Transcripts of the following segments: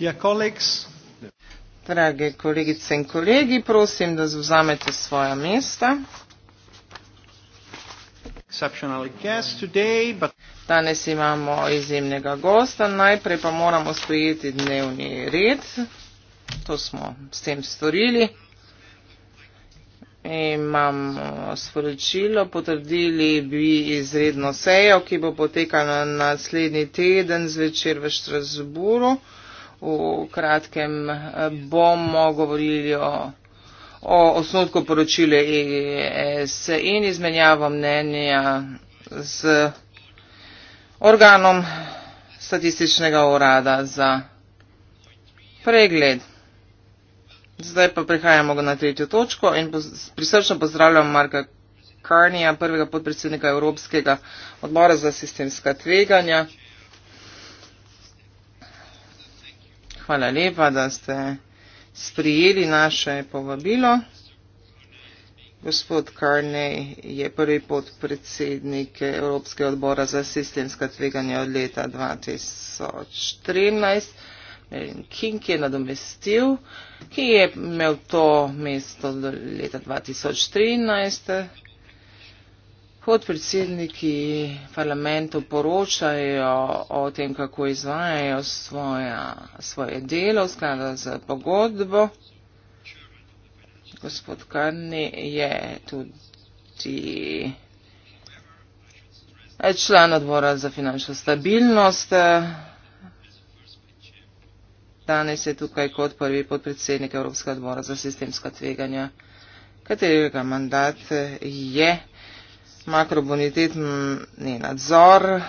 Ja, Drage kolegice in kolegi, prosim, da zauzamete svoja mesta. Danes imamo izjemnega gosta, najprej pa moramo sprejeti dnevni red. To smo s tem storili. Imam sporočilo, potrdili bi izredno sejo, ki bo potekala naslednji teden zvečer v Štrasburu v kratkem eh, bomo govorili o, o osnutku poročile IES in izmenjavo mnenja z organom statističnega urada za pregled. Zdaj pa prehajamo na tretjo točko in prisrčno pozdravljam Marka Karnija, prvega podpredsednika Evropskega odbora za sistemska tveganja. Hvala lepa, da ste sprijeli naše povabilo. Gospod Karnej je prvi podpredsednik Evropskega odbora za sistemska tveganja od leta 2014. King je nadomestil, ki je imel to mesto do leta 2013. Kot predsedniki parlamentov poročajo o tem, kako izvajajo svoja, svoje delo v skladu z pogodbo, gospod Karni je tudi član odbora za finančno stabilnost. Danes je tukaj kot prvi podpredsednik Evropskega odbora za sistemska tveganja, katerega mandat je makrobonitetni nadzor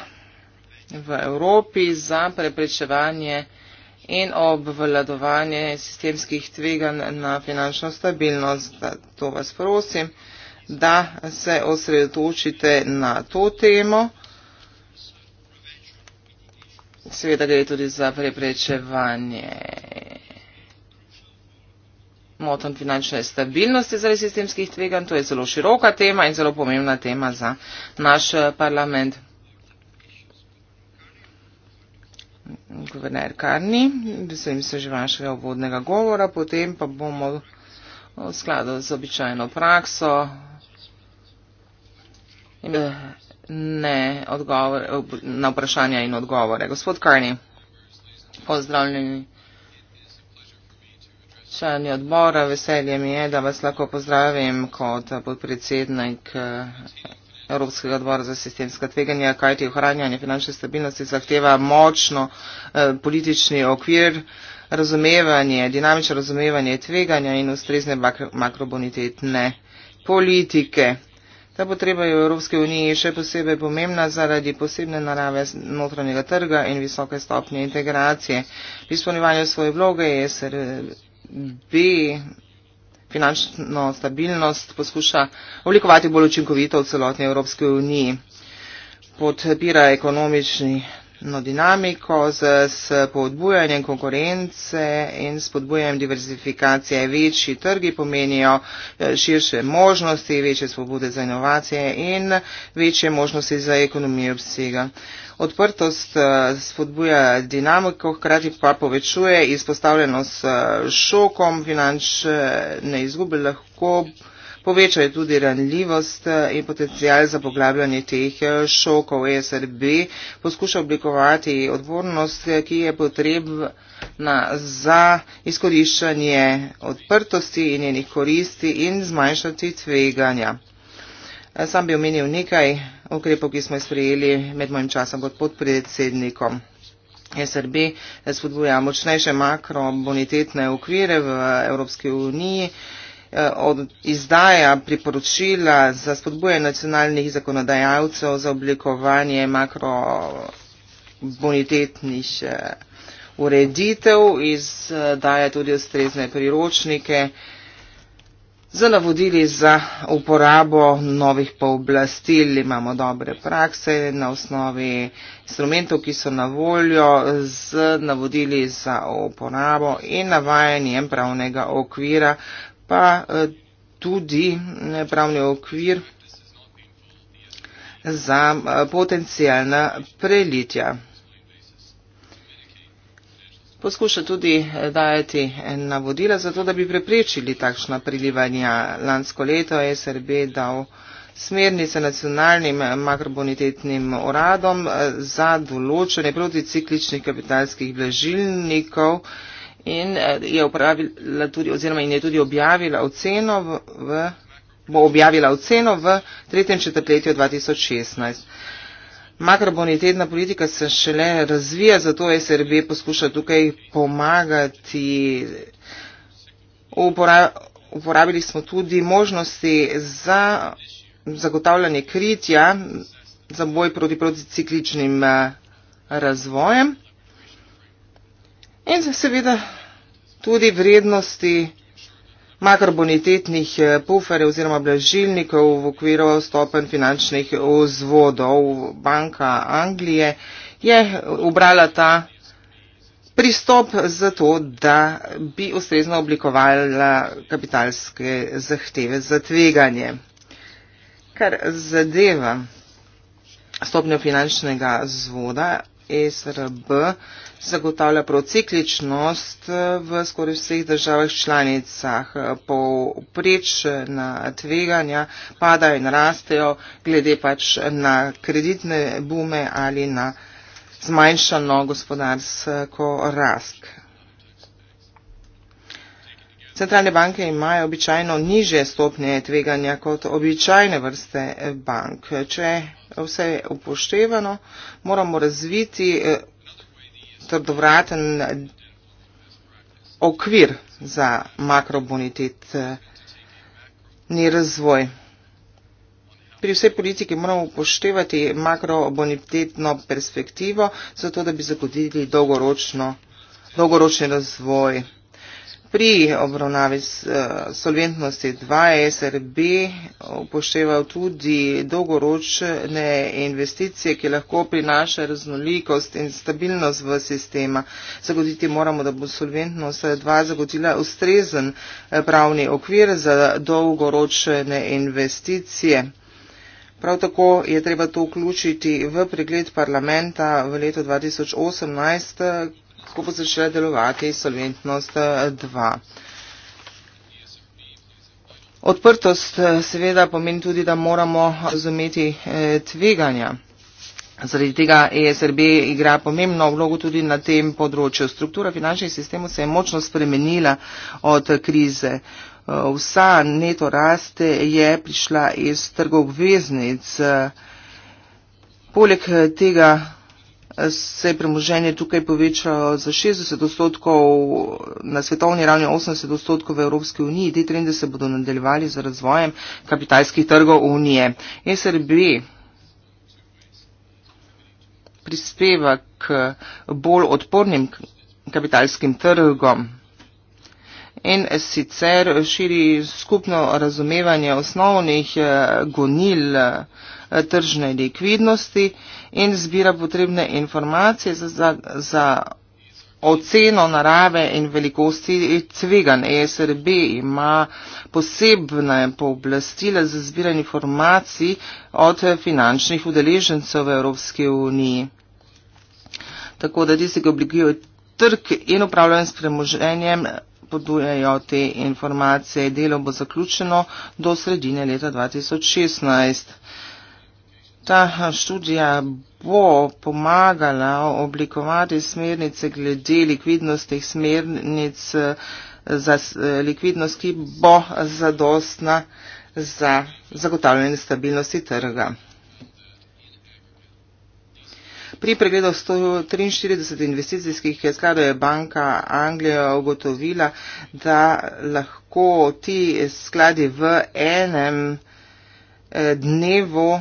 v Evropi za preprečevanje in obvladovanje sistemskih tveganj na finančno stabilnost. To vas prosim, da se osredotočite na to temo. Seveda gre tudi za preprečevanje motenj finančne stabilnosti zaradi sistemskih tveganj. To je zelo široka tema in zelo pomembna tema za naš eh, parlament. Guverner Karni, veselim se že vašega obvodnega govora, potem pa bomo eh, v skladu z običajno prakso. Eh, ne, odgovor, na vprašanja in odgovore. Gospod Karni, pozdravljeni. Člani odbora, veselje mi je, da vas lahko pozdravim kot podpredsednik eh, Evropskega odbora za sistemska tveganja, kajti ohranjanje finančne stabilnosti zahteva močno eh, politični okvir, razumevanje, dinamično razumevanje tveganja in ustrezne makrobonitetne politike. Ta potreba je v Evropske uniji še posebej pomembna zaradi posebne narave notranjega trga in visoke stopnje integracije. Pri izpolnjevanju svoje vloge je se B, finančno stabilnost, poskuša oblikovati bolj učinkovito v celotni Evropski uniji. Podpira ekonomični no, dinamiko z, s podbujanjem konkurence in s podbujanjem diversifikacije. Večji trgi pomenijo eh, širše možnosti, večje svobode za inovacije in večje možnosti za ekonomijo obsega. Odprtost eh, spodbuja dinamiko, hkrati pa povečuje izpostavljenost eh, šokom, finančne izgube lahko povečajo tudi ranljivost eh, in potencijal za poglabljanje teh šokov. ESRB poskuša oblikovati odvornost, ki je potrebna za izkoriščanje odprtosti in njenih koristi in zmanjšati tveganja. Sam bi omenil nekaj ukrepov, ki smo sprejeli med mojim časom kot podpredsednikom. SRB spodbuja močnejše makrobonitetne okvire v Evropski uniji, eh, od izdaja priporočila za spodbuje nacionalnih zakonodajalcev za oblikovanje makrobonitetnih eh, ureditev, izdaja tudi ustrezne priročnike Za navodili za uporabo novih pooblastil imamo dobre prakse na osnovi instrumentov, ki so na voljo z navodili za uporabo in navajanjem pravnega okvira, pa eh, tudi pravni okvir za eh, potencijalna prelitja poskuša tudi eh, dajati eh, navodila za to, da bi preprečili takšna prilivanja. Lansko leto je SRB dal smernice nacionalnim eh, makrobonitetnim uradom za določene proticikličnih kapitalskih blažilnikov in je, tudi, oziroma in je tudi objavila oceno v, v, bo objavila oceno v tretjem četrtletju 2016 makrobonitetna politika se šele razvija, zato SRB poskuša tukaj pomagati. Uporabili smo tudi možnosti za zagotavljanje kritja za boj proti protikličnim eh, razvojem in za seveda tudi vrednosti makrobonitetnih eh, puferjev oziroma blažilnikov v okviru stopen finančnih vzvodov. Banka Anglije je ubrala ta pristop za to, da bi ustrezno oblikovala kapitalske zahteve za tveganje. Kar zadeva stopnjo finančnega vzvoda, SRB zagotavlja procikličnost eh, v skoraj vseh državah članicah. Povprečna eh, tveganja padajo in rastejo, glede pač na kreditne bume ali na zmanjšano gospodarsko rask. Centralne banke imajo običajno niže stopnje tveganja kot običajne vrste bank. Če je vse upoštevano, moramo razviti eh, trdovraten okvir za makrobonitetni eh, razvoj. Pri vsej politiki moramo upoštevati makrobonitetno perspektivo, zato da bi zagodili dolgoročno, dolgoročni razvoj pri obravnavi eh, solventnosti 2SRB upošteval tudi dolgoročne investicije, ki lahko prinaša raznolikost in stabilnost v sistema. Zagoditi moramo, da bo solventnost 2 eh, zagotila ustrezen eh, pravni okvir za dolgoročne investicije. Prav tako je treba to vključiti v pregled parlamenta v letu 2018, tako bo začela delovati solventnost 2. Eh, Odprtost eh, seveda pomeni tudi, da moramo razumeti eh, tveganja. Zaradi tega ESRB igra pomembno vlogo tudi na tem področju. Struktura finančnih sistemov se je močno spremenila od krize. Vsa neto rast je prišla iz trgov obveznic. Poleg tega se je premoženje tukaj povečalo za 60 odstotkov, na svetovni ravni 80 odstotkov v Evropski uniji. Te trende se bodo nadaljevali z razvojem kapitalskih trgov unije. SRB prispeva k bolj odpornim kapitalskim trgom. In sicer širi skupno razumevanje osnovnih eh, gonil eh, tržne likvidnosti in zbira potrebne informacije za, za, za oceno narave in velikosti cvegan. ESRB ima posebne pooblastila za zbiranje informacij od finančnih udeležencev v Evropski uniji. Tako da tisti, ki oblikujejo trg in upravljajo s premoženjem, podujejo te informacije. Delo bo zaključeno do sredine leta 2016 ta študija bo pomagala oblikovati smernice glede likvidnostnih smernic za likvidnost, ki bo zadostna za zagotavljanje stabilnosti trga. Pri pregledu 143 investicijskih skladov je banka Anglija ugotovila, da lahko ti skladi v enem eh, dnevu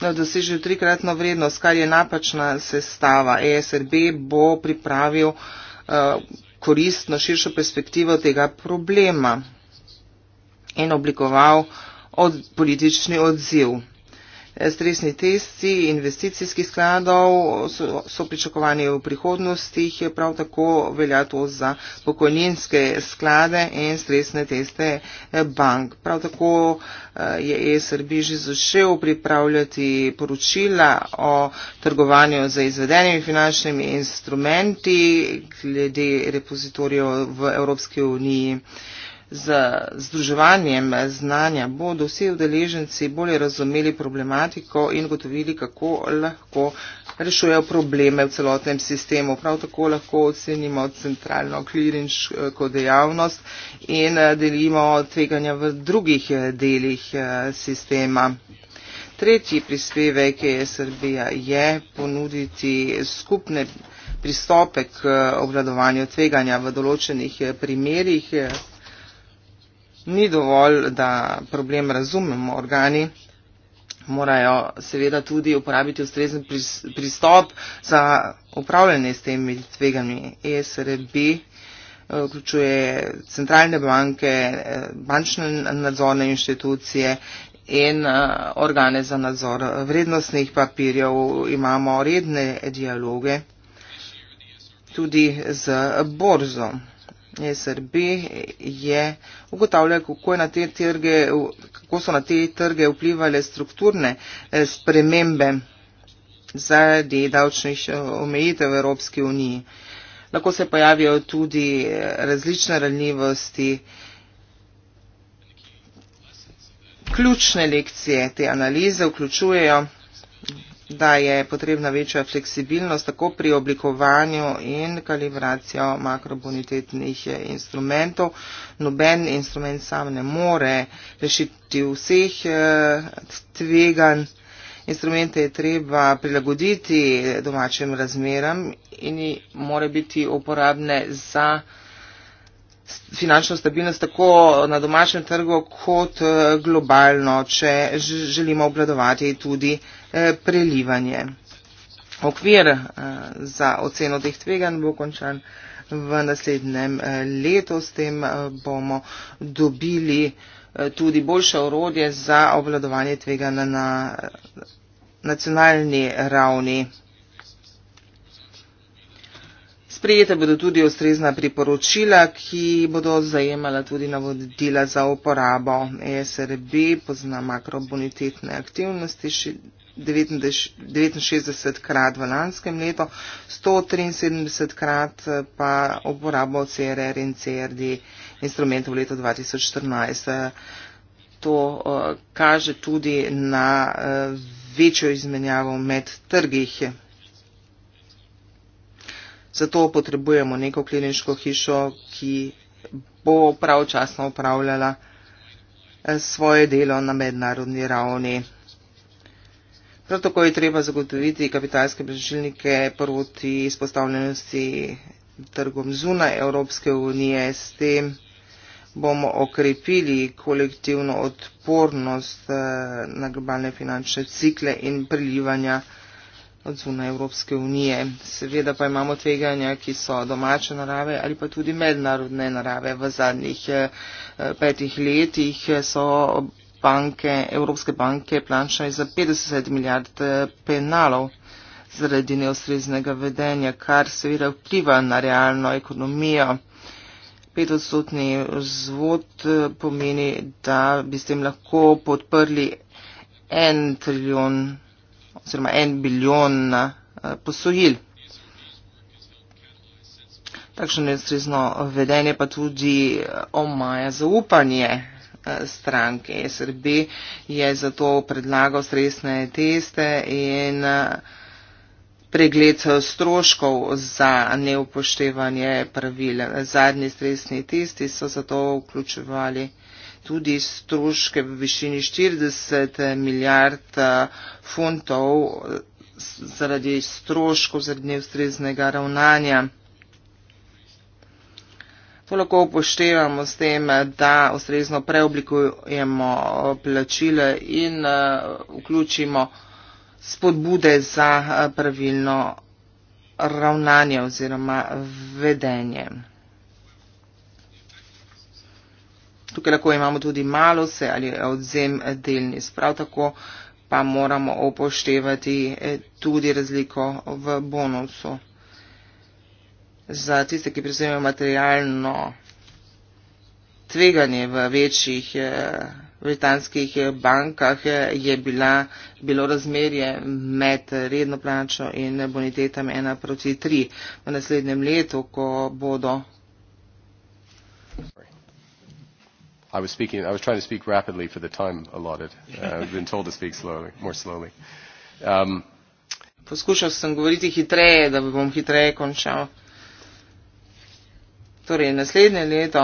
da dosežejo trikratno vrednost, kar je napačna sestava. ESRB bo pripravil eh, koristno širšo perspektivo tega problema in oblikoval od, politični odziv stresni testi investicijskih skladov so, so pričakovani v prihodnosti, prav tako velja to za pokojninske sklade in stresne teste eh, bank. Prav tako eh, je ESRB že začel pripravljati poročila o trgovanju za izvedenimi finančnimi instrumenti glede repozitorijev v Evropski uniji z združevanjem znanja bodo vsi udeleženci bolje razumeli problematiko in gotovili, kako lahko rešujejo probleme v celotnem sistemu. Prav tako lahko ocenimo centralno klirinško dejavnost in eh, delimo tveganja v drugih eh, delih eh, sistema. Tretji prispevek je Srbija je ponuditi skupne pristope k obladovanju tveganja v določenih primerjih ni dovolj, da problem razumemo. Organi morajo seveda tudi uporabiti ustrezen pristop za upravljanje s temi tvegami. ESRB eh, vključuje centralne banke, eh, bančne nadzorne inštitucije in eh, organe za nadzor vrednostnih papirjev. Imamo redne dialoge tudi z borzo. SRB je ugotavljal, kako, je trge, kako so na te trge vplivali strukturne eh, spremembe zaradi davčnih eh, omejitev v Evropski uniji. Lahko se pojavijo tudi eh, različne ranljivosti. Ključne lekcije te analize vključujejo da je potrebna večja fleksibilnost tako pri oblikovanju in kalibracijo makrobonitetnih instrumentov. Noben instrument sam ne more rešiti vseh eh, tvegan. Instrumente je treba prilagoditi domačim razmeram in more biti uporabne za finančno stabilnost tako na domačem trgu kot eh, globalno, če želimo obladovati tudi uh, Eh, prelivanje. Okvir eh, za oceno teh tveganj bo končan v naslednjem eh, letu, s tem bomo dobili tudi boljše orodje za obvladovanje tveganj na nacionalni ravni. Sprejete bodo tudi ustrezna priporočila, ki bodo zajemala tudi navodila za uporabo ESRB, pozna makrobonitetne aktivnosti. 69 krat v lanskem letu, 173 krat eh, pa uporabo CRR in CRD instrumentov v letu 2014. Eh, to uh, kaže tudi na uh, večjo izmenjavo med trgih. Zato potrebujemo neko kliniško hišo, ki bo pravčasno upravljala svoje delo na mednarodni ravni. Prav tako je treba zagotoviti kapitalske brežilnike proti izpostavljenosti trgom zunaj Evropske unije. S tem bomo okrepili kolektivno odpornost eh, na globalne finančne cikle in prilivanja od zunaj Evropske unije. Seveda pa imamo tveganja, ki so domače narave ali pa tudi mednarodne narave. V zadnjih eh, petih letih eh, so banke, Evropske banke plačajo za 50 milijard eh, penalov zaradi neostreznega vedenja, kar seveda vpliva na realno ekonomijo. Petodstotni vzvod eh, pomeni, da bi s tem lahko podprli en trilijon oziroma en biljon eh, posojil. Takšno neustrezno vedenje pa tudi omaja zaupanje stranke. SRB je zato predlagal stresne teste in eh, pregled stroškov za neupoštevanje pravil. Zadnji stresni testi so zato vključevali tudi stroške v višini 40 milijard eh, funtov eh, zaradi stroškov, zaradi neustreznega ravnanja. To lahko upoštevamo s tem, da ustrezno preoblikujemo eh, plačile in eh, vključimo spodbude za eh, pravilno ravnanje oziroma vedenje. Tukaj lahko imamo tudi malo se ali odzem delni. Sprav tako pa moramo upoštevati tudi razliko v bonusu za tiste, ki prisvojijo materialno tveganje v večjih eh, britanskih eh, bankah, eh, je bila, bilo razmerje med redno plačo in bonitetami 1 proti 3. V naslednjem letu, ko bodo. I was speaking, I was trying to speak rapidly for the time allotted. Uh, I've been told to speak slowly, more slowly. Um, Poskušal sem govoriti hitreje, da bom hitreje končal torej naslednje leto,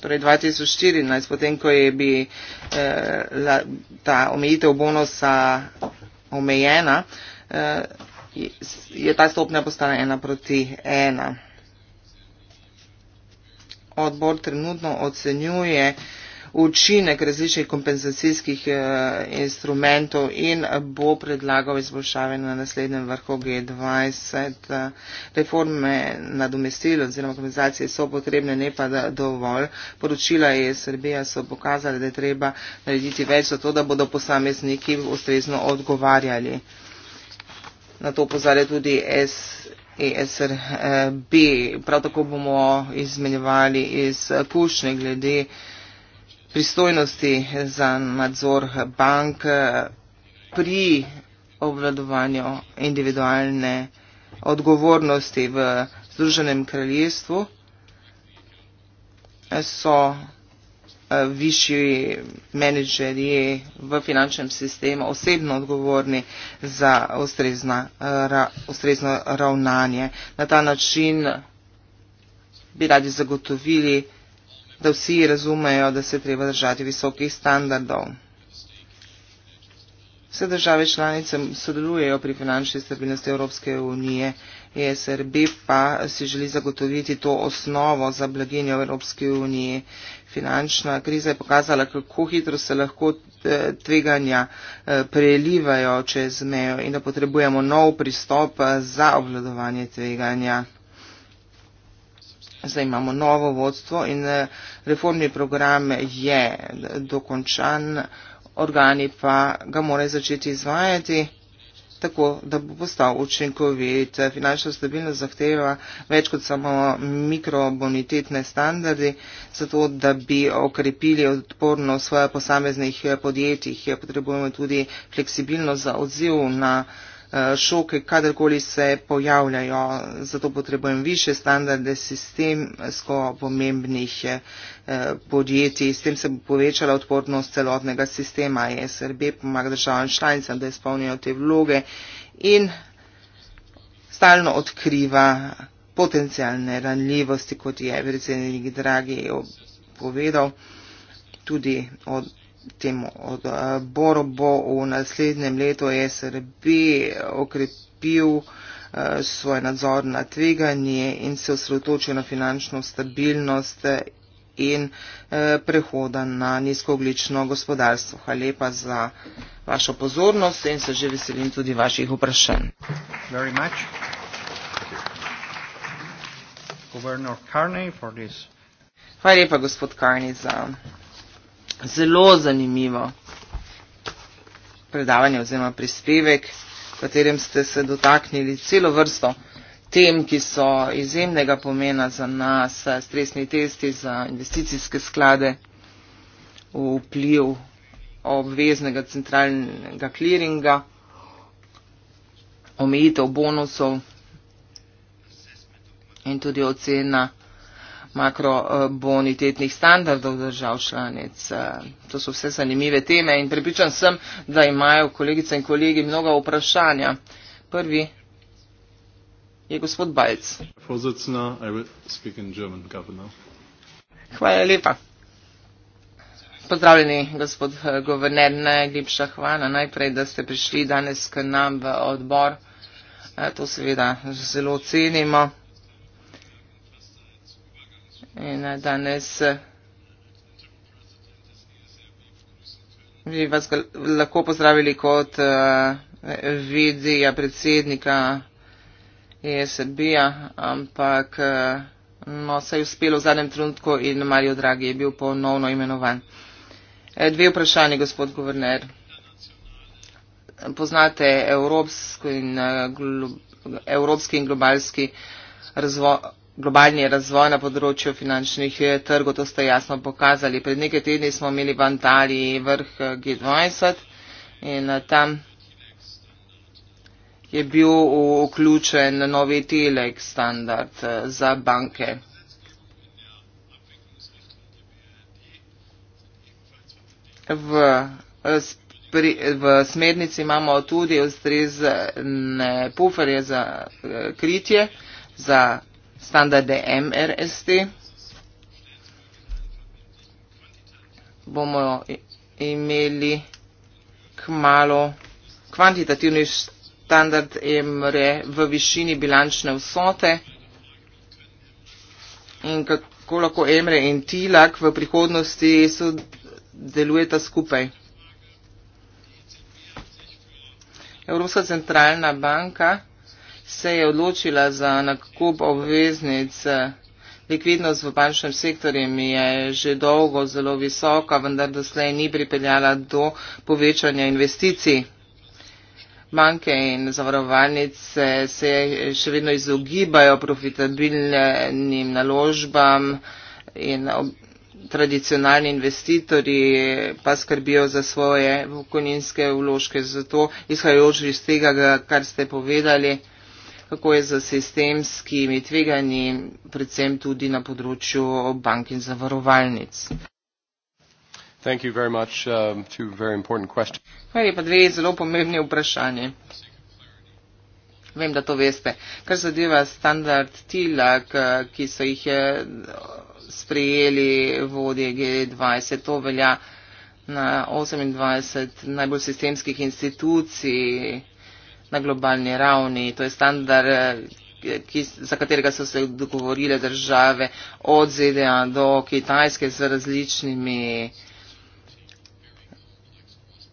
torej 2014, potem ko je bi eh, la, ta omejitev bonusa omejena, eh, je ta stopnja postala ena proti ena. Odbor trenutno ocenjuje, eh, učinek različnih kompenzacijskih eh, instrumentov in bo predlagal izboljšave na naslednjem vrhu G20. Eh, reforme na domestilo oziroma kompenzacije so potrebne, ne pa dovolj. Poročila je Srbija so pokazali, da je treba narediti več za to, da bodo posamezniki ustrezno odgovarjali. Na to pozarja tudi S. ESRB. Prav tako bomo izmenjevali izkušnje glede uh, pristojnosti za nadzor bank eh, pri obvladovanju individualne odgovornosti v Združenem kraljestvu eh, so eh, višji menedžerji v finančnem sistemu osebno odgovorni za ustrezna, ra, ustrezno ravnanje. Na ta način bi radi zagotovili da vsi razumejo, da se treba držati visokih standardov. Vse države članice sodelujejo pri finančni stabilnosti Evropske unije, ESRB pa si želi zagotoviti to osnovo za blaginjo Evropske unije. Finančna kriza je pokazala, kako hitro se lahko eh, tveganja eh, prelivajo čez mejo in da potrebujemo nov pristop eh, za obvladovanje tveganja zdaj imamo novo vodstvo in eh, reformni program je dokončan, organi pa ga morajo začeti izvajati tako, da bo postal učinkovit. Finančna stabilnost zahteva več kot samo mikrobonitetne standardi, zato da bi okrepili odporno svoje posameznih eh, podjetjih. Potrebujemo tudi fleksibilnost za odziv na Eh, šoke, kadarkoli se pojavljajo. Zato potrebujem više standarde sistemsko pomembnih eh, podjetij. S tem se bo povečala odpornost celotnega sistema ESRB, pomag državam članicam, da izpolnijo te vloge in stalno odkriva potencijalne ranljivosti, kot je predsednik Dragi povedal, tudi od temu odboru bo v naslednjem letu SRB okrepil eh, svoj nadzor na tveganje in se osredotočil na finančno stabilnost eh, in eh, prehoda na nizkooglično gospodarstvo. Hvala lepa za vašo pozornost in se že veselim tudi vaših vprašanj. Hvala lepa, gospod Karni, za zelo zanimivo predavanje oziroma prispevek, v katerem ste se dotaknili celo vrsto tem, ki so izjemnega pomena za nas, stresni testi, za investicijske sklade, vpliv obveznega centralnega kliringa, omejitev bonusov in tudi ocena makrobonitetnih standardov držav članic. Eh, to so vse zanimive teme in prepričan sem, da imajo kolegice in kolegi mnoga vprašanja. Prvi je gospod Balc. Hvala lepa. Pozdravljeni, gospod eh, guverner, najlepša hvala najprej, da ste prišli danes k nam v odbor. Eh, to seveda zelo cenimo. In eh, danes eh, bi vas lahko pozdravili kot eh, vidija predsednika ESB-a, ampak no, se je uspelo v zadnjem trenutku in Mario Draghi je bil ponovno imenovan. Dve vprašanje, gospod guverner. Poznate evropski in, glu, evropski in globalski razvoj globalni razvoj na področju finančnih eh, trgov, to ste jasno pokazali. Pred nekaj tedni smo imeli v Antaliji vrh eh, G20 in eh, tam je bil vključen novi telek standard za banke. V, v smernici imamo tudi ustrezne puferje za kritje, za standarde MRST, bomo imeli k malo kvantitativni standard MR e v višini bilančne vsote in kako lahko MR e in TILAK v prihodnosti delujeta skupaj. Evropska centralna banka se je odločila za nakup obveznic. Likvidnost v bančnem sektorju mi je že dolgo zelo visoka, vendar doslej ni pripeljala do povečanja investicij. Banke in zavarovalnice se še vedno izogibajo profitabilnim naložbam in tradicionalni investitorji pa skrbijo za svoje pokojninske vložke. Zato izhajajoč iz tega, kar ste povedali, kako je z sistemskimi tveganji, predvsem tudi na področju bank in zavarovalnic. Much, um, Hvala lepa, dve zelo pomembni vprašanje. Vem, da to veste. Kar zadeva standard TILAK, ki so jih eh, sprejeli vodje G20, to velja na 28 najbolj sistemskih institucij na globalni ravni. To je standard, eh, ki, za katerega so se dogovorile države od ZDA do Kitajske z različnimi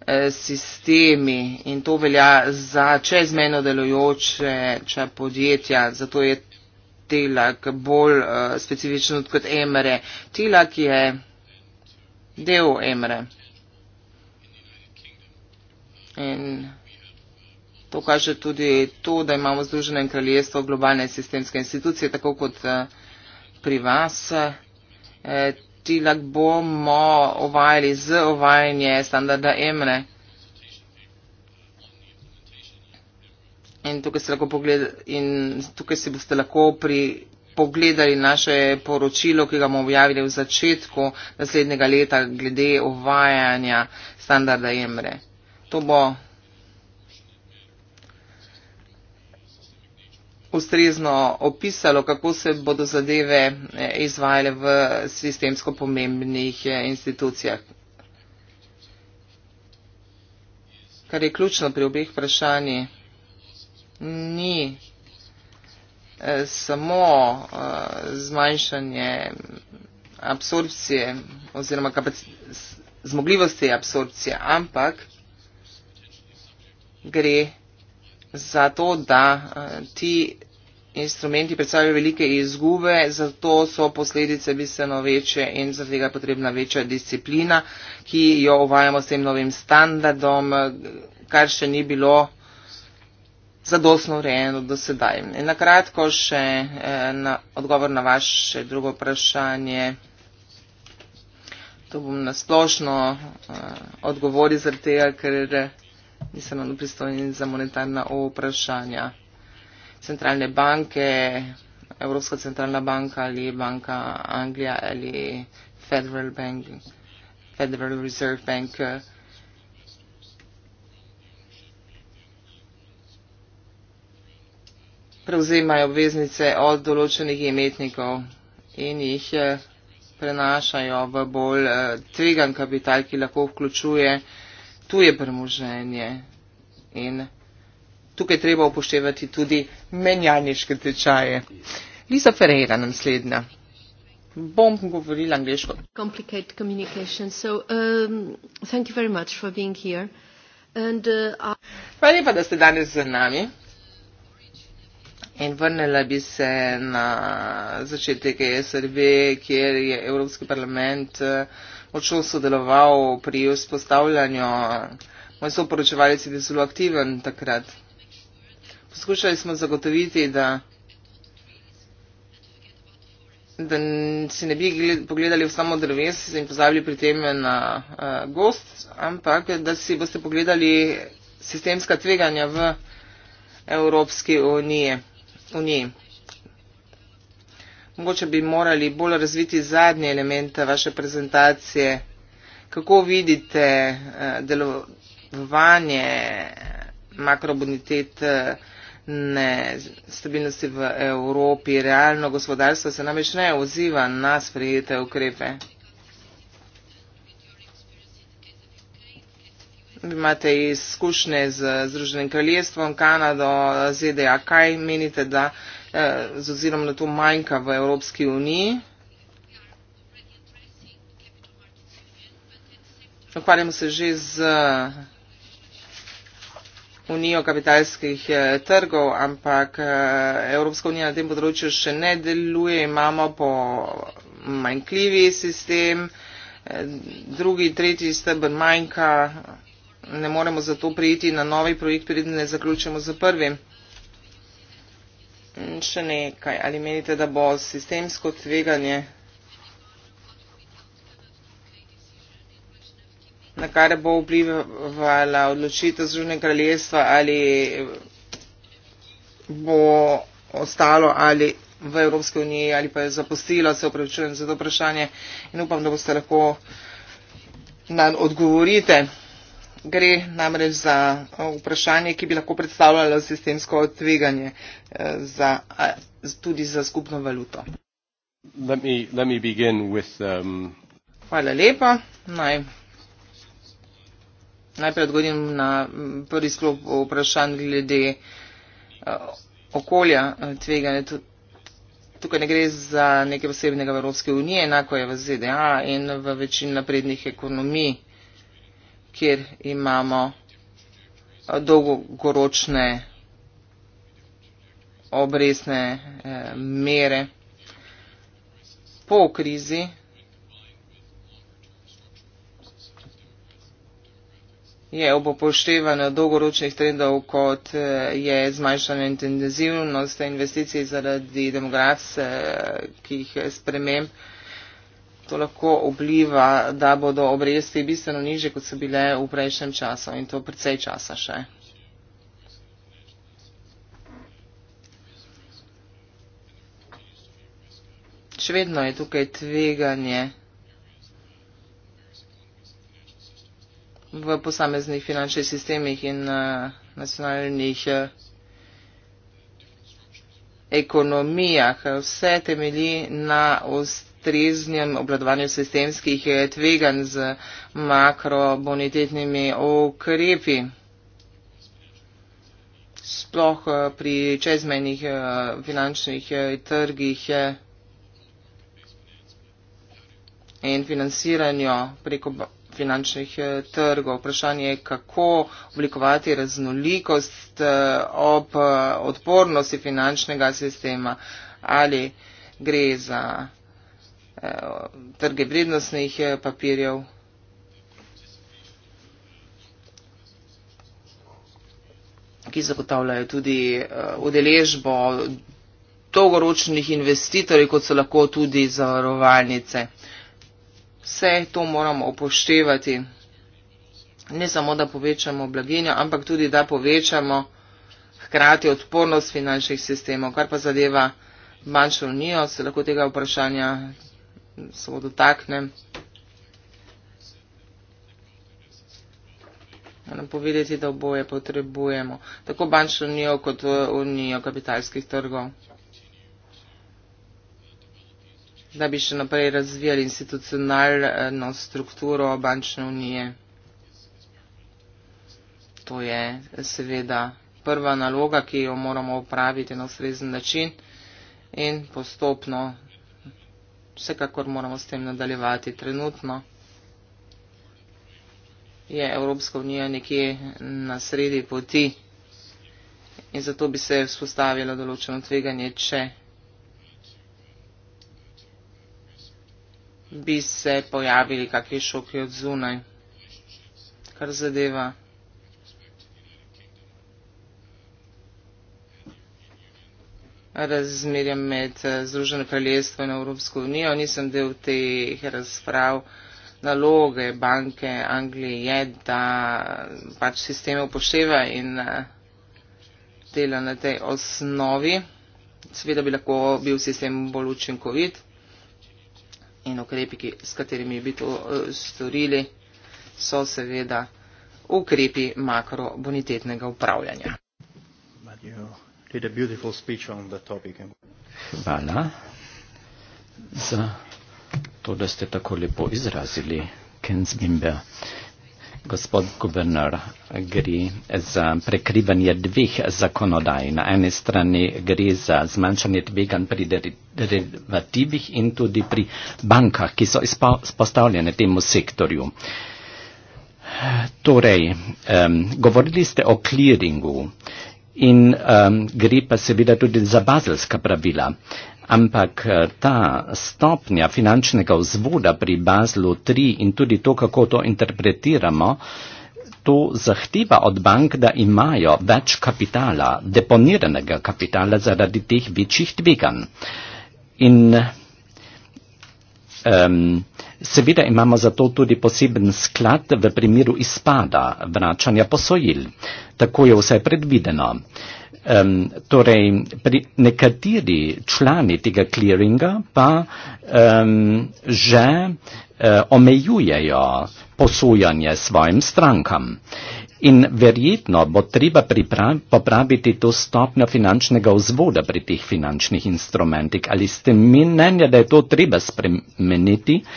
eh, sistemi in to velja za čezmeno delujoče če podjetja, zato je TELAK bolj uh, specifičen kot EMRE. TELAK je del EMRE. In To kaže tudi to, da imamo Združenem kraljestvu globalne sistemske institucije, tako kot eh, pri vas. Eh, Ti lahko bomo ovajali z ovajanje standarda EMRE. In tukaj, in tukaj si boste lahko pri, pogledali naše poročilo, ki ga bomo objavili v začetku naslednjega leta glede uvajanja standarda EMRE. To bo ustrezno opisalo, kako se bodo zadeve eh, izvajale v sistemsko pomembnih eh, institucijah. Kar je ključno pri obeh vprašanji, ni eh, samo zmanjšanje absorpcije oziroma zmogljivosti absorpcije, ampak gre za to, da ti instrumenti predstavljajo velike izgube, zato so posledice bistveno večje in zaradi tega potrebna večja disciplina, ki jo uvajamo s tem novim standardom, kar še ni bilo zadostno urejeno do sedaj. In na kratko še eh, na odgovor na vaše drugo vprašanje. To bom nasplošno uh, eh, odgovoril zaradi tega, ker eh, nisem pristojen za monetarna vprašanja centralne banke, Evropska centralna banka ali Banka Anglija ali Federal, Bank, Federal Reserve Bank. prevzemajo obveznice od določenih imetnikov in jih eh, prenašajo v bolj eh, tvegan kapital, ki lahko vključuje tuje premoženje in premoženje tukaj treba upoštevati tudi menjalniške tečaje. Lisa Ferreira naslednja. Bom govorila angliško. Um, uh, Hvala lepa, da ste danes z nami. In vrnila bi se na začetek e SRB, kjer je Evropski parlament uh, močno sodeloval pri vzpostavljanju. Moj soporočevalec je bil zelo aktiven takrat. Skušali smo zagotoviti, da, da si ne bi pogledali v samo dreves in pozabili pri tem na uh, eh, gost, ampak da si boste pogledali sistemska tveganja v Evropski unije, uniji. Mogoče bi morali bolj razviti zadnje elemente vaše prezentacije, kako vidite uh, delovanje makrobonitete. Uh, nestabilnosti v Evropi. Realno gospodarstvo se namreč ne odziva na sprejete ukrepe. Imate izkušnje z Združenim kraljestvom, Kanado, ZDA. Kaj menite, da eh, z ozirom na to manjka v Evropski uniji? Ukvarjamo se že z unijo kapitalskih eh, trgov, ampak eh, Evropska unija na tem področju še ne deluje, imamo po manjkljivi sistem, eh, drugi, tretji steben manjka, ne moremo zato prijeti na novi projekt, preden ne zaključimo za prvim. Še nekaj, ali menite, da bo sistemsko tveganje na kar bo vplivala odločitev Združene kraljestva, ali bo ostalo ali v Evropske unije ali pa je zapustilo, se upravičujem za to vprašanje in upam, da boste lahko nam odgovorite. Gre namreč za vprašanje, ki bi lahko predstavljalo sistemsko tveganje eh, za, eh, tudi za skupno valuto. Let me, let me begin with, um... Hvala lepa. Naj najprej odgovorim na prvi sklop vprašanj glede eh, okolja eh, tveganja. Tukaj ne gre za nekaj posebnega v Evropske unije, enako je v ZDA in v večini naprednih ekonomij, kjer imamo eh, dolgoročne obresne mere. Po krizi je ob upoštevanju dolgoročnih trendov, kot eh, je zmanjšanje intenzivnosti investicij zaradi demografskih eh, eh, sprememb, to lahko obliva, da bodo obresti bistveno niže, kot so bile v prejšnjem času in to predvsej časa še. Še vedno je tukaj tveganje. v posameznih finančnih sistemih in uh, nacionalnih uh, ekonomijah. Vse temelji na ustreznjem obladovanju sistemskih eh, tveganj z makrobonitetnimi ukrepi. Sploh pri čezmenih finančnih trgih in financiranju preko finančnih eh, trgov. Vprašanje je, kako oblikovati raznolikost eh, ob eh, odpornosti finančnega sistema, ali gre za trge vrednostnih papirjev. ki zagotavljajo tudi udeležbo uh, dolgoročnih investitorjev, kot so lahko tudi zavarovalnice vse to moramo upoštevati. Ne samo, da povečamo blaginjo, ampak tudi, da povečamo hkrati odpornost finančnih sistemov. Kar pa zadeva bančno unijo, se lahko tega vprašanja samo dotaknem. Moram povedati, da oboje potrebujemo. Tako bančno unijo kot eh, unijo kapitalskih trgov. da bi še naprej razvijali institucionalno strukturo bančne unije. To je seveda prva naloga, ki jo moramo upraviti na ustrezen način in postopno vsekakor moramo s tem nadaljevati trenutno. Je Evropska unija nekje na sredi poti in zato bi se vzpostavilo določeno tveganje, če bi se pojavili kakšni šoki od zunaj, kar zadeva. Razmerja med eh, Združeno kraljestvo in Evropsko unijo. Nisem del teh razprav. Naloge banke Anglije je, da pač sisteme upošteva in eh, dela na tej osnovi. Seveda bi lahko bil sistem bolj učinkovit in ukrepi, ki, s katerimi bi to eh, storili, so seveda ukrepi makrobonitetnega upravljanja. Hvala za to, da ste tako lepo izrazili Kenz Gimber. Gospod guvernor, gre za prekrivanje dveh zakonodaj. Na eni strani gre za zmanjšanje tvegan pri derivativih in tudi pri bankah, ki so izpostavljene temu sektorju. Torej, um, govorili ste o clearingu in um, gre pa seveda tudi za bazelska pravila. Ampak eh, ta stopnja finančnega vzvoda pri Baslu 3 in tudi to, kako to interpretiramo, to zahteva od bank, da imajo več kapitala, deponiranega kapitala zaradi teh večjih tveganj. In um, seveda imamo zato tudi poseben sklad v primeru izpada vračanja posojil. Tako je vse predvideno. Uh, Um, torej, pri, nekateri člani tega clearinga pa um, že uh, omejujejo posujanje svojim strankam. In verjetno bo treba popraviti to stopnjo finančnega vzvoda pri teh finančnih instrumentih. Ali ste mnenja, da je to treba spremeniti? Uh,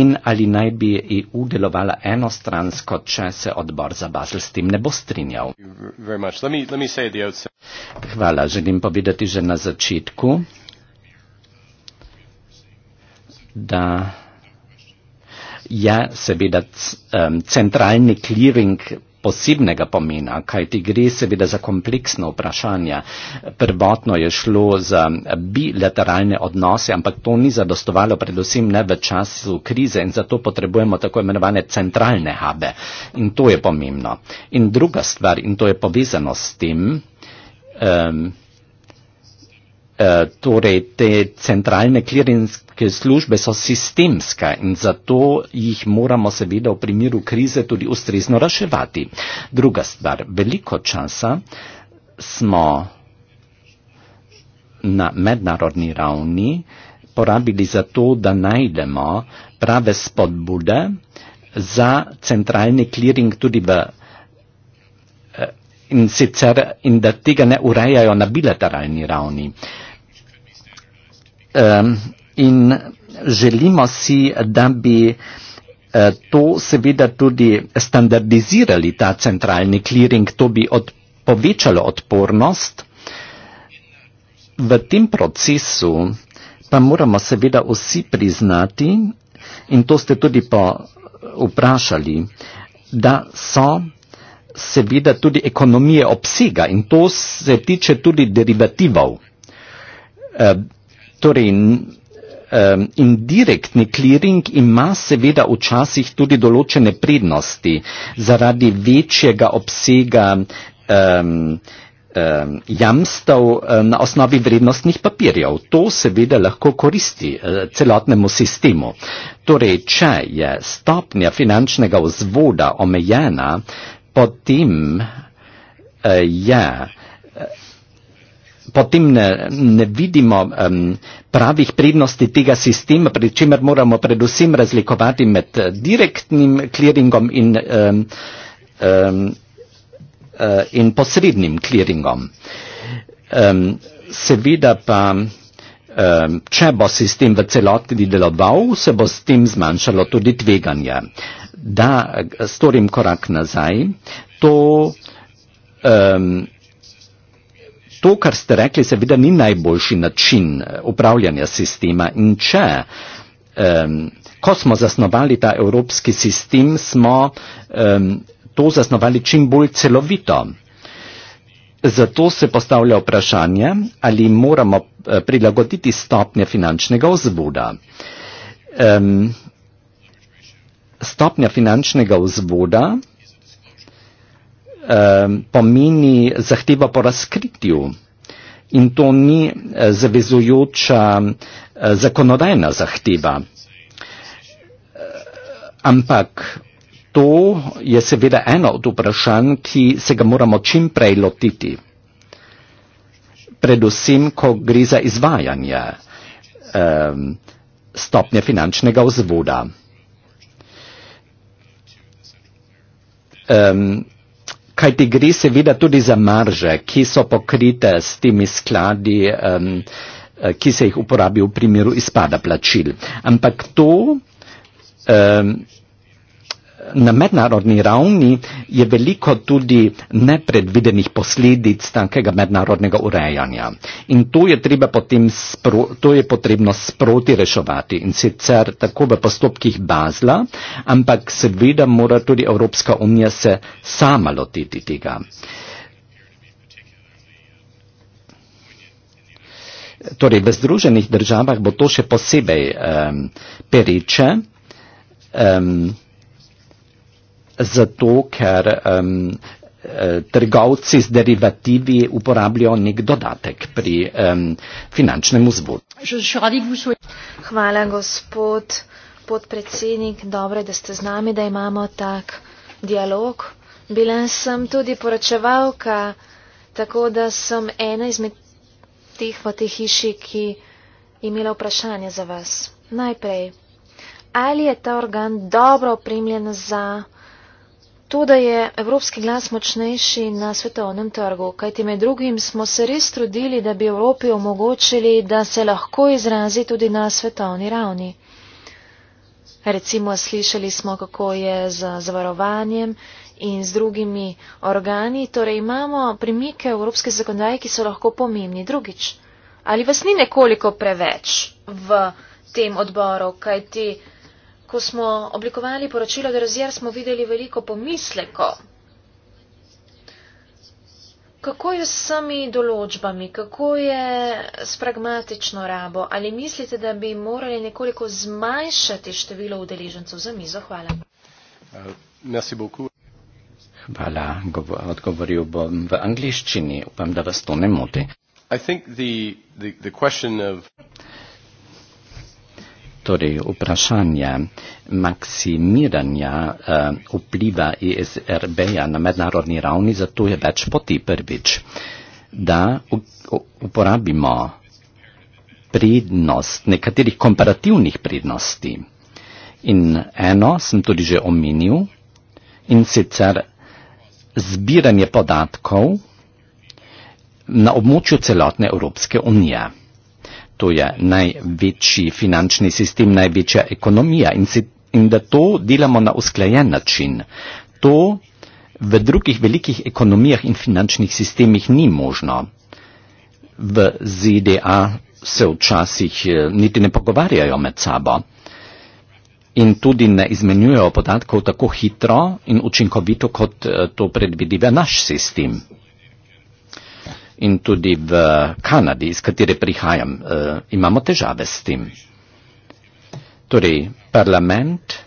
in ali naj bi EU delovala enostransko, če se odbor za Basel s tem ne bo strinjal. Let me, let me Hvala, želim povedati že na začetku, da je seveda centralni clearing posebnega pomena, kajti gre seveda za kompleksno vprašanje. Prvotno je šlo za bilateralne odnose, ampak to ni zadostovalo predvsem ne v času krize in zato potrebujemo tako imenovane centralne habe. In to je pomembno. In druga stvar, in to je povezano s tem, um, Eh, torej te centralne klirinske službe so sistemske in zato jih moramo seveda v primeru krize tudi ustrezno raševati. Druga stvar, veliko časa smo na mednarodni ravni porabili za to, da najdemo prave spodbude za centralni kliring tudi v in sicer in da tega ne urejajo na bilateralni ravni. In želimo si, da bi e, to seveda tudi standardizirali, ta centralni clearing, to bi od, povečalo odpornost. V tem procesu pa moramo seveda vsi priznati, in to ste tudi po vprašali, da so seveda tudi ekonomije obsega in to se tiče tudi derivativov. E, torej, e, indirektni kliring ima seveda včasih tudi določene prednosti zaradi večjega obsega e, e, jamstev eh, na osnovi vrednostnih papirjev. To seveda lahko koristi e, celotnemu sistemu. Torej, če je stopnja finančnega vzvoda omejena, potem uh, eh, je, ja. potem ne, ne vidimo um, pravih prednosti tega sistema, pri čemer moramo predvsem razlikovati med eh, direktnim kliringom in, um, um, uh, in posrednim kliringom. Um, seveda pa, um, če bo sistem v celoti deloval, se bo s tem zmanjšalo tudi tveganje. Uh, da eh, storim korak nazaj, to, um, to kar ste rekli, seveda ni najboljši način eh, upravljanja sistema in če, um, ko smo zasnovali ta evropski sistem, smo um, to zasnovali čim bolj celovito. Zato se postavlja vprašanje, ali moramo eh, prilagoditi stopnje finančnega vzvoda. Um, stopnja finančnega vzvoda eh, pomeni zahteva po razkritju in to ni eh, zavezujoča eh, zakonodajna zahteva. Eh, ampak to je seveda eno od vprašanj, ki se ga moramo čim prej lotiti. Predvsem, ko gre za izvajanje. Eh, stopnje finančnega vzvoda. Um, ehm, Kaj ti gre seveda tudi za marže, ki so pokrite s temi skladi, um, ki se jih uporabi v primeru izpada plačil. Ampak to um, na mednarodni ravni je veliko tudi nepredvidenih posledic takega mednarodnega urejanja. In to je, spro, to je potrebno sproti reševati in sicer tako v postopkih bazla, ampak seveda mora tudi Evropska unija se sama lotiti tega. Torej, v združenih državah bo to še posebej um, pereče. Um, zato ker um, trgovci z derivativi uporabljajo nek dodatek pri um, finančnem vzvodu. Hvala, gospod podpredsednik. Dobro, da ste z nami, da imamo tak dialog. Bila sem tudi poročevalka, tako da sem ena izmed tih v tej hiši, ki je imela vprašanje za vas. Najprej, ali je ta organ dobro opremljen za to, da je evropski glas močnejši na svetovnem trgu, kajti med drugim smo se res trudili, da bi Evropi omogočili, da se lahko izrazi tudi na svetovni ravni. Recimo slišali smo, kako je z zavarovanjem in z drugimi organi, torej imamo primike evropske zakonodaje, ki so lahko pomembni. Drugič, ali vas ni nekoliko preveč v tem odboru, kajti ko smo oblikovali poročilo Derozier, smo videli veliko pomisleko. Kako je s samimi določbami, kako je s pragmatično rabo? Ali mislite, da bi morali nekoliko zmanjšati število udeležencev za mizo? Hvala. Eh, Hvala. Odgovoril bom v angliščini. Upam, da vas to ne moti torej vprašanje maksimiranja uh, vpliva ESRB-ja na mednarodni ravni, zato je več poti prvič, da uporabimo prednost nekaterih komparativnih prednosti. In eno sem tudi že omenil, in sicer zbiranje podatkov na območju celotne Evropske unije to je največji finančni sistem, največja ekonomija in, si, in da to delamo na usklajen način. To v drugih velikih ekonomijah in finančnih sistemih ni možno. V ZDA se včasih eh, niti ne pogovarjajo med sabo in tudi ne izmenjujejo podatkov tako hitro in učinkovito, kot eh, to predvidiva naš sistem in tudi v Kanadi, iz katere prihajam, uh, imamo težave s tem. Torej, parlament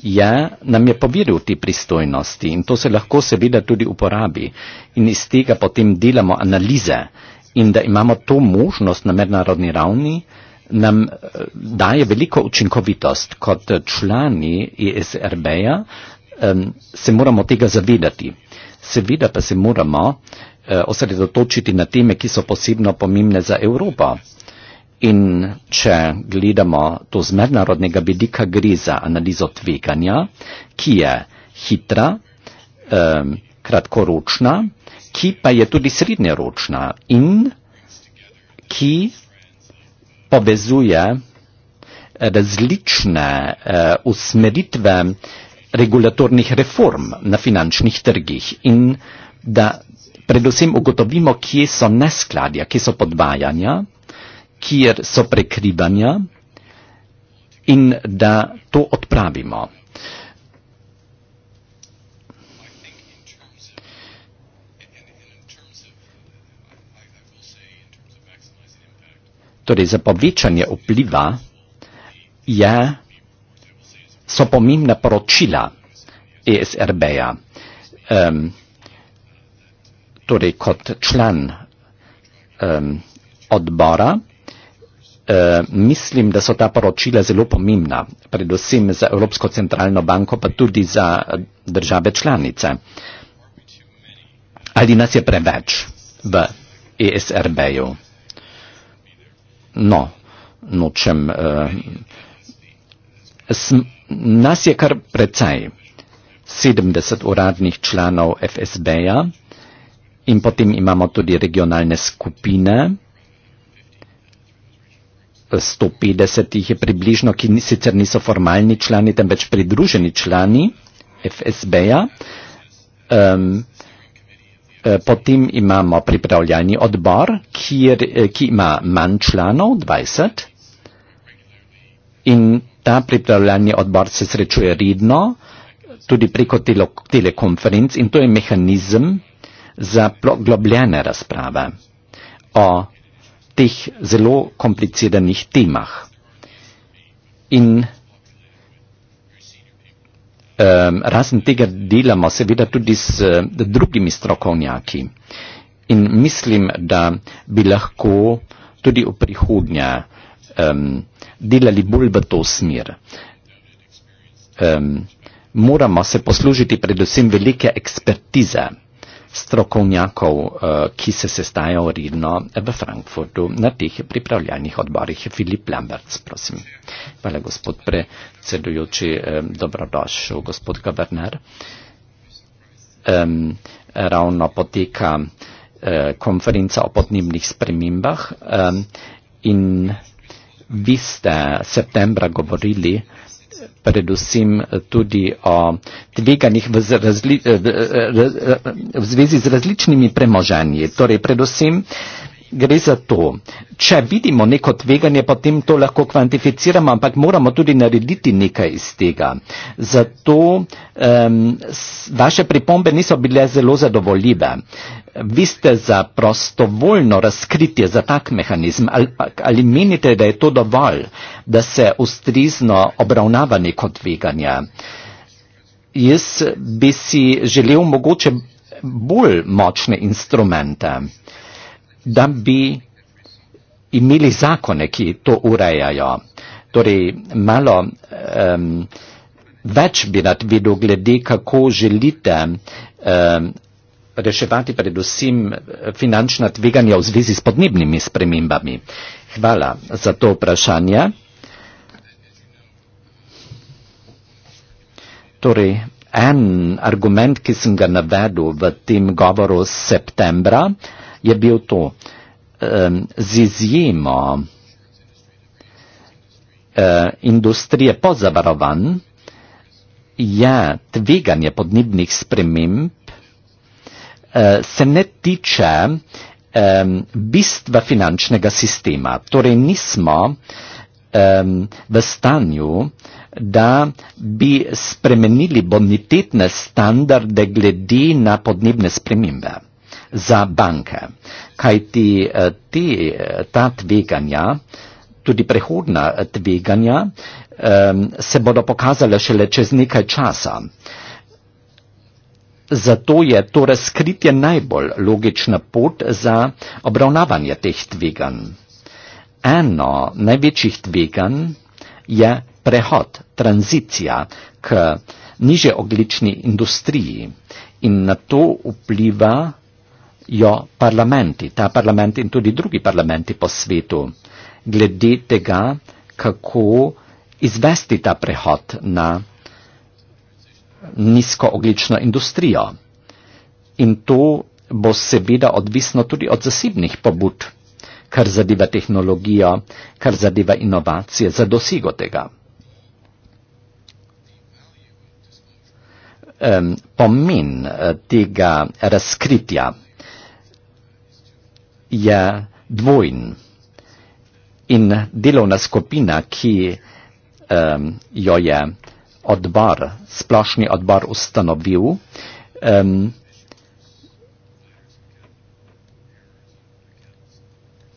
je, nam je poveril te pristojnosti in to se lahko seveda tudi uporabi in iz tega potem delamo analize in da imamo to možnost na mednarodni ravni, nam eh, daje veliko učinkovitost. Kot eh, člani ESRB-ja um, se moramo tega zavedati. Seveda pa se moramo Eh, osredotočiti na teme, ki so posebno pomembne za Evropo. In če gledamo to z mednarodnega vidika, gre za analizo tveganja, ki je hitra, eh, kratkoročna, ki pa je tudi srednjeročna in ki povezuje eh, različne eh, usmeritve regulatornih reform na finančnih trgih in da predvsem ugotovimo, kje so neskladja, kje so podvajanja, kje so prekribanja in da to odpravimo. Torej, za povečanje vpliva je, so pomembna poročila ESRB-ja. Um, torej kot član um, odbora, Uh, mislim, da so ta poročila zelo pomembna, predvsem za Evropsko centralno banko, pa tudi za države članice. Ali nas je preveč v ESRB-ju? No, nočem. Uh, e, sm, nas je kar precej 70 uradnih članov FSB-ja. In potem imamo tudi regionalne skupine, 150 jih je približno, ki sicer niso formalni člani, temveč pridruženi člani FSB-ja. Um, e, Potem imamo pripravljalni odbor, kjer, e, ki ima manj članov, 20. In ta pripravljalni odbor se srečuje redno, tudi preko telekonferenc in to je mehanizem, za poglobljene razprave o teh zelo kompliciranih temah. In um, razen tega delamo seveda tudi s drugimi strokovnjaki. In mislim, da bi lahko tudi v prihodnje um, delali bolj v to smer. Um, moramo se poslužiti predvsem velike ekspertize strokovnjakov, eh, ki se sestajajo redno v Frankfurtu na teh pripravljalnih odborih. Filip Lamberts, prosim. Hvala, gospod predsedujoči. Eh, dobrodošel, gospod Gabrner. Ravno poteka eh, konferenca o podnebnih spremembah in vi ste septembra govorili, predvsem tudi o tveganjih v, razli, eh, v, v, v, v, v zvezi z različnimi premoženji. Torej, predvsem Gre za to, če vidimo neko tveganje, potem to lahko kvantificiramo, ampak moramo tudi narediti nekaj iz tega. Zato um, vaše pripombe niso bile zelo zadovoljive. Vi ste za prostovoljno razkritje za tak mehanizem ali, ali menite, da je to dovolj, da se ustrizno obravnava neko tveganje. Jaz bi si želel mogoče bolj močne instrumente da bi imeli zakone, ki to urejajo. Torej, malo um, več bi rad videl, glede kako želite um, reševati predvsem eh, finančna tveganja v zvezi s podnebnimi spremembami. Hvala za to vprašanje. Torej, en argument, ki sem ga navedel v tem govoru septembra, je bil to um, z izjemo uh, industrije pozavarovan, je tveganje podnebnih sprememb, uh, se ne tiče um, bistva finančnega sistema. Torej nismo um, v stanju, da bi spremenili bonitetne standarde glede na podnebne spremembe za banke. Kaj ti, eh, ti eh, ta tveganja, tudi prehodna eh, tveganja, se bodo pokazale šele čez nekaj časa. Zato je to razkritje najbolj logična pot za obravnavanje teh tvegan. Eno največjih tvegan je prehod, tranzicija k nižje oglični industriji in na to vpliva jo parlamenti, ta parlament in tudi drugi parlamenti po svetu, glede tega, kako izvesti ta prehod na nizkooglično industrijo. In to bo seveda odvisno tudi od zasebnih pobud, kar zadeva tehnologijo, kar zadeva inovacije za dosego tega. Pomen eh, tega razkritja je dvojn. In delovna skupina, ki um, jo je odbor, splošni odbor ustanovil, um,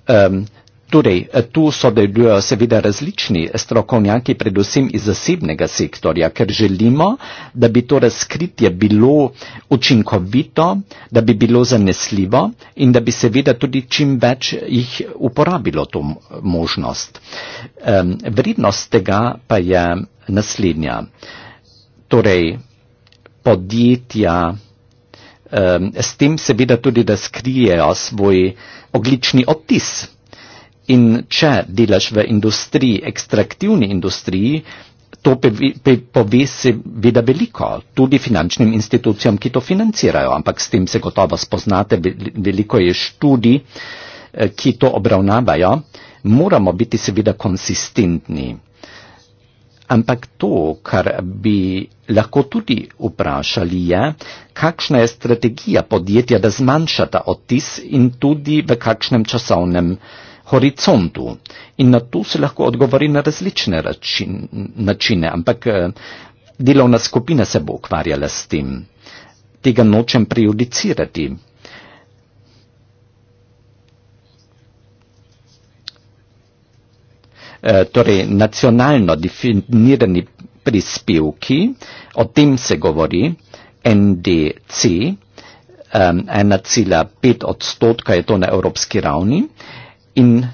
um, Torej, tu sodelujo seveda različni strokovnjaki, predvsem iz zasebnega sektorja, ker želimo, da bi to razkritje bilo učinkovito, da bi bilo zanesljivo in da bi seveda tudi čim več jih uporabilo to možnost. Vrednost tega pa je naslednja. Torej, podjetja s tem seveda tudi razkrijejo svoj oglični odtis. In če delaš v industriji, ekstraktivni industriji, to pove se veda veliko, tudi finančnim institucijam, ki to financirajo, ampak s tem se gotovo spoznate, veliko je študij, eh, ki to obravnavajo, moramo biti seveda konsistentni. Ampak to, kar bi lahko tudi vprašali, je, kakšna je strategija podjetja, da zmanjša ta otis in tudi v kakšnem časovnem času horizontu. In na to se lahko odgovori na različne račin, načine, ampak eh, delovna skupina se bo ukvarjala s tem. Tega nočem prejudicirati. Eh, torej, nacionalno definirani prispevki, o tem se govori, NDC, 1,5 eh, odstotka je to na evropski ravni in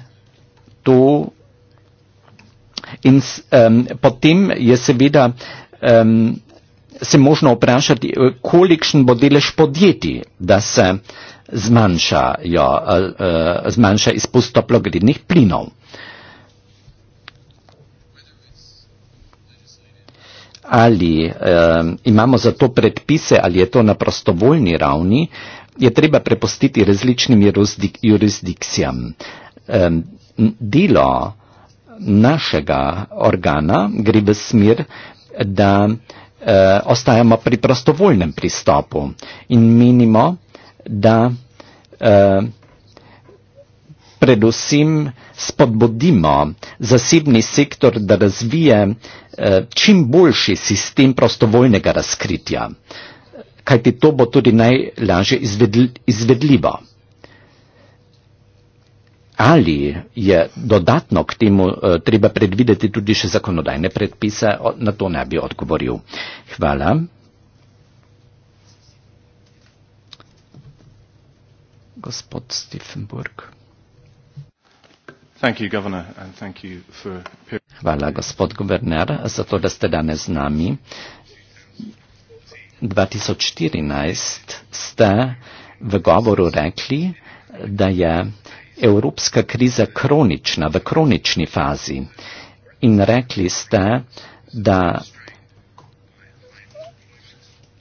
to in um, potem je seveda um, se možno vprašati, eh, kolikšen bo delež podjetij, da se zmanjšajo, uh, zmanjša izpust toplogrednih plinov. Ali um, imamo za to predpise, ali je to na prostovoljni ravni, je treba prepustiti različnim jurisdik jurisdikcijam delo našega organa gre v smer, da e, ostajamo pri prostovoljnem pristopu in menimo, da e, predvsem spodbudimo zasebni sektor, da razvije e, čim boljši sistem prostovoljnega razkritja, kajti to bo tudi najlažje izvedljivo ali je dodatno k temu eh, treba predvideti tudi še zakonodajne predpise, na to ne bi odgovoril. Hvala. Gospod Stiffenburg. Hvala, gospod guverner, za to, da ste danes z nami. 2014 ste v govoru rekli, da je evropska kriza kronična, v kronični fazi. In rekli ste, da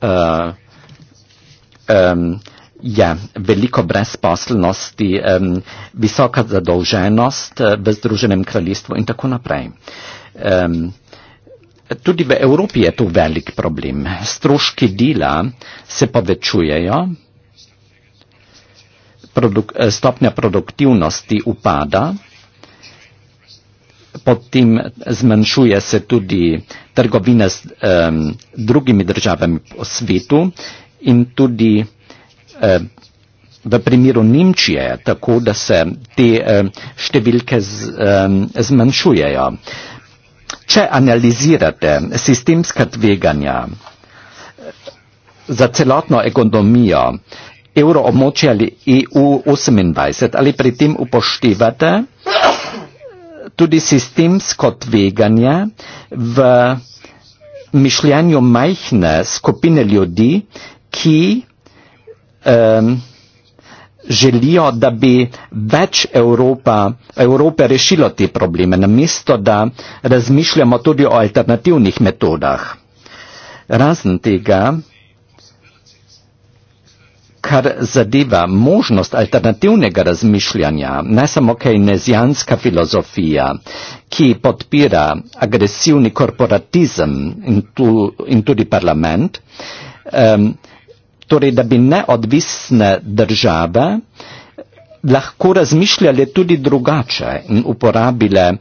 uh, um, je veliko brezposelnosti, um, visoka zadolženost uh, v Združenem kraljestvu in tako naprej. Um, tudi v Evropi je to velik problem. Stroški dela se povečujejo produk eh, stopnia produktivnosti upada, potem zmanjšuje se tudi trgovine s um, drugimi državami po svetu in tudi um, v primeru Nemčije, tako da se te um, številke z, um, zmanjšujejo. Če analizirate sistemska tveganja za celotno ekonomijo, evroobmočje ali EU 28 ali pri tem upoštevate tudi sistemsko tveganje v mišljenju majhne skupine ljudi, ki um, želijo, da bi več Evropa, Evrope rešilo te probleme, namesto da razmišljamo tudi o alternativnih metodah. Razen tega, kar zadeva možnost alternativnega razmišljanja, ne samo kaj nezijanska filozofija, ki podpira agresivni korporatizem in, tu, in tudi parlament, um, torej da bi neodvisne države lahko razmišljale tudi drugače in uporabile uh,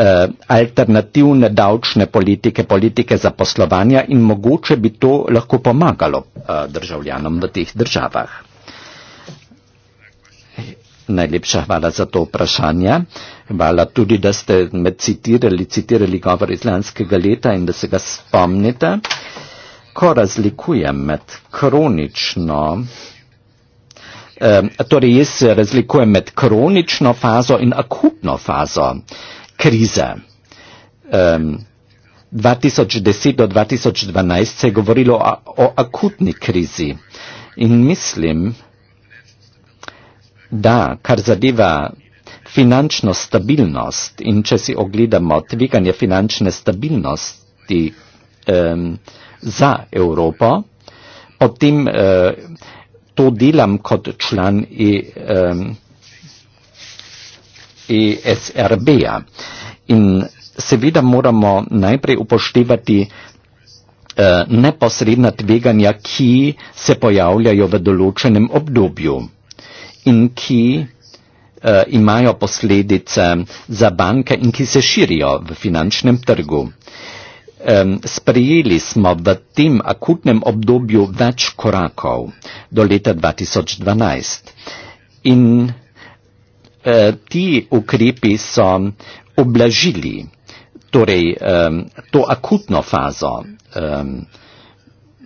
Eh, alternativne davčne politike, politike zaposlovanja in mogoče bi to lahko pomagalo eh, državljanom v teh državah. Najlepša hvala za to vprašanje. Hvala tudi, da ste me citirali, citirali govor iz lanskega leta in da se ga spomnite. Ko razlikujem med kronično. Eh, torej, jaz razlikujem med kronično fazo in akutno fazo. Uh, kriza. Um, 2010 do 2012 se je govorilo o, o akutni krizi in mislim, da kar zadeva finančno stabilnost in če si ogledamo tveganje finančne stabilnosti um, za Evropo, potem uh, to delam kot član in eh, um, ESRB-ja. In seveda moramo najprej upoštevati eh, neposredna tveganja, ki se pojavljajo v določenem obdobju in ki eh, imajo posledice za banke in ki se širijo v finančnem trgu. Sprejeli smo v tem akutnem obdobju več korakov do leta 2012 in Eh, ti ukrepi so oblažili torej, to akutno fazo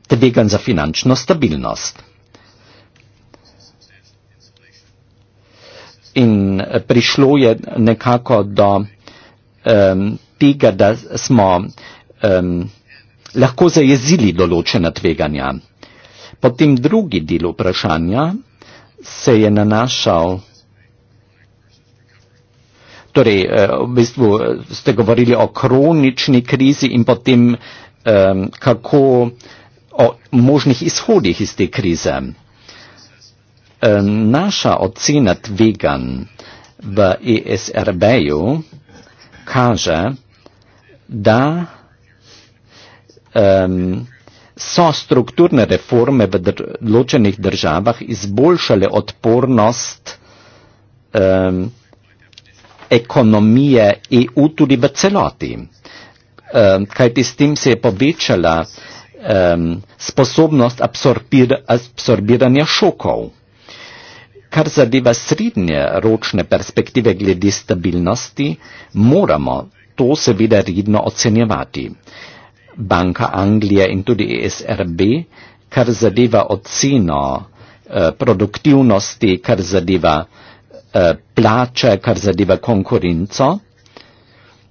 tvegan za finančno stabilnost. In eh, prišlo je nekako do um, tega, da smo um, lahko zajezili določena tveganja. Potem drugi del vprašanja se je nanašal torej eh, v bistvu eh, ste govorili o kronični krizi in potem ehm, kako o možnih izhodih iz te krize. Ehm, naša ocena tvegan v ESRB-ju kaže, da um, so strukturne reforme v dr ločenih državah izboljšale odpornost um, ekonomije EU tudi v celoti, um, kajti s tem se je povečala um, sposobnost absorbir, absorbiranja šokov. Kar zadeva srednje ročne perspektive glede stabilnosti, moramo to seveda redno ocenjevati. Banka Anglije in tudi ESRB, kar zadeva oceno eh, produktivnosti, kar zadeva eh, Eh, plače, kar zadeva konkurenco.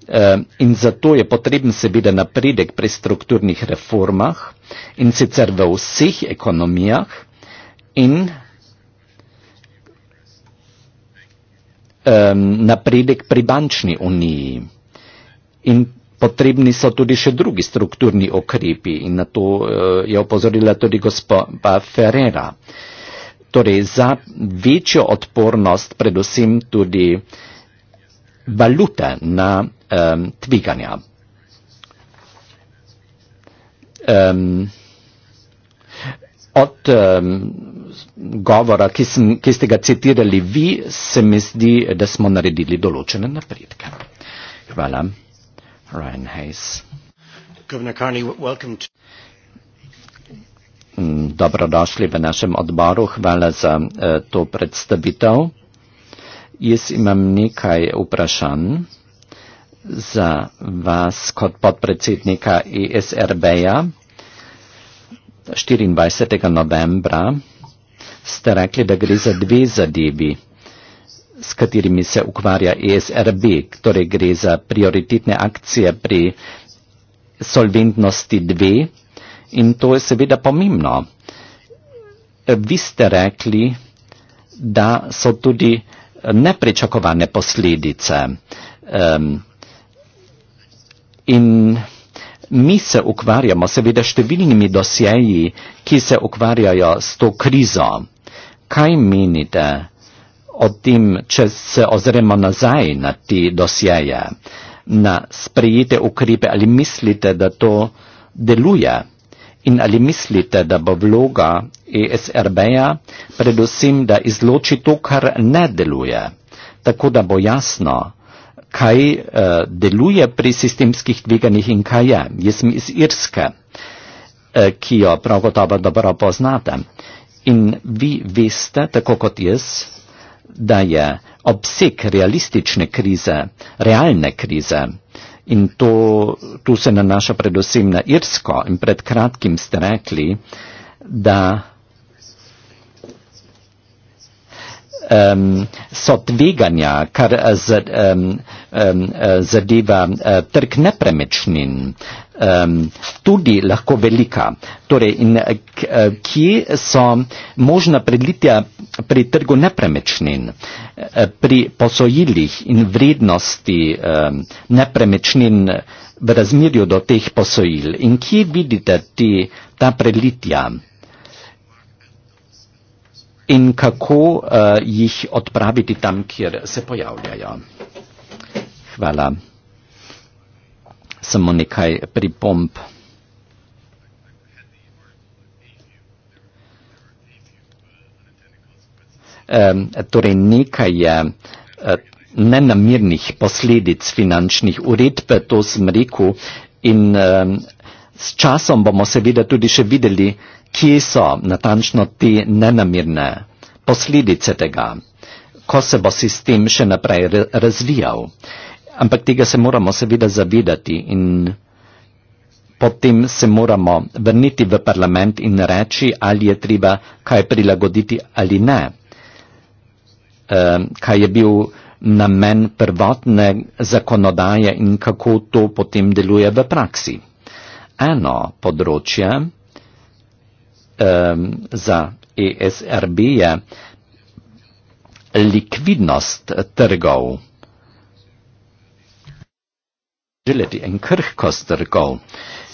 Eh, in zato je potreben seveda napredek pri strukturnih reformah in sicer v vseh ekonomijah in um, napredek pri bančni uniji. In potrebni so tudi še drugi strukturni okrepi in na to uh, je opozorila tudi gospa Ferrera. Uh, torej za večjo odpornost predvsem tudi valute na um, tveganja. Um, od um, govora, ki, sem, ki ste ga citirali vi, se mi zdi, da smo naredili določene napredke. Hvala. Ryan Hayes. Governor Carney, welcome to dobrodošli v našem odboru. Hvala za uh, to predstavitev. Jaz imam nekaj vprašanj za vas kot podpredsednika ISRB-ja. E 24. novembra ste rekli, da gre za dve zadevi, s katerimi se ukvarja ISRB, e torej gre za prioritetne akcije pri solventnosti 2 in to je seveda pomembno. E, vi ste rekli, da so tudi e, nepričakovane posledice. In mi se ukvarjamo seveda številnimi dosjeji, ki se ukvarjajo s to krizo. Kaj menite o tem, če se ozremo nazaj na te dosjeje, na sprejete ukrepe ali mislite, da to deluje? In ali mislite, da bo vloga ESRB-ja predvsem, da izloči to, kar ne deluje, tako da bo jasno, kaj uh, deluje pri sistemskih tveganjih in kaj je? Jaz sem iz Irske, uh, ki jo prav gotovo dobro poznate. In vi veste, tako kot jaz, da je obseg realistične krize, realne krize, In to, tu se nanaša predvsem na Irsko. In pred kratkim ste rekli, da um, so tveganja, kar eh, z, um, um, eh, zadeva uh, trg nepremičnin, um, tudi lahko velika. Torej, in k, kje so možna predlitja pri trgu nepremičnin, pri posojilih in vrednosti um, nepremičnin v razmerju do teh posojil in kje vidite ti, ta predlitja? in kako uh, jih odpraviti tam, kjer se pojavljajo. Hvala. Samo nekaj pripomb. Um, torej nekaj je uh, nenamirnih posledic finančnih uredb, to sem rekel, in um, s časom bomo seveda tudi še videli, uh, kje so natančno te nenamirne posledice tega, ko se bo sistem še naprej razvijal. Ampak tega se moramo seveda zavedati in potem se moramo vrniti v parlament in reči, ali je treba kaj prilagoditi ali ne. Ehm, kaj je bil namen prvotne zakonodaje in kako to potem deluje v praksi. Eno področje, um, za ESRB je likvidnost trgov. Želeti en krhkost trgov.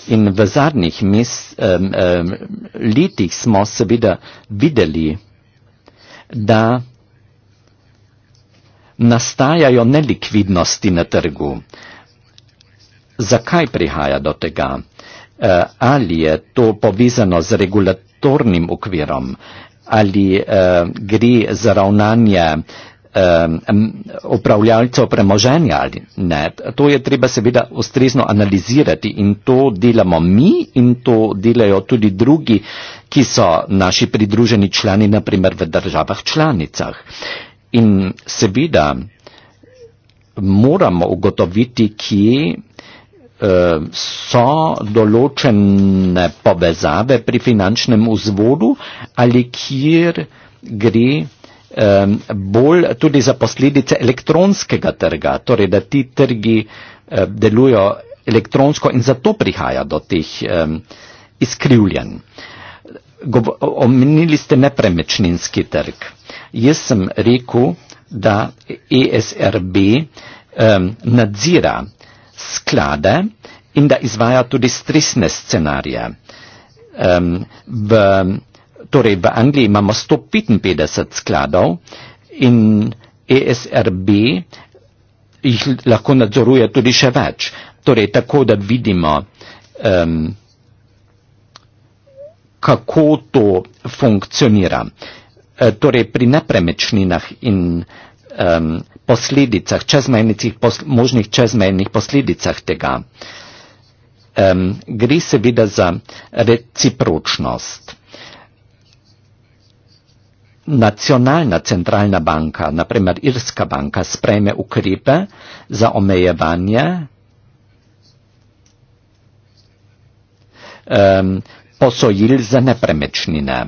In v zadnjih mes, um, um, letih smo seveda videli, da nastajajo nelikvidnosti na trgu. Zakaj prihaja do tega? Eh, ali je to povezano z regulatornim okvirom, ali eh, gre za ravnanje eh, upravljalcev premoženja ali ne. To je treba seveda ustrezno analizirati in to delamo mi in to delajo tudi drugi, ki so naši pridruženi člani, naprimer v državah članicah. In seveda moramo ugotoviti, kje Eh, so določene povezave pri finančnem vzvodu ali kjer gre bolj tudi za posledice elektronskega trga, torej da ti trgi eh, delujo elektronsko in zato prihaja do teh izkrivljen. Omenili ste nepremečninski trg. Jaz sem rekel, da ESRB nadzira sklade in da izvaja tudi stresne scenarije. Um, v, torej v Angliji imamo 155 skladov in ESRB jih lahko nadzoruje tudi še več. Torej tako, da vidimo, um, kako to funkcionira. E, torej pri nepremečninah in um, posledicah, čezmejnih, možnih čezmejnih posledicah tega. Um, gre seveda za recipročnost. Nacionalna centralna banka, naprimer Irska banka, sprejme ukrepe za omejevanje um, posojil za nepremečnine,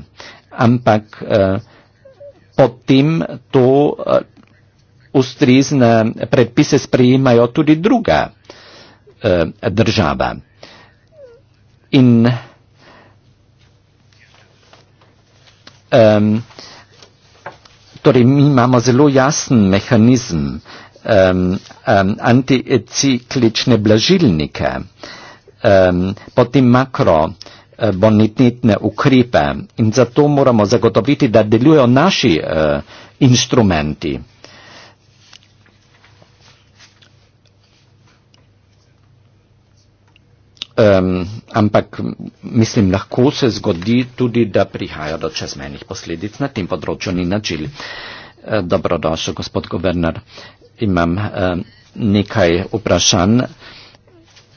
ampak uh, potem to uh, ustrezne predpise sprejemajo tudi druga eh, država. In Um, torej, mi imamo zelo jasen mehanizem um, um, anticiklične blažilnike, um, potem makrobonitetne eh, ukrepe in zato moramo zagotoviti, da delujejo naši uh, instrumenti. Um, ampak mislim, lahko se zgodi tudi, da prihaja do čezmenih posledic na tem področju ni načel. Dobrodošel, gospod guverner. Imam um, nekaj vprašanj.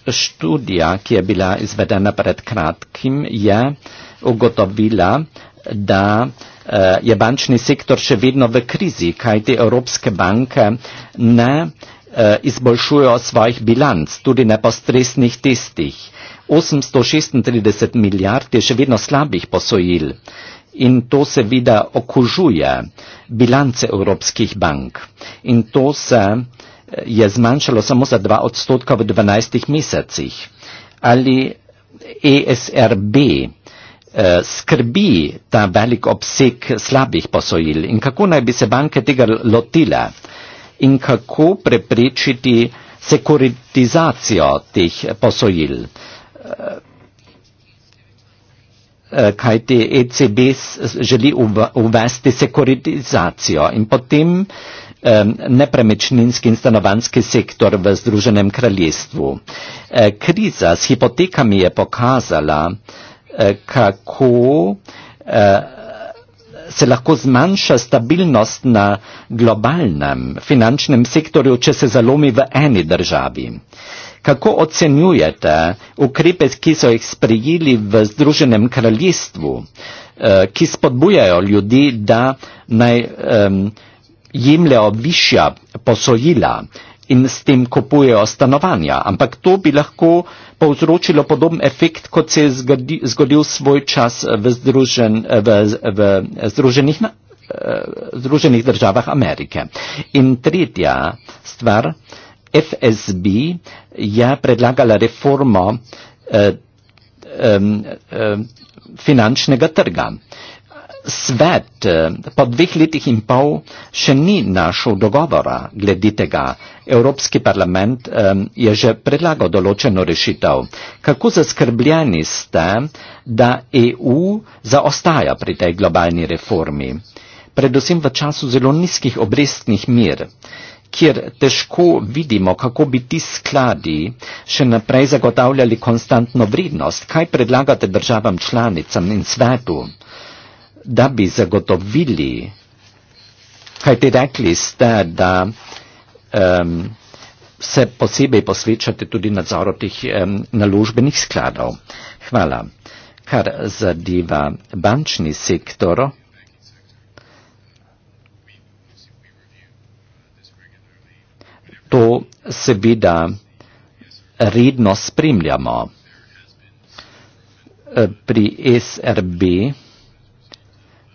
Študija, ki je bila izvedena pred kratkim, je ugotovila, da uh, je bančni sektor še vedno v krizi, kajti evropske banke ne. Uh, Äh, izboljšujejo svojih bilanc, tudi ne po stresnih testih. 836 milijard je še vedno slabih posojil in to seveda okužuje bilance evropskih bank. In to se äh, je zmanjšalo samo za 2 odstotka v 12 mesecih. Ali ESRB äh, skrbi ta velik obseg slabih posojil in kako naj bi se banke tega lotile? in kako preprečiti sekuritizacijo teh posojil. Eh, eh, kaj ti ECB želi uvesti sekuritizacijo in potem nepremičninski in stanovanski sektor v Združenem kraljestvu. Eh, kriza s hipotekami je pokazala, kako se lahko zmanjša stabilnost na globalnem finančnem sektorju, če se zalomi v eni državi. Kako ocenjujete ukrepe, ki so jih sprijeli v Združenem kraljestvu, eh, ki spodbujajo ljudi, da naj um, jimljajo višja posojila in s tem kupujejo stanovanja, ampak to bi lahko povzročilo podoben efekt, kot se je zgodi, zgodil svoj čas v, združen, v, v združenih, eh, združenih državah Amerike. In tretja stvar, FSB je predlagala reformo eh, eh, finančnega trga. Eh, svet eh, po dveh letih in pol še ni našel dogovora glede tega. Evropski parlament je že predlagal določeno rešitev. Kako zaskrbljeni ste, da EU zaostaja pri tej globalni reformi? Predvsem v času zelo nizkih obrestnih mir, kjer težko vidimo, kako bi ti skladi še naprej zagotavljali konstantno vrednost. Kaj predlagate državam članicam in svetu? da bi zagotovili, kaj ti rekli ste, da um, se posebej posvečate tudi nadzoru teh um, naložbenih skladov. Hvala. Kar zadeva bančni sektor, to seveda redno spremljamo. Pri SRB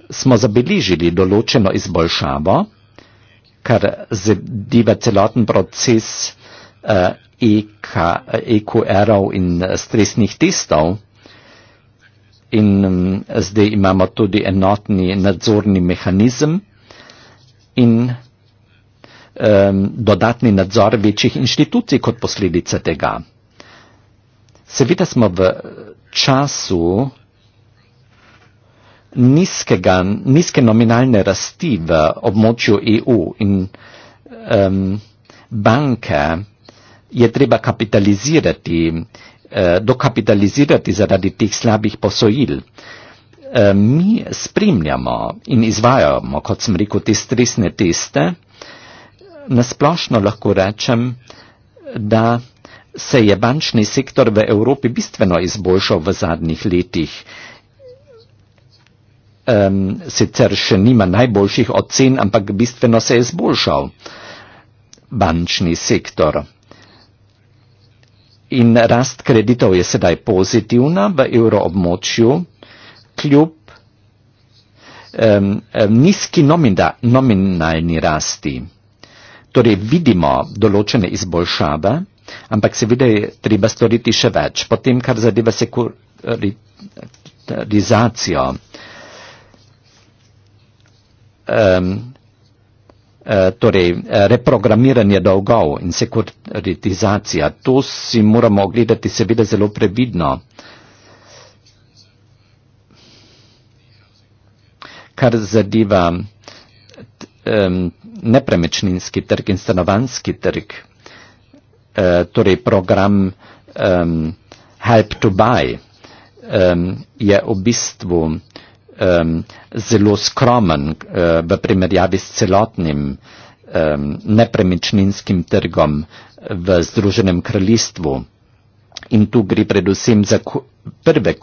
smo zabeležili določeno izboljšavo, kar zadeva celoten proces eh, EQR-ov e in eh, stresnih testov. In hm, zdaj imamo tudi enotni nadzorni mehanizem in hm, dodatni nadzor večjih inštitucij kot posledica tega. Seveda smo v času nizkega, nizke nominalne rasti v območju EU in um, banke je treba kapitalizirati, uh, dokapitalizirati zaradi teh slabih posojil. Eh, mi spremljamo in izvajamo, kot sem rekel, te stresne teste. Nasplošno lahko rečem, da se je bančni sektor v Evropi bistveno izboljšal v zadnjih letih um, sicer še nima najboljših ocen, ampak bistveno se je izboljšal bančni sektor. In rast kreditov je sedaj pozitivna v euroobmočju, kljub um, nizki nomina, nominalni rasti. Torej vidimo določene izboljšave, ampak seveda je treba storiti še več. Potem, kar zadeva sekularizacijo, uh, E, torej, e, reprogramiranje dolgov in sekuritizacija. To si moramo ogledati seveda zelo previdno. Kar zadeva nepremečninski trg in stanovanski trg, e, torej program Help to Buy, je v bistvu um, zelo skromen uh, v primerjavi s celotnim um, nepremičninskim trgom v Združenem kraljestvu. In tu gre predvsem za, prve,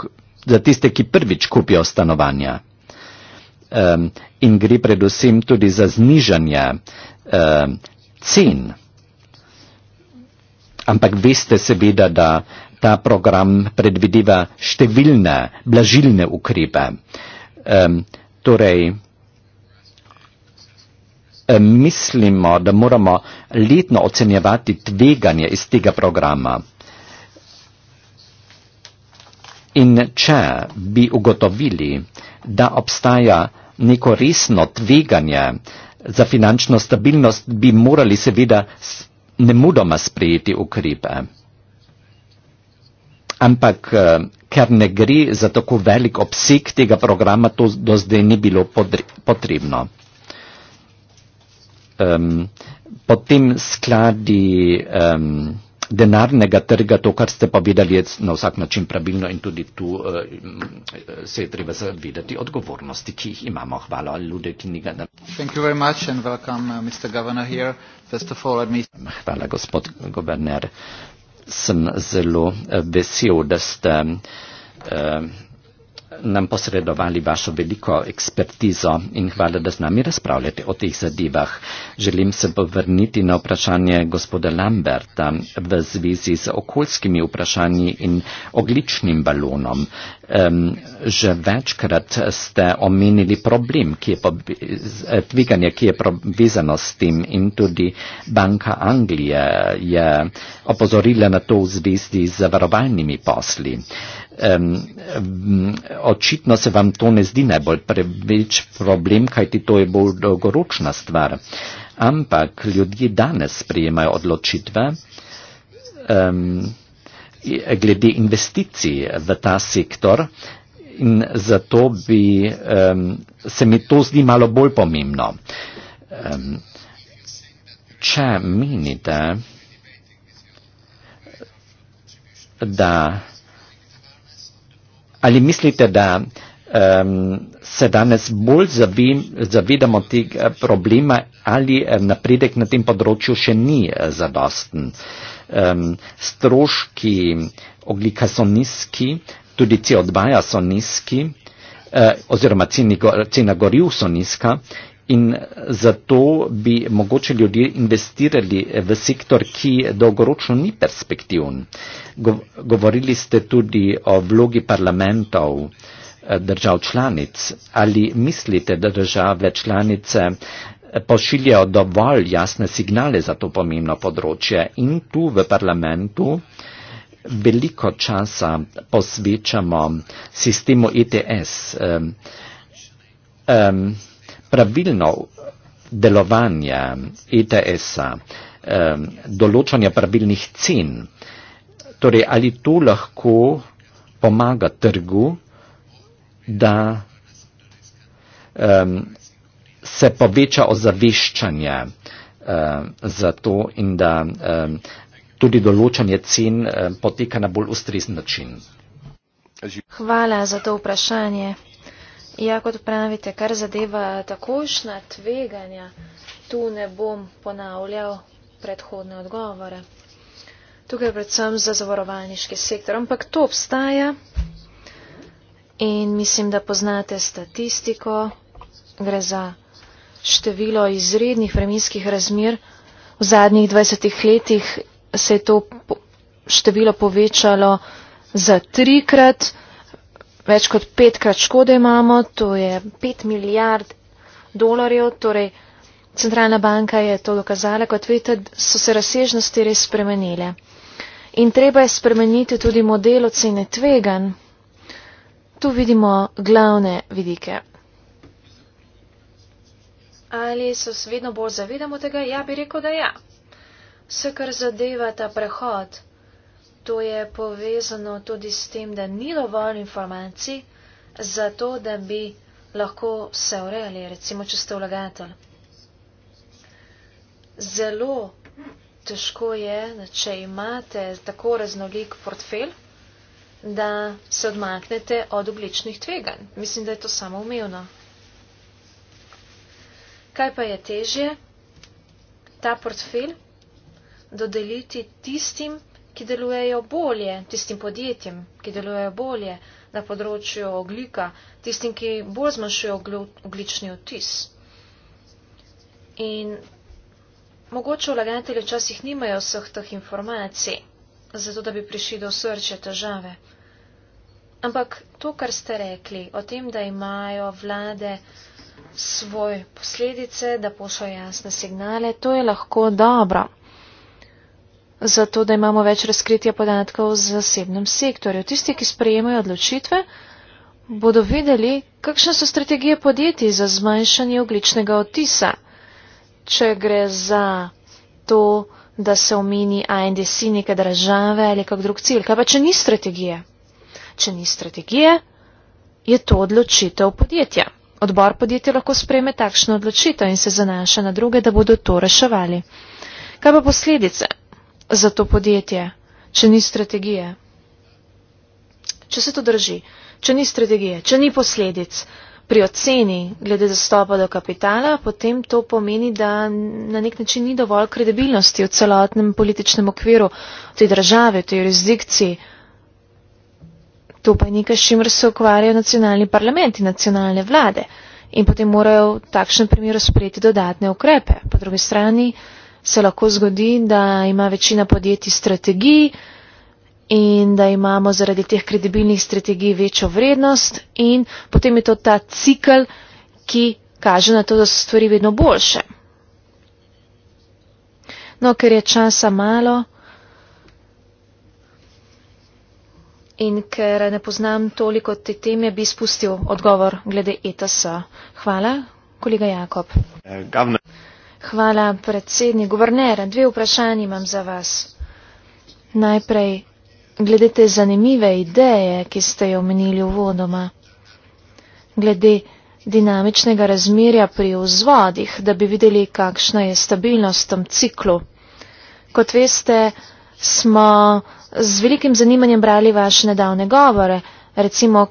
za tiste, ki prvič kupijo stanovanja. Um, in gre predvsem tudi za znižanje um, cen. Ampak veste seveda, da ta program predvideva številne blažilne ukrepe. Uh, torej, mislimo, da moramo letno ocenjevati tveganje iz tega programa. In če bi ugotovili, da obstaja neko resno tveganje za finančno stabilnost, bi morali seveda nemudoma sprejeti ukrepe. Ampak ker ne gre za tako velik obseg tega programa, to do zdaj ni bilo potrebno. Um, potem skladi um, denarnega trga, to, kar ste povedali, je na vsak način pravilno in tudi tu uh, se je treba zavedati odgovornosti, ki jih imamo. Hvala ljudem, ki njega naredijo. Uh, Hvala, gospod guverner. Uh, sem zelo eh, vesel, da ste eh, nam posredovali vašo veliko ekspertizo in hvala, da z nami razpravljate o teh zadevah. Želim se povrniti na vprašanje gospoda Lamberta v zvezi z okoljskimi vprašanji in ogličnim balonom. Um, že večkrat ste omenili problem, ki je eh, tveganje, ki je povezano s tem in tudi Banka Anglije je opozorila na to v zvezi z zavarovalnimi posli. Um, Um, um, očitno se vam to ne zdi najbolj preveč problem, kajti to je bolj dolgoročna stvar. Ampak ljudje danes sprejemajo odločitve um, glede investicij v ta sektor in zato bi um, se mi to zdi malo bolj pomembno. Um, če menite, da Ali mislite, da um, se danes bolj zavim, zavedamo tega eh, problema ali eh, napredek na tem področju še ni eh, zadosten? Um, stroški oglika so nizki, tudi CO2 ja so nizki, uh, oziroma cena goriv so nizka In zato bi mogoče ljudje investirali v sektor, ki dolgoročno ni perspektiven. Govorili ste tudi o vlogi parlamentov eh, držav članic. Ali mislite, da države članice eh, pošiljajo dovolj jasne signale za to pomembno področje? In tu v parlamentu veliko časa posvečamo sistemu ETS. Um, um, pravilno delovanje ETS-a, določanje pravilnih cen. Torej, ali to lahko pomaga trgu, da se poveča ozaveščanje za to in da tudi določanje cen poteka na bolj ustrezen način. Hvala za to vprašanje. Ja, kot pravite, kar zadeva takošna tveganja, tu ne bom ponavljal predhodne odgovore. Tukaj predvsem za zavarovalniški sektor, ampak to obstaja in mislim, da poznate statistiko, gre za število izrednih vremenskih razmir. V zadnjih 20 letih se je to število povečalo za trikrat več kot petkrat škode imamo, to je pet milijard dolarjev, torej centralna banka je to dokazala, kot vidite, so se razsežnosti res spremenile. In treba je spremeniti tudi model ocene tvegan. Tu vidimo glavne vidike. Ali se vedno bolj zavedamo tega? Ja, bi rekel, da ja. Vse, kar zadeva ta prehod to je povezano tudi s tem, da ni dovolj informacij za to, da bi lahko se urejali, recimo, če ste vlagatelj. Zelo težko je, če imate tako raznolik portfelj, da se odmaknete od obličnih tveganj. Mislim, da je to samo umevno. Kaj pa je težje? Ta portfelj dodeliti tistim, ki delujejo bolje, tistim podjetjem, ki delujejo bolje na področju oglika, tistim, ki bolj zmanjšujejo oglični otis. In mogoče vlagatelji včasih nimajo vseh teh informacij, zato da bi prišli do srčja težave. Ampak to, kar ste rekli o tem, da imajo vlade svoje posledice, da pošljajo jasne signale, to je lahko dobro zato da imamo več razkritja podatkov v zasebnem sektorju. Tisti, ki sprejemajo odločitve, bodo videli, kakšne so strategije podjetij za zmanjšanje ogličnega otisa. Če gre za to, da se omeni ANDC neke države ali kak drug cilj. Kaj pa, če ni strategije? Če ni strategije, je to odločitev podjetja. Odbor podjetja lahko sprejme takšno odločitev in se zanaša na druge, da bodo to reševali. Kaj pa posledice? za to podjetje, če ni strategije. Če se to drži, če ni strategije, če ni posledic pri oceni glede dostopa do kapitala, potem to pomeni, da na nek način ni dovolj kredibilnosti v celotnem političnem okviru v tej državi, v tej jurisdikciji. To pa je nekaj, s čimer se ukvarjajo nacionalni parlamenti, nacionalne vlade in potem morajo v takšnem primeru sprejeti dodatne ukrepe. Po drugi strani se lahko zgodi, da ima večina podjetij strategij in da imamo zaradi teh kredibilnih strategij večjo vrednost in potem je to ta cikl, ki kaže na to, da so stvari vedno boljše. No, ker je časa malo in ker ne poznam toliko te teme, bi spustil odgovor glede ETS. Hvala, kolega Jakob. Eh, Gavne. Hvala, predsednik. Guverner, dve vprašanje imam za vas. Najprej, glede te zanimive ideje, ki ste jo omenili v vodoma, glede dinamičnega razmerja pri vzvodih, da bi videli, kakšna je stabilnost v tem ciklu. Kot veste, smo z velikim zanimanjem brali vaše nedavne govore. Recimo,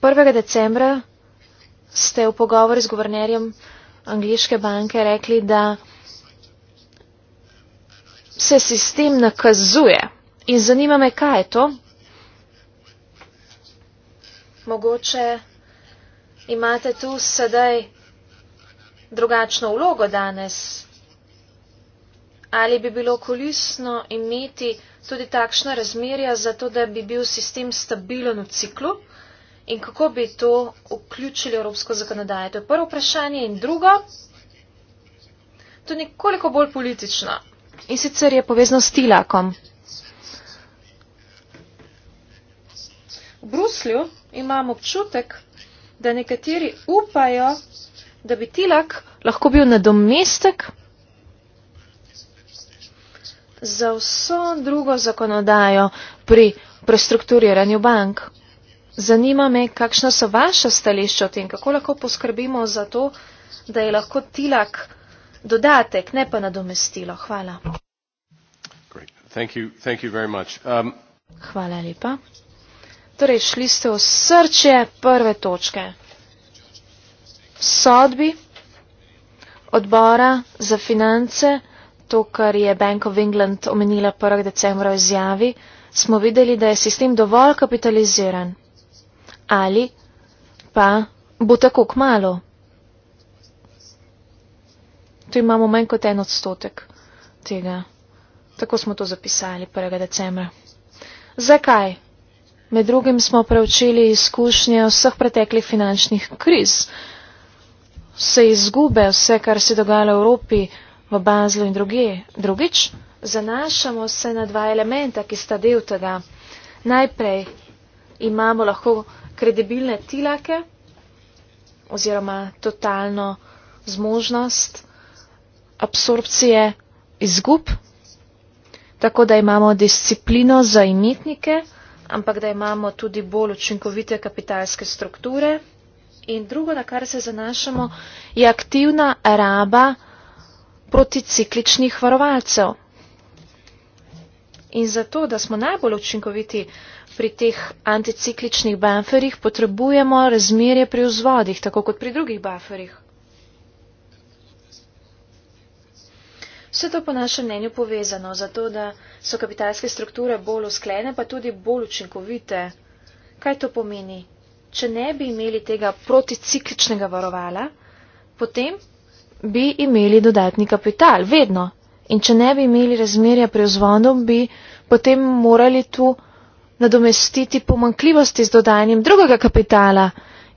1. decembra ste v pogovoru z guvernerjem angliške banke rekli, da se sistem nakazuje. In zanima me, kaj je to. Mogoče imate tu sedaj drugačno vlogo danes. Ali bi bilo kolisno imeti tudi takšna razmerja za to, da bi bil sistem stabilen v ciklu? in kako bi to vključili v evropsko zakonodajo. To je prvo vprašanje in drugo, to je nekoliko bolj politično in sicer je povezno s Tilakom. V Bruslju imam občutek, da nekateri upajo, da bi Tilak lahko bil nadomestek za vso drugo zakonodajo pri prestrukturiranju bank. Zanima me, kakšna so vaša stališča o tem, kako lahko poskrbimo za to, da je lahko tilak dodatek, ne pa nadomestilo. Hvala. Thank you, thank you um, Hvala lepa. Torej, šli ste v srče prve točke. Sodbi odbora za finance, to, kar je Bank of England omenila 1. decembra v izjavi, smo videli, da je sistem dovolj kapitaliziran ali pa bo tako k malo. Tu imamo manj kot en odstotek tega. Tako smo to zapisali 1. decembra. Zakaj? Med drugim smo preučili izkušnje vseh preteklih finančnih kriz, vse izgube, vse, kar se dogaja v Evropi, v Bazlu in druge. Drugič, zanašamo se na dva elementa, ki sta del tega. Najprej imamo lahko kredibilne tilake oziroma totalno zmožnost absorpcije izgub, tako da imamo disciplino za imetnike, ampak da imamo tudi bolj učinkovite kapitalske strukture. In drugo, na kar se zanašamo, je aktivna raba protikličnih varovalcev. In zato, da smo najbolj učinkoviti pri teh anticikličnih bufferjih potrebujemo razmerje pri vzvodih, tako kot pri drugih bufferjih. Vse to po našem mnenju povezano, zato da so kapitalske strukture bolj usklene, pa tudi bolj učinkovite. Kaj to pomeni? Če ne bi imeli tega proticikličnega varovala, potem bi imeli dodatni kapital, vedno. In če ne bi imeli razmerja pri vzvodu, bi potem morali tu nadomestiti pomankljivosti z dodajanjem drugega kapitala.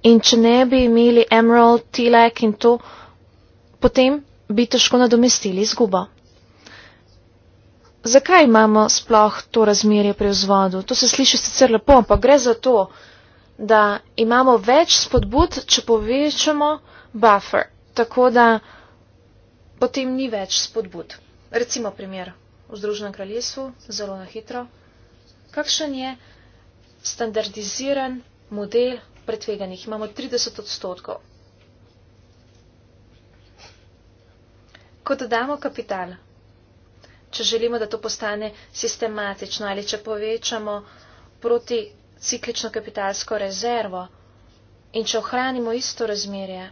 In če ne bi imeli Emerald, Tilek in to, potem bi težko nadomestili izgubo. Zakaj imamo sploh to razmerje pri vzvodu? To se sliši sicer lepo, ampak gre za to, da imamo več spodbud, če povečamo buffer. Tako da potem ni več spodbud. Recimo primer v Združenem kraljestvu, zelo na hitro kakšen je standardiziran model pretveganih. Imamo 30 odstotkov. Ko dodamo kapital, če želimo, da to postane sistematično ali če povečamo proti ciklično kapitalsko rezervo in če ohranimo isto razmerje,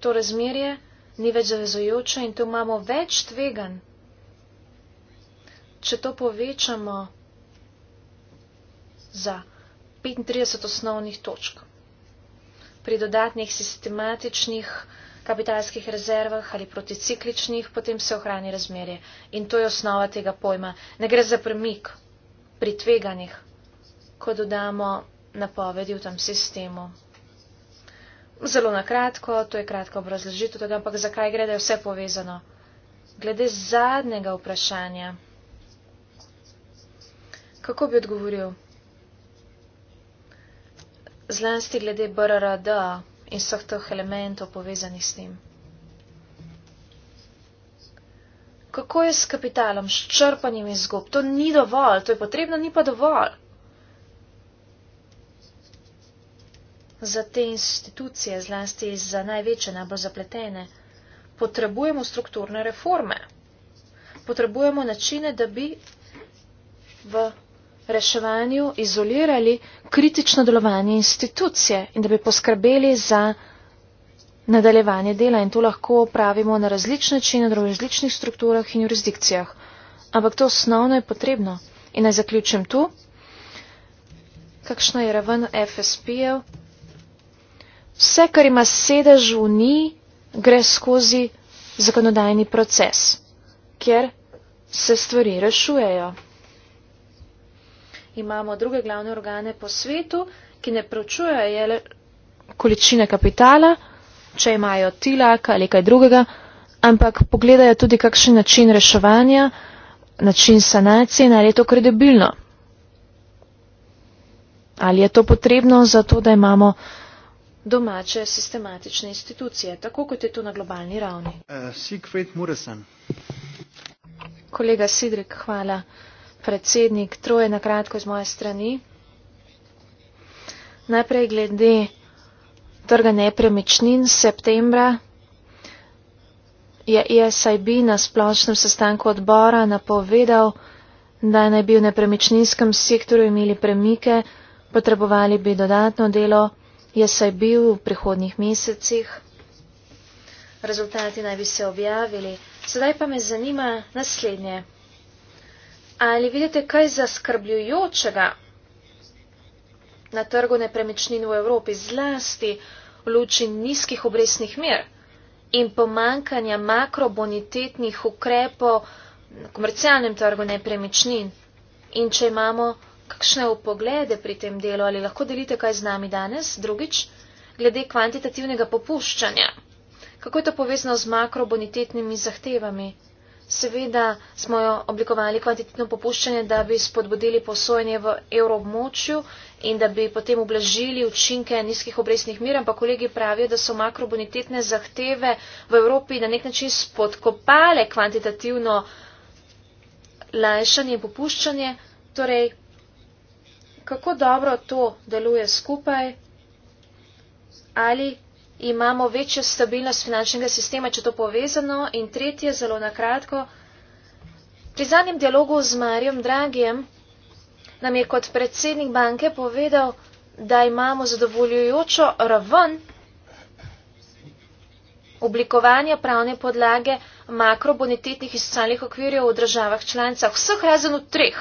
to razmerje ni več zavezujoče in tu imamo več tveganj če to povečamo za 35 osnovnih točk pri dodatnih sistematičnih kapitalskih rezervah ali proticikličnih, potem se ohrani razmerje. In to je osnova tega pojma. Ne gre za premik pri tveganjih, ko dodamo napovedi v tem sistemu. Zelo na kratko, to je kratka obrazložitev tega, ampak zakaj gre, da je vse povezano? Glede zadnjega vprašanja. Kako bi odgovoril? Zlasti glede BRRD in vseh teh elementov povezanih s tem. Kako je s kapitalom, s črpanjem izgub? To ni dovolj, to je potrebno, ni pa dovolj. Za te institucije, zlasti za največje, najbolj zapletene, potrebujemo strukturne reforme. Potrebujemo načine, da bi v reševanju izolirali kritično delovanje institucije in da bi poskrbeli za nadaljevanje dela in to lahko pravimo na različne načine, v različnih strukturah in jurisdikcijah. Ampak to osnovno je potrebno. In naj zaključim tu, kakšna je raven FSP-ev. Vse, kar ima sedež v Uniji, gre skozi zakonodajni proces, kjer se stvari rešujejo imamo druge glavne organe po svetu, ki ne pročujejo jele količine kapitala, če imajo tilak ali kaj drugega, ampak pogledajo tudi, kakšen način reševanja, način sanacije, ali je to kredibilno. Ali je to potrebno za to, da imamo domače sistematične institucije, tako kot je to na globalni ravni. Uh, Kolega Sidrik, hvala predsednik, troje na kratko z moje strani. Najprej glede trga nepremičnin septembra je ESIB na splošnem sestanku odbora napovedal, da naj bi v nepremičninskem sektorju imeli premike, potrebovali bi dodatno delo, je saj bil v prihodnih mesecih. Rezultati naj bi se objavili. Sedaj pa me zanima naslednje. Ali vidite kaj zaskrbljujočega na trgu nepremičnin v Evropi zlasti v luči nizkih obresnih mer in pomankanja makrobonitetnih ukrepov na komercialnem trgu nepremičnin? In če imamo kakšne upoglede pri tem delu, ali lahko delite kaj z nami danes, drugič, glede kvantitativnega popuščanja? Kako je to povezano z makrobonitetnimi zahtevami? Seveda smo jo oblikovali kvantitetno popuščanje, da bi spodbudili posojanje v evroobmočju in da bi potem oblažili učinke nizkih obrestnih mir, ampak kolegi pravijo, da so makrobonitetne zahteve v Evropi na nek način spodkopale kvantitativno lajšanje in popuščanje. Torej, kako dobro to deluje skupaj ali imamo večjo stabilnost finančnega sistema, če to povezano. In tretje, zelo na kratko, pri zadnjem dialogu z Marjem Dragijem nam je kot predsednik banke povedal, da imamo zadovoljujočo raven oblikovanja pravne podlage makrobonitetnih in socialnih okvirjev v državah članicah, vseh razen v treh,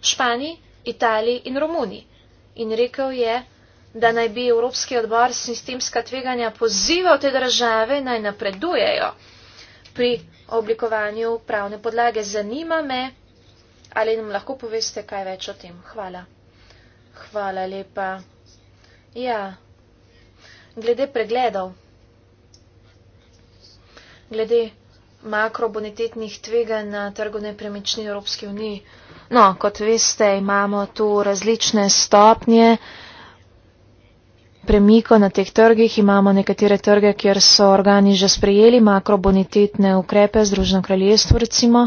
Španiji, Italiji in Romuniji. In rekel je, da naj bi Evropski odbor sistemska tveganja pozival te države naj napredujejo pri oblikovanju pravne podlage. Zanima me, ali nam lahko poveste kaj več o tem. Hvala. Hvala lepa. Ja, glede pregledov, glede makrobonitetnih tveganj na trgu nepremični Evropski uniji. No, kot veste, imamo tu različne stopnje premikov na teh trgih. Imamo nekatere trge, kjer so organi že sprejeli makrobonitetne ukrepe, Združeno kraljestvo recimo.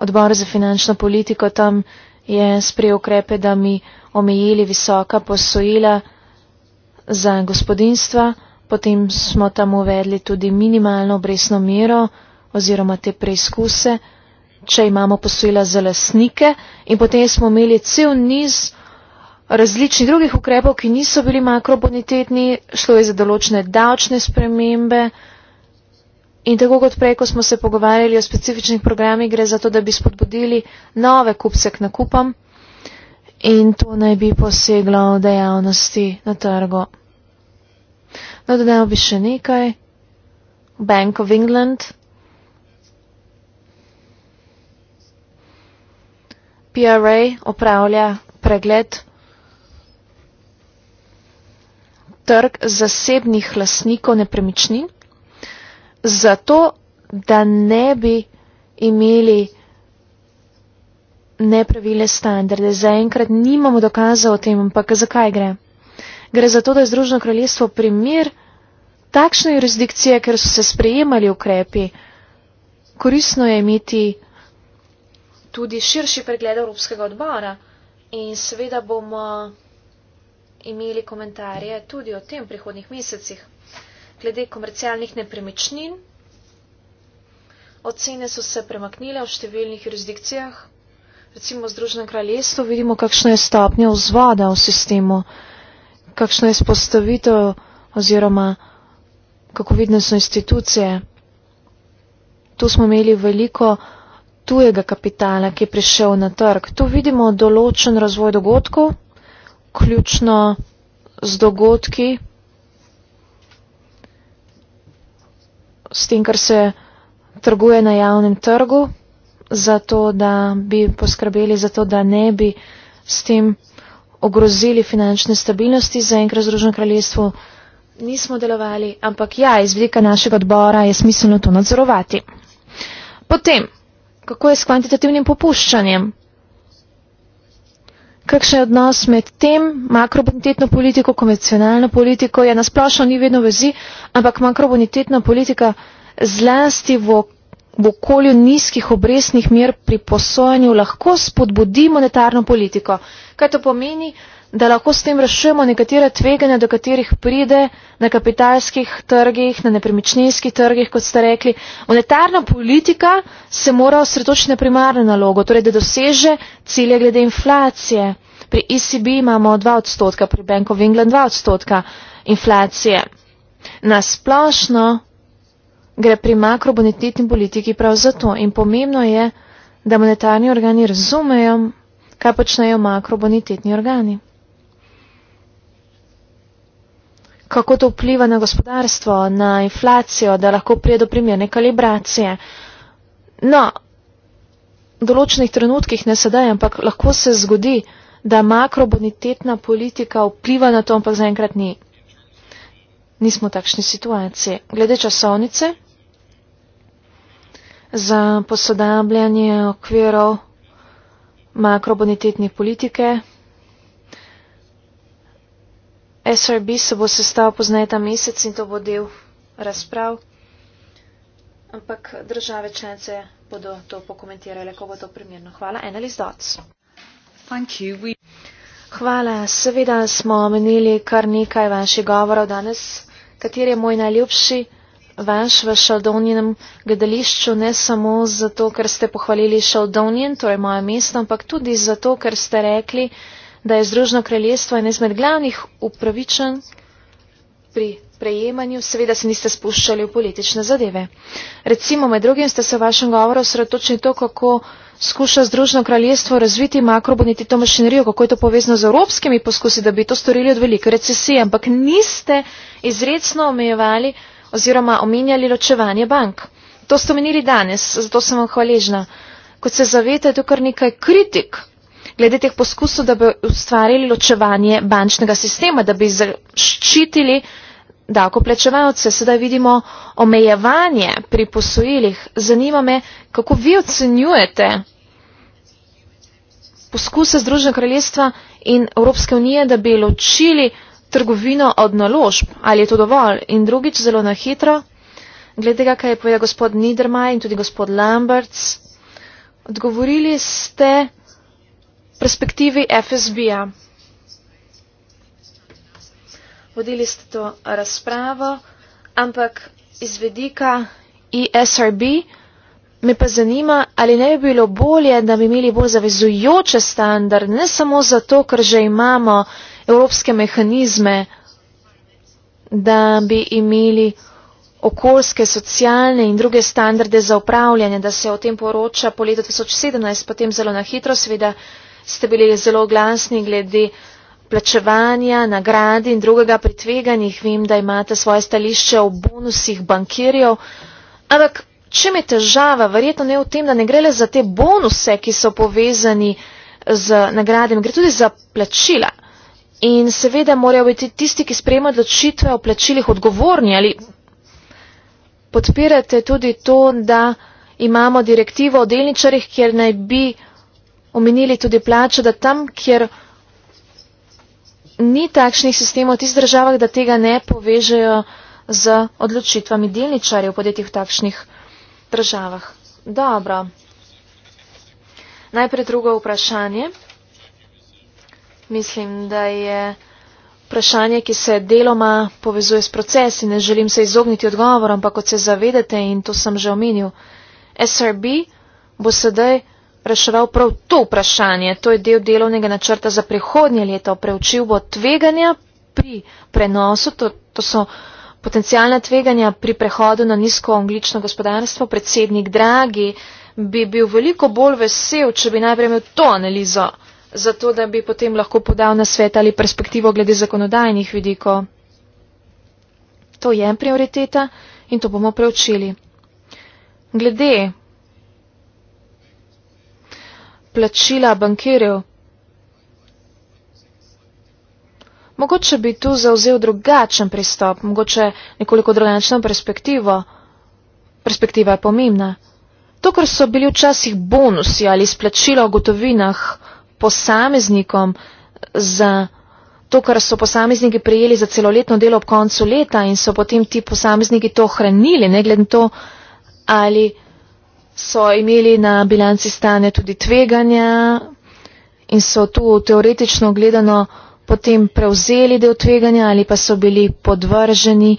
Odbor za finančno politiko tam je sprejel ukrepe, da mi omejili visoka posojila za gospodinstva. Potem smo tam uvedli tudi minimalno obresno mero oziroma te preizkuse, če imamo posojila za lasnike. In potem smo imeli cel niz različnih drugih ukrepov, ki niso bili makrobonitetni, šlo je za določene davčne spremembe. In tako kot preko smo se pogovarjali o specifičnih programih, gre za to, da bi spodbudili nove kupce k nakupom in to naj bi poseglo v dejavnosti na trgu. No, dodal bi še nekaj. Bank of England. PRA opravlja pregled trg zasebnih lasnikov nepremičnin, zato da ne bi imeli nepravile standarde. Zaenkrat nimamo dokaza o tem, ampak zakaj gre? Gre za to, da je Združeno kraljestvo primer takšne jurisdikcije, ker so se sprejemali ukrepi. Koristno je imeti tudi širši pregled Evropskega odbora in seveda bomo imeli komentarje tudi o tem prihodnih mesecih. Glede komercialnih nepremičnin, ocene so se premaknile v številnih jurisdikcijah. Recimo v Združenem kraljestvu vidimo, kakšna je stopnja vzvoda v sistemu, kakšna je spostavitev oziroma kako vidne so institucije. Tu smo imeli veliko tujega kapitala, ki je prišel na trg. Tu vidimo določen razvoj dogodkov ključno z dogodki, s tem, kar se trguje na javnem trgu, zato da bi poskrbeli za to, da ne bi s tem ogrozili finančne stabilnosti. Zaenkrat v Združenem kraljestvu nismo delovali, ampak ja, iz vidika našega odbora je smiselno to nadzorovati. Potem, kako je s kvantitativnim popuščanjem? kakšen je odnos med tem makrobonitetno politiko, konvencionalno politiko, je nasplošno ni vedno vezi, ampak makrobonitetna politika zlasti v, v okolju nizkih obrestnih mer pri posojanju lahko spodbudi monetarno politiko. Kaj to pomeni? da lahko s tem rešujemo nekatere tveganja, do katerih pride na kapitalskih trgih, na nepremičninskih trgih, kot ste rekli. Monetarna politika se mora osredotočiti na primarno nalogo, torej da doseže cilje glede inflacije. Pri ECB imamo 2 odstotka, pri Bank of England 2 odstotka inflacije. Nasplošno gre pri makrobonitetni politiki prav zato in pomembno je, da monetarni organi razumejo, kaj počnejo makrobonitetni organi. kako to vpliva na gospodarstvo, na inflacijo, da lahko prije do primerne kalibracije. No, v določenih trenutkih ne sedaj, ampak lahko se zgodi, da makrobonitetna politika vpliva na to, ampak zaenkrat ni. Nismo v takšni situaciji. Glede časovnice za posodabljanje okvirov makrobonitetne politike. SRB se bo sestal pozneje ta mesec in to bo del razprav. Ampak države članice bodo to pokomentirale, ko bo to primerno. Hvala, Annelies Dodds. Hvala, seveda smo omenili kar nekaj vaših govorov danes. Kater je moj najljubši vaš v Šaldonjenem gledališču, ne samo zato, ker ste pohvalili Šaldonjen, torej moje mesto, ampak tudi zato, ker ste rekli, da je Združno kraljestvo en izmed glavnih upravičen pri prejemanju, seveda se niste spuščali v politične zadeve. Recimo, med drugim ste se v vašem govoru osredotočili to, kako skuša Združno kraljestvo razviti makrobonitetno mašinerijo, kako je to povezano z evropskimi poskusi, da bi to storili od velike recesije, ampak niste izredno omejevali oziroma omenjali ločevanje bank. To ste omenili danes, zato sem vam hvaležna. Kot se zavete, je to kar nekaj kritik glede teh poskusov da bi ustvarili ločevanje bančnega sistema da bi zaščitili davkoplačevalce sedaj vidimo omejevanje pri posojilih zanima me kako vi ocenjujete poskuse združenega kraljestva in evropske unije da bi ločili trgovino od naložb ali je to dovolj in drugič zelo na hitro glede tega kaj je povedal gospod niedermayer in tudi gospod lamberts odgovorili ste perspektivi FSB-a. Vodili ste to razpravo, ampak iz vedika ESRB me pa zanima, ali ne bi bilo bolje, da bi imeli bolj zavezujoče standarde, ne samo zato, ker že imamo evropske mehanizme, da bi imeli okoljske, socialne in druge standarde za upravljanje, da se o tem poroča po letu 2017, potem zelo na hitro, seveda ste bili zelo glasni glede plačevanja, nagrad in drugega pritveganjih. Vem, da imate svoje stališče o bonusih bankirjev, ampak čem je težava? Verjetno ne v tem, da ne gre le za te bonuse, ki so povezani z nagradami, gre tudi za plačila. In seveda morajo biti tisti, ki sprejemajo odločitve o plačilih odgovorni ali podpirate tudi to, da imamo direktivo o delničarjih, kjer naj bi omenili tudi plačo, da tam, kjer ni takšnih sistemov v tistih državah, da tega ne povežejo z odločitvami delničarjev v podjetjih v takšnih državah. Dobro. Najprej drugo vprašanje. Mislim, da je vprašanje, ki se deloma povezuje s procesi. Ne želim se izogniti odgovorom, ampak kot se zavedate in to sem že omenil, SRB bo sedaj reševal prav to vprašanje. To je del delovnega načrta za prihodnje leto. Preučil bo tveganja pri prenosu, to, to so potencijalna tveganja pri prehodu na nizkoonglično gospodarstvo. Predsednik Dragi bi bil veliko bolj vesel, če bi najprej imel to analizo, zato da bi potem lahko podal na svet ali perspektivo glede zakonodajnih vidikov. To je prioriteta in to bomo preučili. Glede plačila bankirjev. Mogoče bi tu zauzel drugačen pristop, mogoče nekoliko drugačno perspektivo. Perspektiva je pomembna. To, kar so bili včasih bonusi ali splačila o gotovinah posameznikom za to, kar so posamezniki prijeli za celoletno delo ob koncu leta in so potem ti posamezniki to hranili, ne glede na to, ali so imeli na bilanci stanja tudi tveganja in so tu teoretično gledano potem prevzeli del tveganja ali pa so bili podvrženi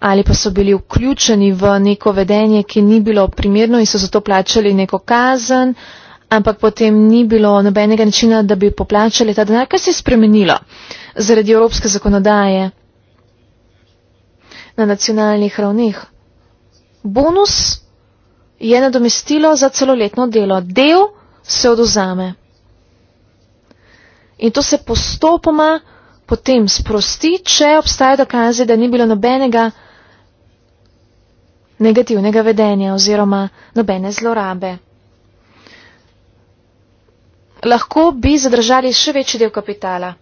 ali pa so bili vključeni v neko vedenje, ki ni bilo primerno in so zato plačali neko kazen, ampak potem ni bilo nobenega načina, da bi poplačali ta denar, kar se je spremenilo zaradi evropske zakonodaje na nacionalnih ravneh. Bonus je nadomestilo za celoletno delo. Del se oduzame. In to se postopoma potem sprosti, če obstajajo dokaze, da ni bilo nobenega negativnega vedenja oziroma nobene zlorabe. Lahko bi zadržali še večji del kapitala.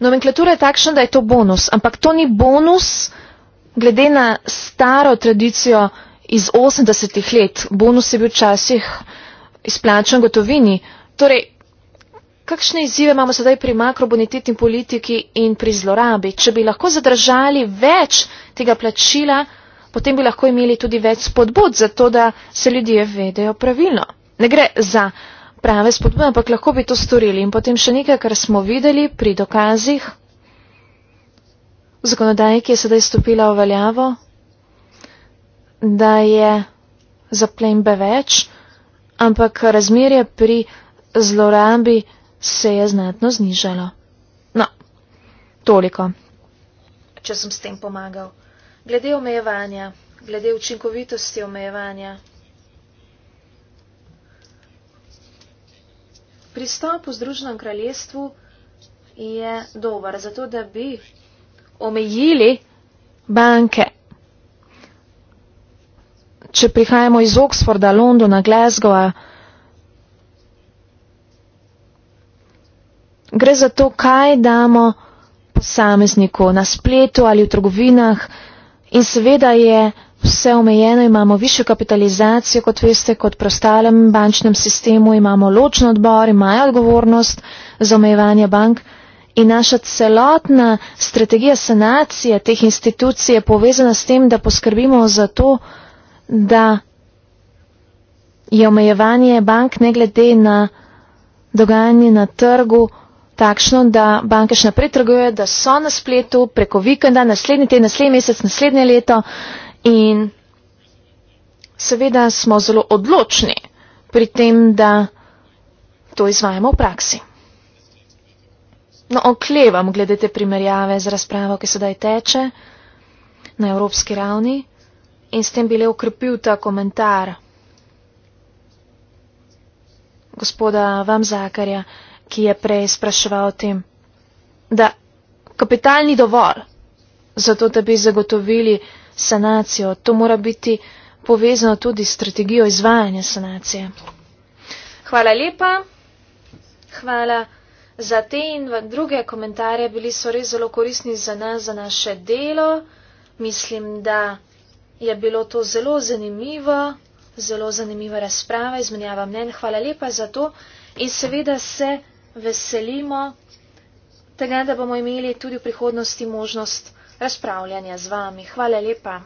Nomenklatura je takšna, da je to bonus, ampak to ni bonus glede na staro tradicijo iz 80-ih let, bonus je bil včasih izplačen gotovini. Torej, kakšne izzive imamo sedaj pri makrobonitetni politiki in pri zlorabi? Če bi lahko zadržali več tega plačila, potem bi lahko imeli tudi več spodbud za to, da se ljudje vedejo pravilno. Ne gre za prave spodbude, ampak lahko bi to storili. In potem še nekaj, kar smo videli pri dokazih. Zakonodaj, ki je sedaj stopila v veljavo, da je za plenbe več, ampak razmerje pri zlorabi se je znatno znižalo. No, toliko, če sem s tem pomagal. Glede omejevanja, glede učinkovitosti omejevanja. Pristop v Združenem kraljestvu je dober, zato da bi omejili banke če prihajamo iz Oxforda, Londona, Glasgowa. Gre za to, kaj damo posamezniku na spletu ali v trgovinah in seveda je vse omejeno, imamo višjo kapitalizacijo, kot veste, kot prostalem bančnem sistemu, imamo ločen odbor, imajo odgovornost za omejevanje bank in naša celotna strategija sanacije teh institucij je povezana s tem, da poskrbimo za to, da da je omejevanje bank ne glede na dogajanje na trgu takšno, da banke še naprej trgujejo, da so na spletu preko vikenda, naslednji teden, naslednji mesec, naslednje leto in seveda smo zelo odločni pri tem, da to izvajamo v praksi. No, oklevam glede te primerjave z razpravo, ki sedaj teče na evropski ravni in s tem bi le okrepil ta komentar gospoda Vamzakarja, ki je prej spraševal o tem, da kapital ni dovolj za to, da bi zagotovili sanacijo. To mora biti povezano tudi s strategijo izvajanja sanacije. Hvala lepa. Hvala za te in druge komentarje. Bili so res zelo koristni za nas, za naše delo. Mislim, da je bilo to zelo zanimivo, zelo zanimiva razprava, izmenjava mnen. Hvala lepa za to in seveda se veselimo tega, da bomo imeli tudi v prihodnosti možnost razpravljanja z vami. Hvala lepa.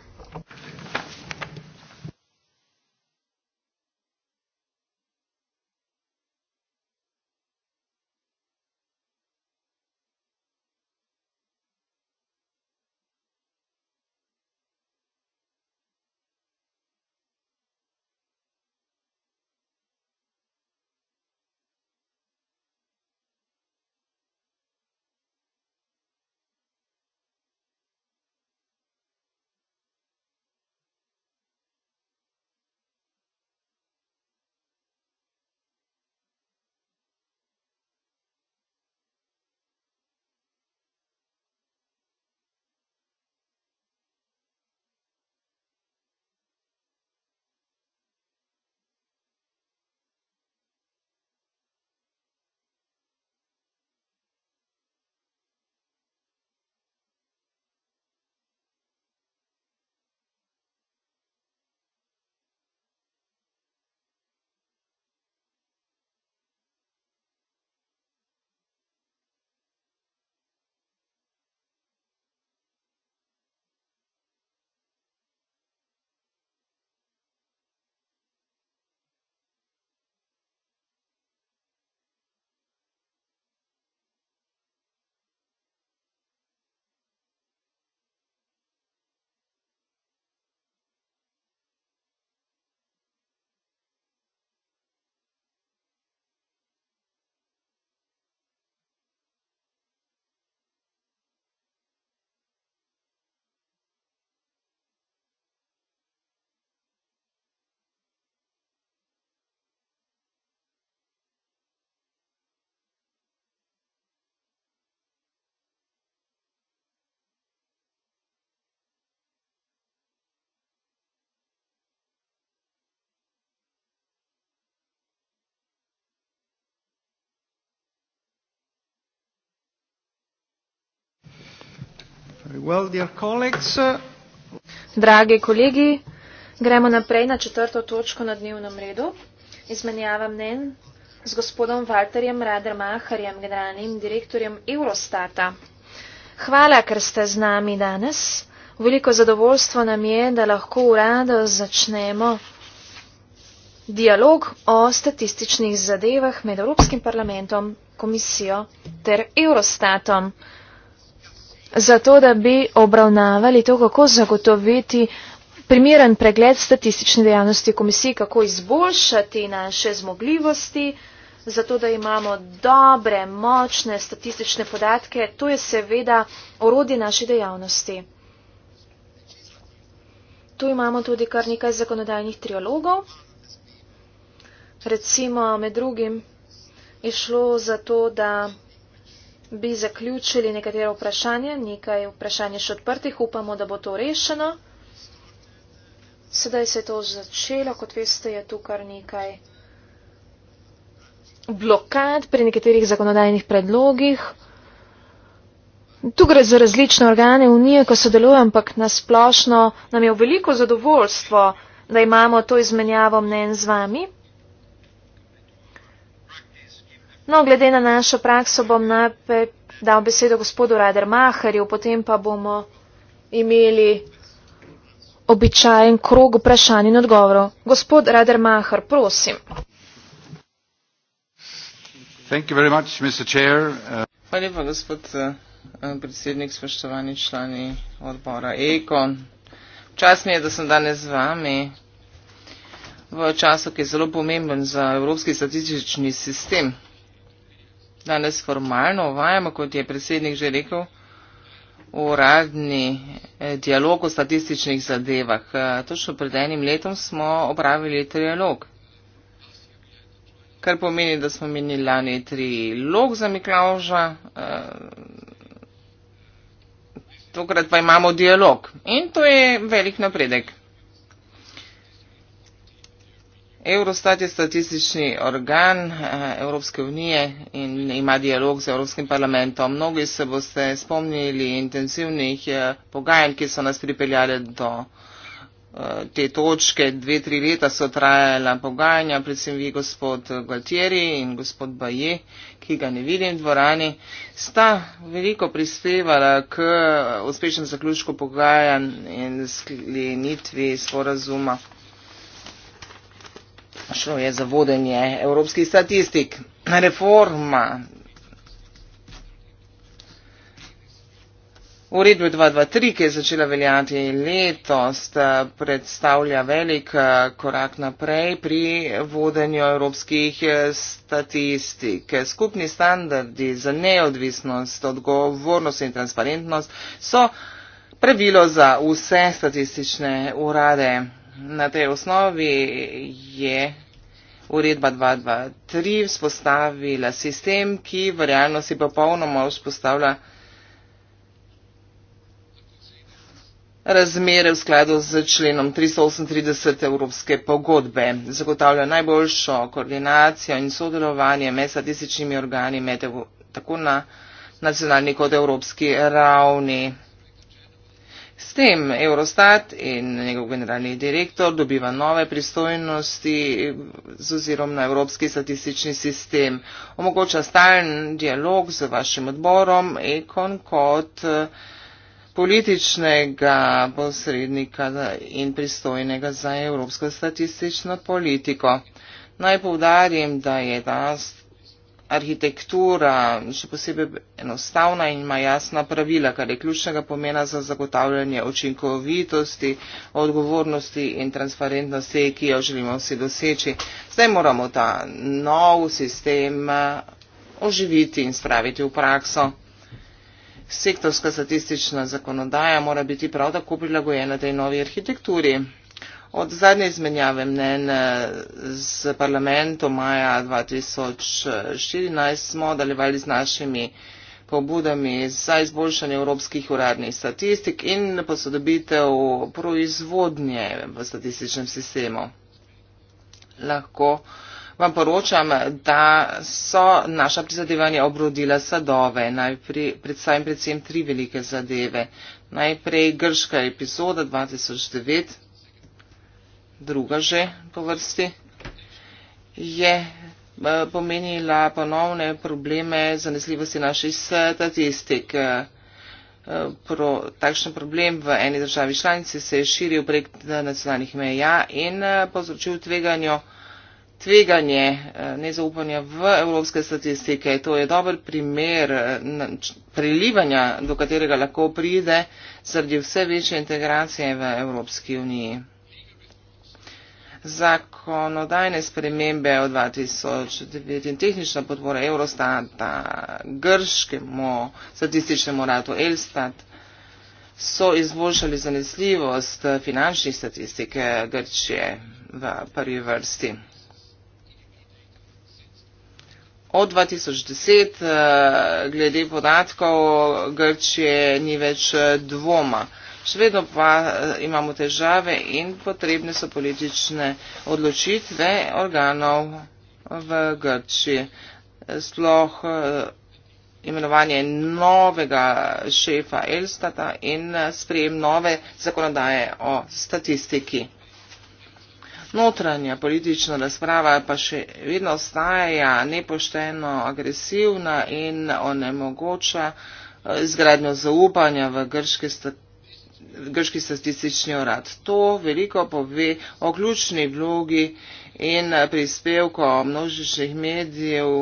Uh, Dragi kolegi, gremo naprej na četrto točko na dnevnem redu. Izmenjava mnen z gospodom Walterjem Radermacherjem, generalnim direktorjem Eurostata. Hvala, ker ste z nami danes. Veliko zadovoljstvo nam je, da lahko urado začnemo dialog o statističnih zadevah med Evropskim parlamentom, komisijo ter Eurostatom zato da bi obravnavali to, kako zagotoviti primeren pregled statistične dejavnosti komisije, kako izboljšati naše zmogljivosti, zato da imamo dobre, močne statistične podatke. To je seveda orodje naše dejavnosti. Tu imamo tudi kar nekaj zakonodajnih triologov. Recimo, med drugim je šlo za to, da bi zaključili nekatero vprašanje. Nekaj vprašanj je še odprtih, upamo, da bo to rešeno. Sedaj se je to začelo, kot veste, je tu kar nekaj blokad pri nekaterih zakonodajnih predlogih. Tu gre za različne organe unije, ko sodelujem, ampak nasplošno nam je v veliko zadovoljstvo, da imamo to izmenjavo mnen z vami. No, glede na našo prakso bom najprej dal besedo gospodu Rader Maharju, potem pa bomo imeli običajen krog vprašanj in odgovorov. Gospod Rader Mahar, prosim. Much, Chair, uh... Hvala lepa, gospod uh, predsednik, spoštovani člani odbora EKO. Čas mi je, da sem danes z vami v času, ki je zelo pomemben za evropski statistični sistem danes formalno uvajamo, kot je predsednik že rekel, uradni eh, dialog o statističnih zadevah. Eh, točno pred enim letom smo opravili trialog, kar pomeni, da smo menili lani trilog za Miklauža, eh, tokrat pa imamo dialog in to je velik napredek. Eurostat je statistični organ eh, Evropske unije in ima dialog z Evropskim parlamentom. Mnogi se boste spomnili intenzivnih eh, pogajanj, ki so nas pripeljali do eh, te točke. Dve, tri leta so trajala pogajanja, predvsem vi, gospod Galtieri in gospod Baje, ki ga ne vidim v dvorani, sta veliko prispevala k uspešnemu zaključku pogajanj in sklenitvi sporazuma šlo je za vodenje evropskih statistik. Reforma uredbe 223, ki je začela veljati letos, predstavlja velik eh, korak naprej pri vodenju evropskih eh, statistik. Skupni standardi za neodvisnost, odgovornost in transparentnost so. Pravilo za vse statistične urade na tej osnovi je uredba 223 vzpostavila sistem, ki v realnosti popolnoma vzpostavlja razmere v skladu z členom 338 Evropske pogodbe. Zagotavlja najboljšo koordinacijo in sodelovanje med statističnimi organi med, tako na nacionalni kot evropski ravni. S tem Eurostat in njegov generalni direktor dobiva nove pristojnosti z ozirom na Evropski statistični sistem. Omogoča stalen dialog z vašim odborom Ekon kot eh, političnega posrednika in pristojnega za Evropsko statistično politiko. Naj povdarim, da je DAST arhitektura še posebej enostavna in ima jasna pravila, kar je ključnega pomena za zagotavljanje učinkovitosti, odgovornosti in transparentnosti, ki jo želimo vsi doseči. Zdaj moramo ta nov sistem eh, oživiti in spraviti v prakso. Sektorska statistična zakonodaja mora biti prav tako prilagojena tej novi arhitekturi. Od zadnje izmenjave mnen eh, z parlamentom maja 2014 smo daljevali z našimi pobudami za izboljšanje evropskih uradnih statistik in posodobitev proizvodnje v statističnem sistemu. Lahko vam poročam, da so naša prizadevanja obrodila sadove, najprej predvsem, predvsem tri velike zadeve. Najprej grška epizoda 2009 druga že po vrsti, je eh, pomenila ponovne probleme zanesljivosti naših statistik. Eh, pro, takšen problem v eni državi članici se je širil prek nacionalnih meja in eh, povzročil tveganjo, tveganje nezaupanja v evropske statistike. To je dober primer prilivanja, do katerega lahko pride zaradi vse večje integracije v Evropski uniji zakonodajne spremembe v 2009 in tehnična podpora Eurostata grškemu statističnemu ratu Elstat so izboljšali zanesljivost finančnih statistik eh, Grčije v prvi vrsti. Od 2010 eh, glede podatkov Grčije ni več eh, dvoma še vedno pa eh, imamo težave in potrebne so politične odločitve organov eh, v Grčiji. Sploh eh, imenovanje novega šefa Elstata in sprejem nove zakonodaje o statistiki. Notranja politična razprava pa še vedno ostaja nepošteno agresivna in onemogoča izgradnjo zaupanja v grške statistike grški statistični urad. To veliko pove o ključni vlogi in prispevko množičnih medijev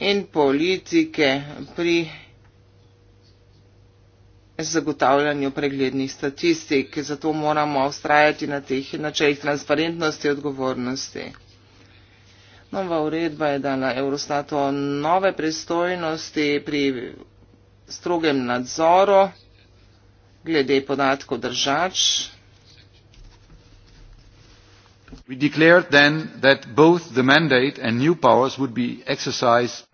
in politike pri zagotavljanju preglednih statistik. Zato moramo ustrajati na teh načeljih transparentnosti in odgovornosti. Nova uredba je dala Eurostatu nove pristojnosti pri strogem nadzoru glede podatkov držač. We declared then that both the mandate and new powers would be exercised.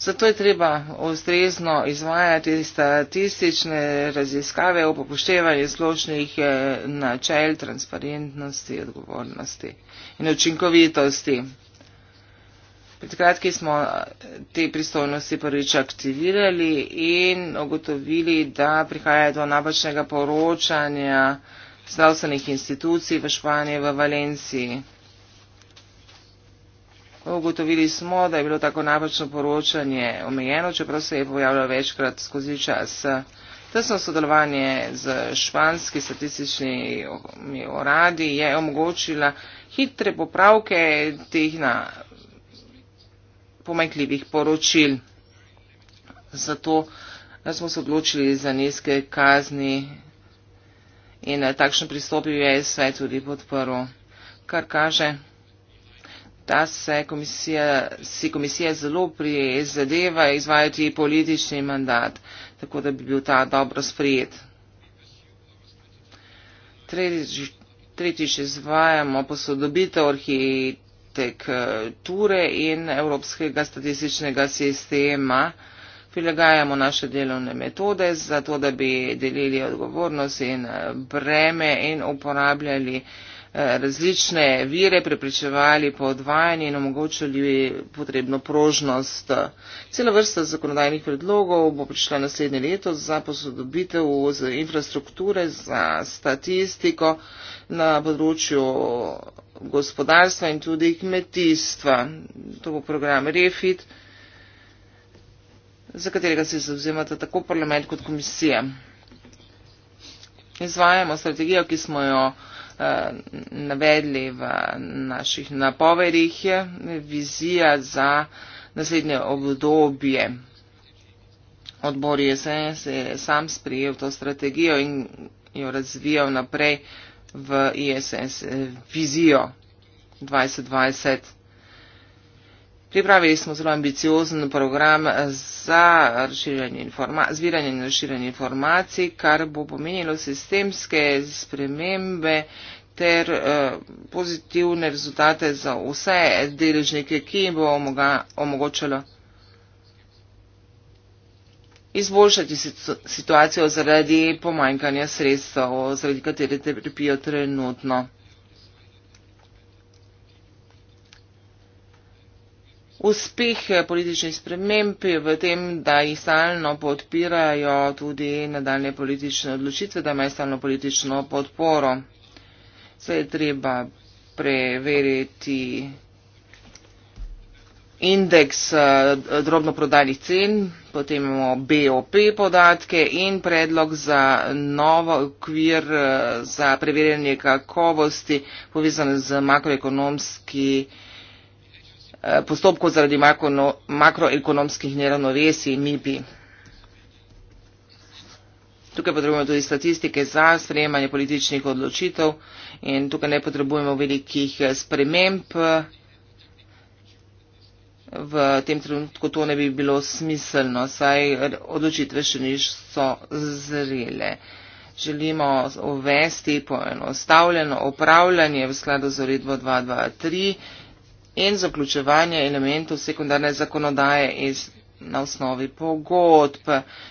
Zato je treba ustrezno izvajati statistične raziskave ob upoštevanju splošnih eh, načel transparentnosti, odgovornosti in učinkovitosti. Pred kratkim smo eh, te pristojnosti prvič aktivirali in ugotovili, da prihaja do napačnega poročanja zdravstvenih institucij v Španiji, v Valenciji. Ugotovili smo, da je bilo tako napačno poročanje omejeno, čeprav se je pojavljalo večkrat skozi čas. Tesno sodelovanje z španski statističnimi uradi je omogočila hitre popravke teh na pomanjkljivih poročil. Zato smo se odločili za nizke kazni in eh, takšen pristop je svet tudi podprl, kar kaže, da se komisija, si komisija zelo prizadeva izvajati politični mandat, tako da bi bil ta dobro sprijet. Tretjič, tretjič izvajamo posodobitev arhitekturnih podatek eh, ture in evropskega statističnega sistema prilagajamo naše delovne metode, zato da bi delili odgovornost in eh, breme in uporabljali eh, različne vire, prepričevali podvajanje in omogočili potrebno prožnost. Cela vrsta zakonodajnih predlogov bo prišla naslednje leto za posodobitev infrastrukture za statistiko na področju gospodarstva in tudi kmetijstva. To bo program REFIT, za katerega se zavzemata tako parlament kot komisija. Izvajamo strategijo, ki smo jo eh, navedli v naših napovedih, je vizija za naslednje obdobje. Odbor je se, se je sam sprijel to strategijo in jo razvijal naprej v ISS eh, vizijo 2020. Pripravili smo zelo ambiciozen program eh, za zbiranje in razširanje informacij, kar bo pomenilo sistemske spremembe ter eh, pozitivne rezultate za vse deležnike, ki jim bo omogočalo izboljšati situacijo zaradi pomanjkanja sredstev, zaradi katere trpijo trenutno. Uspeh političnih sprememb je v tem, da jih stalno podpirajo tudi nadaljne politične odločitve, da imajo stalno politično podporo. Se je treba preveriti indeks eh, drobnoprodajnih cen, potem imamo BOP podatke in predlog za novo okvir eh, za preverjanje kakovosti povezan z makroekonomski eh, postopkov zaradi makroekonomskih neravnovesij MIPI. Tukaj potrebujemo tudi statistike za sprejemanje političnih odločitev in tukaj ne potrebujemo velikih sprememb, v tem trenutku to ne bi bilo smiselno, saj odločitve še niso zrele. Želimo uvesti poenostavljeno upravljanje v skladu z uredbo 223 in zaključevanje elementov sekundarne zakonodaje iz, na osnovi pogodb.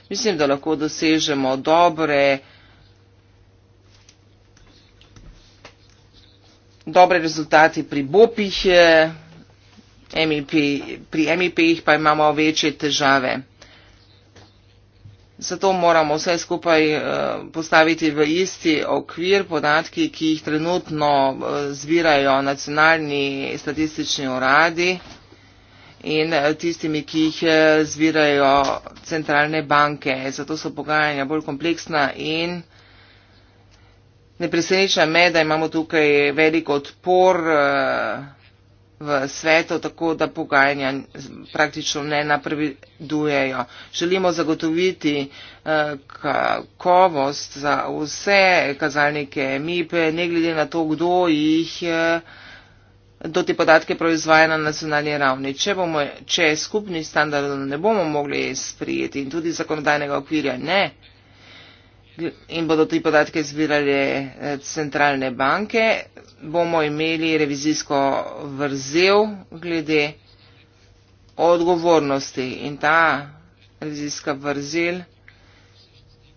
Mislim, da lahko dosežemo dobre, dobre rezultati pri BOP-ih. Je, eh, MEP, pri MEP-jih pa imamo večje težave. Zato moramo vse skupaj eh, postaviti v isti okvir podatki, ki jih trenutno eh, zbirajo nacionalni statistični uradi in eh, tistimi, ki jih zbirajo centralne banke. Zato so pogajanja bolj kompleksna in ne preseneča me, da imamo tukaj velik odpor v svetu, tako da pogajanja praktično ne napredujejo. Želimo zagotoviti eh, kakovost za vse kazalnike MIP, ne glede na to, kdo jih eh, do te podatke proizvaja na nacionalni ravni. Če, bomo, če skupni standard ne bomo mogli sprijeti in tudi zakonodajnega okvirja ne, in bodo te podatke zbirali eh, centralne banke, bomo imeli revizijsko vrzel glede odgovornosti in ta revizijska vrzel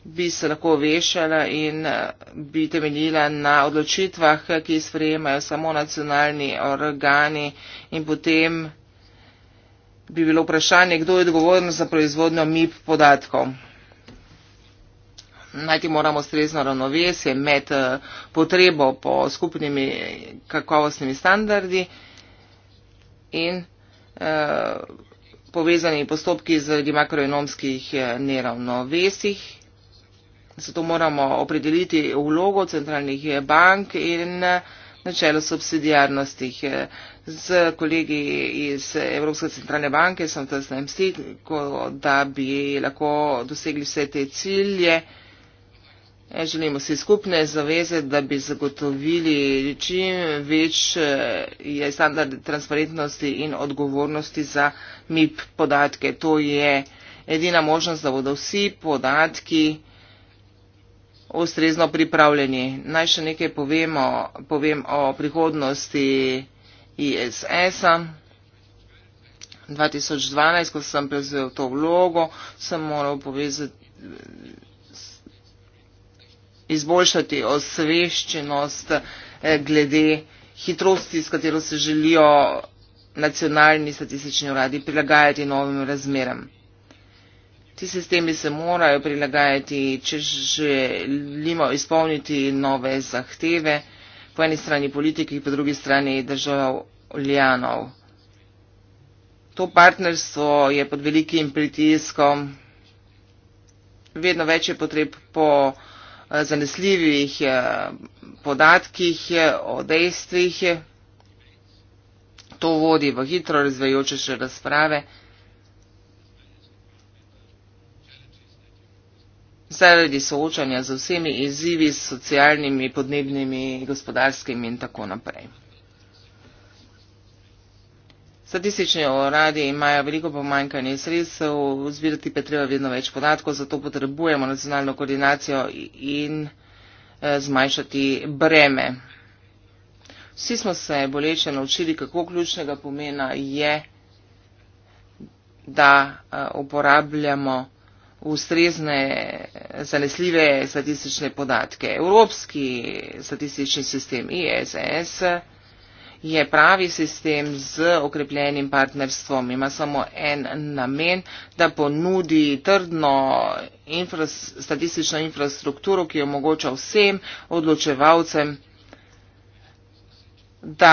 bi se lahko vešala in eh, bi temeljila na odločitvah, ki sprejemajo samo nacionalni organi in potem bi bilo vprašanje, kdo je odgovoren za proizvodnjo MIP podatkov. Najti moramo strezno ravnovesje med eh, potrebo po skupnimi kakovostnimi standardi in eh, povezani postopki z makroenomskih eh, neravnovesih. Zato moramo opredeliti vlogo centralnih bank in načelo subsidijarnosti. Z kolegi iz Evropske centralne banke sem v tesnem stiku, da bi lahko dosegli vse te cilje. Eh, želimo si skupne zaveze, da bi zagotovili čim več eh, standarde transparentnosti in odgovornosti za MIP podatke. To je edina možnost, da bodo vsi podatki ustrezno pripravljeni. Naj še nekaj povemo, povem o prihodnosti ISS-a. 2012, ko sem prevzel to vlogo, sem moral povezati izboljšati osveščenost eh, glede hitrosti, s katero se želijo nacionalni statistični uradi prilagajati novim razmeram. Ti sistemi se morajo prilagajati, če želimo izpolniti nove zahteve, po eni strani politiki, po drugi strani držav Ljanov. To partnerstvo je pod velikim pritiskom, vedno več je potreb po Eh, zanesljivih eh, podatkih, eh, o dejstvih. To vodi v hitro razvejoče še razprave. Zaradi soočanja z vsemi izzivi, socialnimi, podnebnimi, gospodarskimi in tako naprej. Statistični uradi imajo veliko pomanjkanje sredstev, zbirati pa treba vedno več podatkov, zato potrebujemo nacionalno koordinacijo in eh, zmanjšati breme. Vsi smo se boleče naučili, kako ključnega pomena je, da eh, uporabljamo ustrezne, zanesljive statistične podatke. Evropski statistični sistem ISS je pravi sistem z okrepljenim partnerstvom. Ima samo en namen, da ponudi trdno infras, statistično infrastrukturo, ki omogoča vsem odločevalcem, da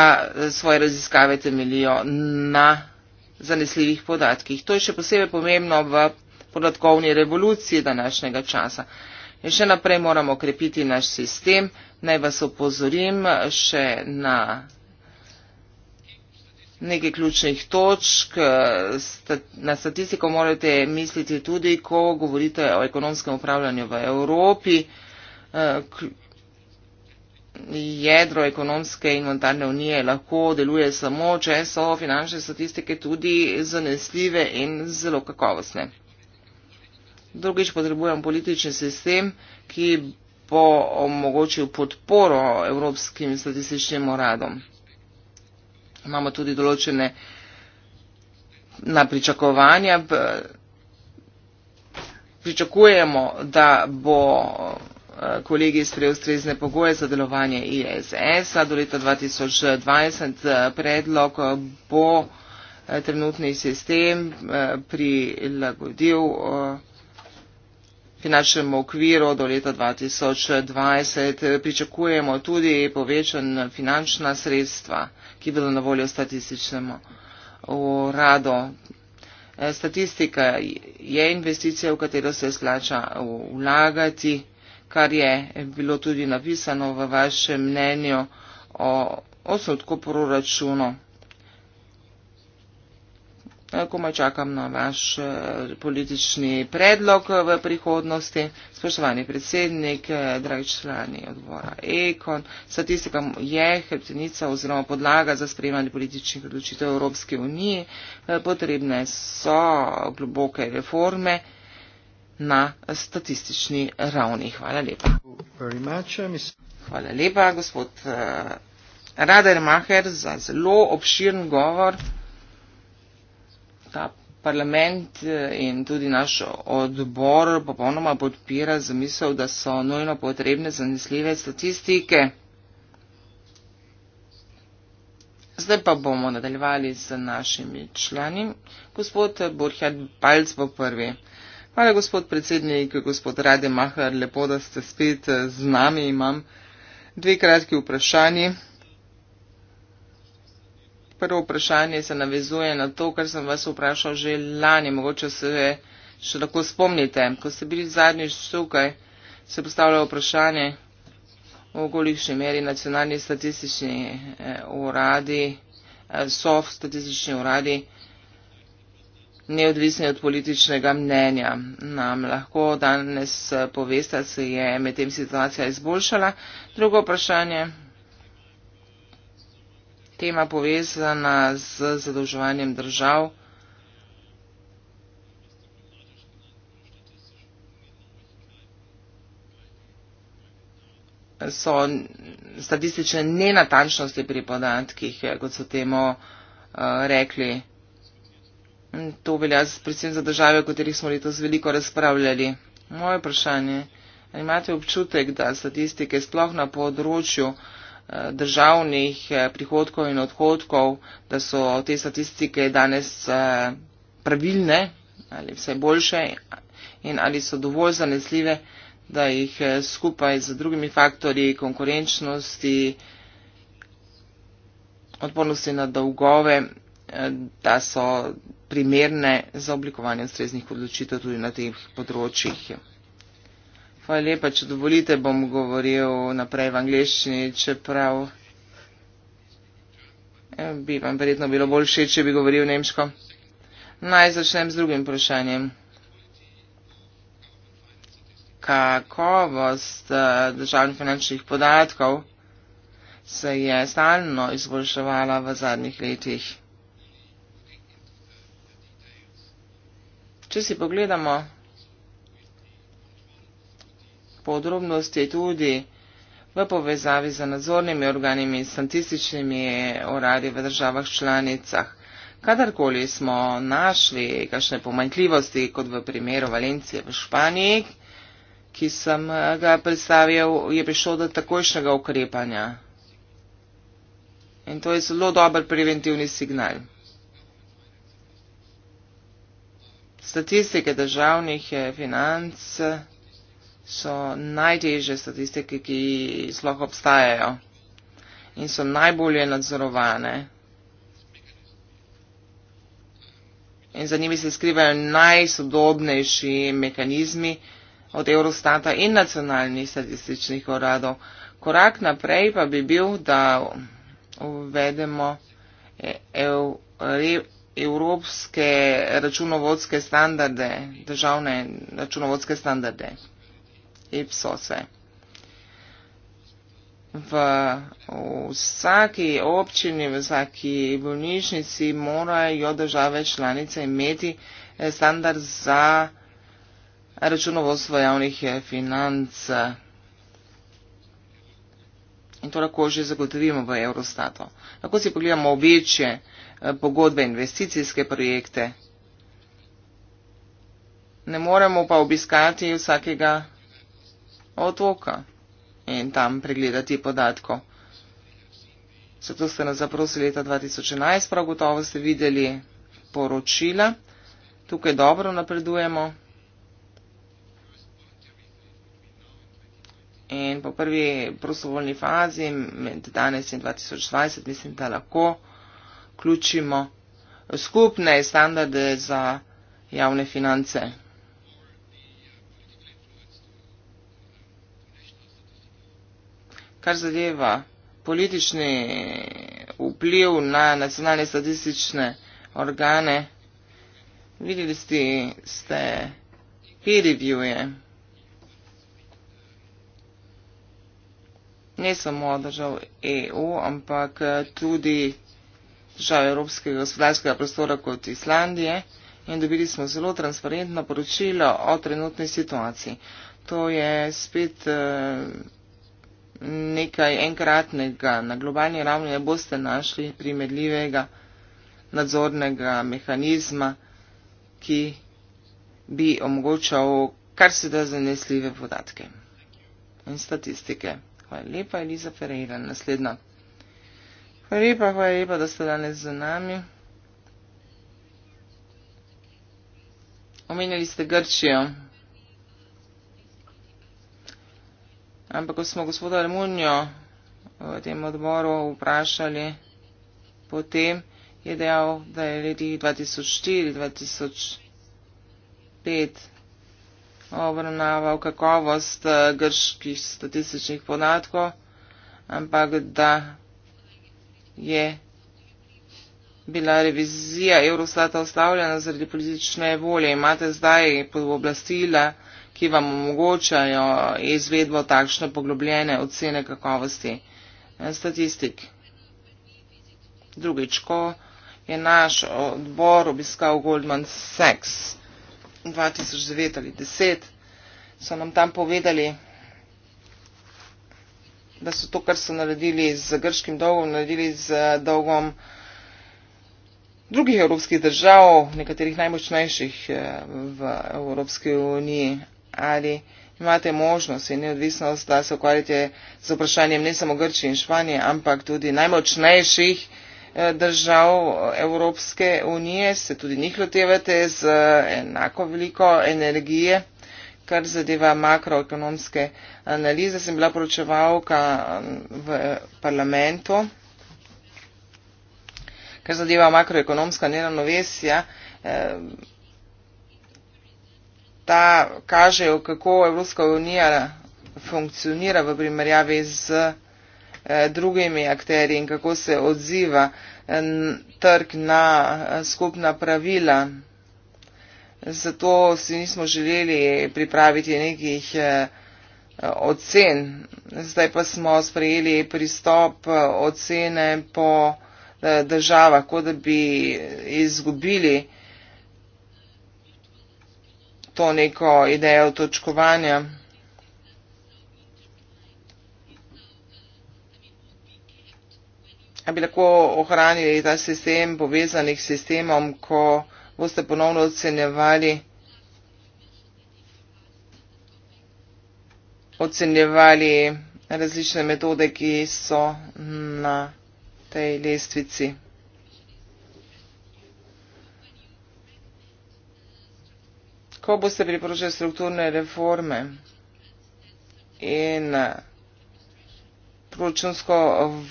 svoje raziskave temelijo na zanesljivih podatkih. To je še posebej pomembno v podatkovni revoluciji današnjega časa. In še naprej moramo okrepiti naš sistem. Naj vas opozorim še na nekaj ključnih točk. Eh, na statistiko morate misliti tudi, ko govorite o ekonomskem upravljanju v Evropi. Eh, jedro ekonomske in monetarne unije lahko deluje samo, če so finančne statistike tudi zanesljive in zelo kakovostne. Drugič potrebujem politični sistem, ki bo omogočil podporo evropskim statističnim uradom imamo tudi določene napričakovanja. Pričakujemo, da bo e, kolegi sprejel strezne pogoje za delovanje ISS-a do leta 2020. E, predlog e, bo trenutni sistem prilagodil finančnem okviru do leta 2020. Eh, pričakujemo tudi povečan finančna sredstva, ki bodo na voljo statističnemu uradu. Eh, statistika je investicija, v katero se slača vlagati, kar je bilo tudi napisano v vašem mnenju o osnotku proračunu komaj čakam na vaš eh, politični predlog eh, v prihodnosti. Spoštovani predsednik, eh, dragi člani odbora Ekon, statistika je hrbtenica oziroma podlaga za sprejemanje političnih odločitev Evropske unije. Potrebne so globoke reforme na statistični ravni. Hvala lepa. Hvala lepa, gospod Rader Maher, za zelo obširen govor ta parlament eh, in tudi naš odbor popolnoma podpira zamisel, da so nujno potrebne zanesljive statistike. Zdaj pa bomo nadaljevali z našimi člani. Gospod Burhard Palc bo prvi. Hvala, gospod predsednik, gospod Rademacher, lepo, da ste spet eh, z nami. Imam dve kratki vprašanji prvo vprašanje se navezuje na to, kar sem vas vprašal že lani, mogoče se še lahko spomnite. Ko ste bili zadnjič tukaj, se postavlja vprašanje, v kolikšni meri nacionalni statistični eh, uradi, eh, soft statistični uradi, neodvisni od političnega mnenja. Nam lahko danes eh, poveste, da se je medtem situacija izboljšala. Drugo vprašanje tema povezana z zadolževanjem držav. So statistične nenatančnosti pri podatkih, kot so temu eh, rekli. To velja predvsem za države, o katerih smo letos veliko razpravljali. Moje vprašanje, ali imate občutek, da statistike sploh na področju uh, Eh, državnih eh, prihodkov in odhodkov, da so te statistike danes eh, pravilne ali vse boljše in ali so dovolj zanesljive, da jih skupaj z drugimi faktori konkurenčnosti, odpornosti na dolgove, da so primerne za oblikovanje ustreznih odločitev tudi na teh področjih. Hvala lepa, če dovolite, bom govoril naprej v angliščini, čeprav eh, bi vam verjetno bilo bolj všeč, če bi govoril nemško. Naj začnem z drugim vprašanjem. Kakovost eh, državnih finančnih podatkov se je stalno izboljševala v zadnjih letih. Če si pogledamo podrobnosti tudi v povezavi z nadzornimi organimi in statističnimi uradi v državah članicah. Kadarkoli smo našli kakšne pomanjkljivosti, kot v primeru Valencije v Španiji, ki sem eh, ga predstavil, je prišlo do takojšnjega ukrepanja. In to je zelo dober preventivni signal. Statistike državnih eh, financ so najtežje statistike, ki sploh obstajajo in so najbolje nadzorovane. In za njimi se skrivajo najsodobnejši mehanizmi od Eurostata in nacionalnih statističnih uradov. Korak naprej pa bi bil, da uvedemo evropske računovodske standarde, državne računovodske standarde. Ipsose. V vsaki občini, v vsaki bolnišnici morajo države članice imeti eh, standard za računovodstvo javnih eh, financ. In to lahko že zagotovimo v Eurostatu. Lahko si pogledamo večje eh, pogodbe, investicijske projekte. Ne moremo pa obiskati vsakega od oka in tam pregledati podatko. Zato ste nas zaprosili leta 2011, prav gotovo ste videli poročila. Tukaj dobro napredujemo. In po prvi prostovoljni fazi med danes in 2020 mislim, da lahko vključimo skupne standarde za javne finance. kar zadeva politični vpliv na nacionalne statistične organe. Videli ste, ste peer review je. Ne samo držav EU, ampak tudi držav Evropskega gospodarskega prostora kot Islandije. In dobili smo zelo transparentno poročilo o trenutni situaciji. To je spet eh, nekaj enkratnega. Na globalni ravni ne boste našli primerljivega nadzornega mehanizma, ki bi omogočal kar se da zanesljive podatke in statistike. Hvala lepa, Eliza Ferreira. Naslednja. Hvala lepa, hvala lepa, da ste danes z nami. Omenjali ste Grčijo. Ampak ko smo gospoda Almunjo eh, v tem odboru vprašali potem, je dejal, da je leti 2004-2005 obravnaval kakovost eh, grških statističnih podatkov, ampak da je bila revizija Eurostata ustavljena zaradi politične volje. Imate zdaj podoblastila ki vam omogočajo izvedbo takšne poglobljene ocene kakovosti. Eh, statistik. Drugič, ko je naš odbor obiskal Goldman Sachs 2009 ali 2010, so nam tam povedali, da so to, kar so naredili z grškim dolgom, naredili z eh, dolgom drugih evropskih držav, nekaterih najmočnejših eh, v Evropski uniji, ali imate možnost in neodvisnost, da se ukvarjate z vprašanjem ne samo Grčije in Španije, ampak tudi najmočnejših eh, držav Evropske unije, se tudi njih lotevate z eh, enako veliko energije, kar zadeva makroekonomske analize. Sem bila poročevalka v eh, parlamentu, kar zadeva makroekonomska neravnovesja ta kažejo, kako Evropska unija funkcionira v primerjavi z eh, drugimi akteri in kako se odziva eh, trg na eh, skupna pravila. Zato si nismo želeli pripraviti nekih ocen. Zdaj pa smo sprejeli pristop ocene po državah, kot da bi izgubili to neko idejo točkovanja. A bi lahko ohranili ta sistem povezanih s sistemom, ko boste ponovno ocenjevali, ocenjevali različne metode, ki so na tej lestvici. ko boste priporočili strukturne reforme in eh, proračunsko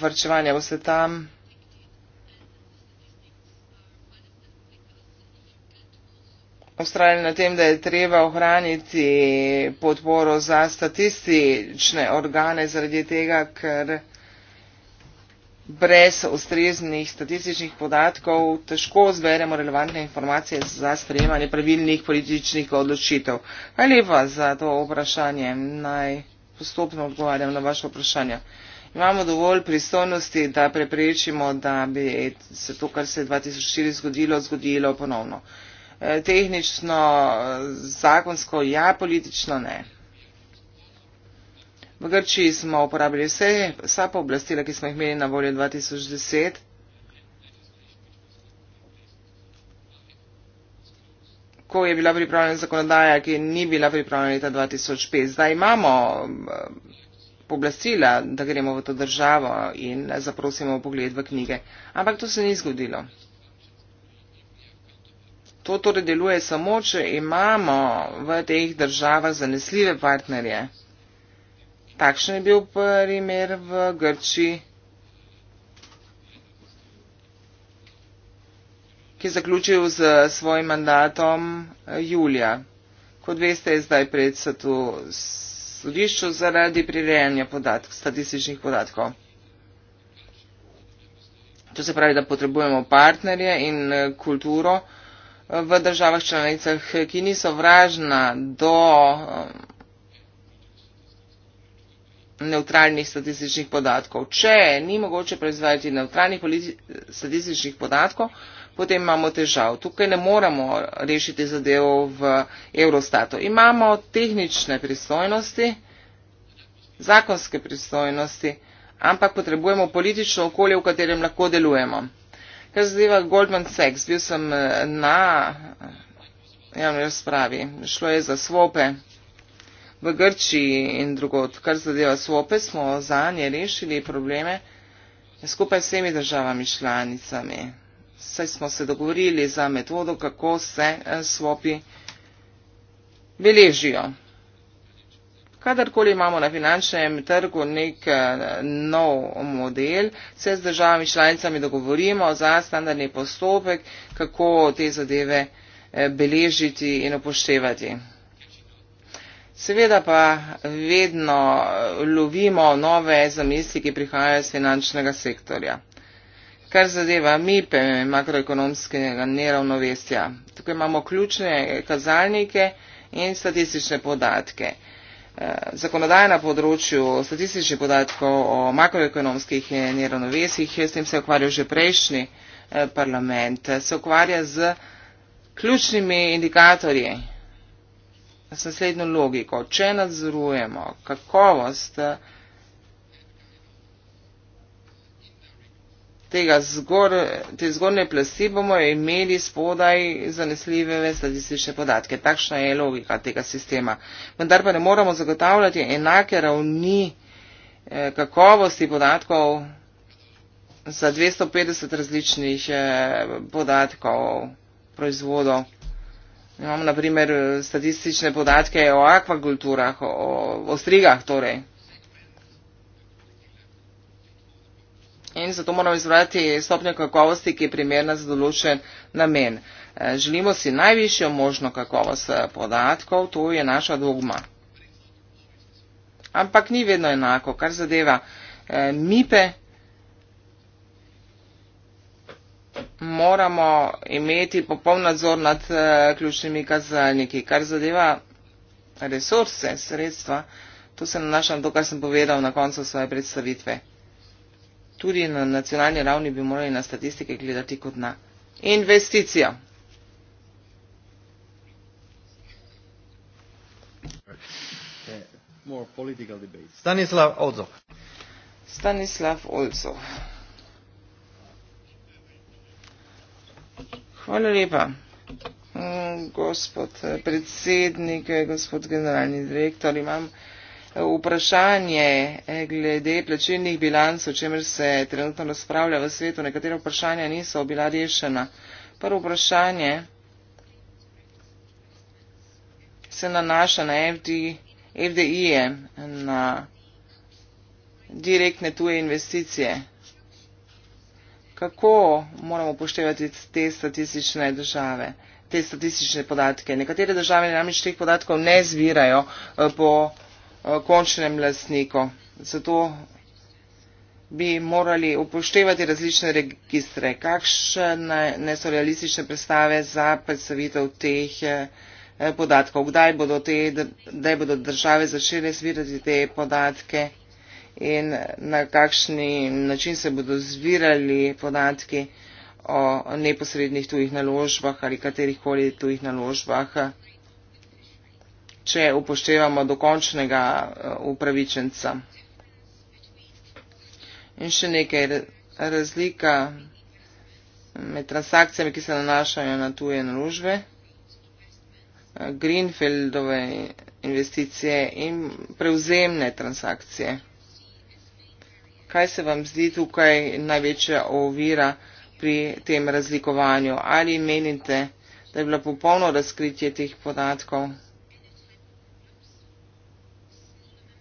vrčevanje, boste tam ustrajali na tem, da je treba ohraniti podporo za statistične organe zaradi tega, ker brez ustreznih statističnih podatkov težko zberemo relevantne informacije za sprejemanje pravilnih političnih odločitev. Hvala lepa za to vprašanje. Naj postopno odgovarjam na vaše vprašanje. Imamo dovolj pristojnosti, da preprečimo, da bi se to, kar se je 2004 zgodilo, zgodilo ponovno. Eh, tehnično, eh, zakonsko, ja, politično ne. V Grčiji smo uporabili vse, vsa pooblastila, ki smo jih imeli na voljo 2010. ko je bila pripravljena zakonodaja, ki ni bila pripravljena leta 2005. Zdaj imamo eh, poblastila, da gremo v to državo in zaprosimo pogled v knjige. Ampak to se ni zgodilo. To torej deluje samo, če imamo v teh državah zanesljive partnerje. Takšen je bil primer v Grčiji, ki je zaključil z svojim mandatom eh, julija. Kot veste, je zdaj predsed v sodišču zaradi prirejanja podatk, statističnih podatkov. To se pravi, da potrebujemo partnerje in eh, kulturo eh, v državah članicah, ki niso vražna do um, neutralnih statističnih podatkov. Če ni mogoče proizvajati neutralnih statističnih podatkov, potem imamo težav. Tukaj ne moramo rešiti zadev v Eurostatu. Imamo tehnične pristojnosti, zakonske pristojnosti, ampak potrebujemo politično okolje, v katerem lahko delujemo. Kar zadeva Goldman Sachs, bil sem na javni razpravi, šlo je za svope v Grčiji in drugod, kar zadeva SWOPE, smo za nje rešili probleme skupaj s vsemi državami članicami. Saj smo se dogovorili za metodo, kako se eh, SWOPI beležijo. Kadarkoli imamo na finančnem trgu nek eh, nov model, se z državami članicami dogovorimo za standardni postopek, kako te zadeve eh, beležiti in upoštevati. Seveda pa vedno lovimo nove zamisli, ki prihajajo iz finančnega sektorja. Kar zadeva MIP-e makroekonomskega neravnovesja. Tukaj imamo ključne kazalnike in statistične podatke. Eh, Zakonodaj na področju statističnih podatkov o makroekonomskih neravnovesjih, s tem se je ukvarjal že prejšnji eh, parlament, se ukvarja z ključnimi indikatorji s naslednjo logiko. Če nadzorujemo kakovost eh, tega zgor, te zgornje plasti, bomo imeli spodaj zanesljive statistične podatke. Takšna je logika tega sistema. Vendar pa ne moramo zagotavljati enake ravni eh, kakovosti podatkov za 250 različnih eh, podatkov proizvodov. Imamo naprimer eh, statistične podatke o akvakulturah, o, o strigah torej. In zato moramo izbrati stopnjo kakovosti, ki je primerna za določen namen. Eh, želimo si najvišjo možno kakovost eh, podatkov, to je naša dogma. Ampak ni vedno enako, kar zadeva MIPE, moramo imeti popoln nadzor nad eh, ključnimi kazalniki. Kar zadeva resurse, sredstva, to se nanašam to, kar sem povedal na koncu svoje predstavitve. Tudi na nacionalni ravni bi morali na statistike gledati kot na investicijo. More political debate. Stanislav Olzo. Stanislav Olzo. Hvala lepa. Mm, gospod predsednik, gospod generalni direktor, imam eh, vprašanje eh, glede plačilnih bilanc, o čemer se trenutno razpravlja v svetu. Nekatera vprašanja niso bila rešena. Prvo vprašanje se nanaša na FDI, na direktne tuje investicije kako moramo upoštevati te statistične države, te statistične podatke. Nekatere države namreč teh podatkov ne zbirajo eh, po eh, končnem lastniku. Zato bi morali upoštevati različne registre, kakšne so realistične predstave za predstavitev teh eh, podatkov, kdaj bodo, te, kdaj bodo države začele zbirati te podatke in na kakšni način se bodo zvirali podatki o neposrednih tujih naložbah ali katerihkoli tujih naložbah, če upoštevamo dokončnega eh, upravičenca. In še nekaj razlika med transakcijami, ki se nanašajo na tuje naložbe, eh, Greenfieldove investicije in prevzemne transakcije kaj se vam zdi tukaj največja ovira pri tem razlikovanju? Ali menite, da je bilo popolno razkritje teh podatkov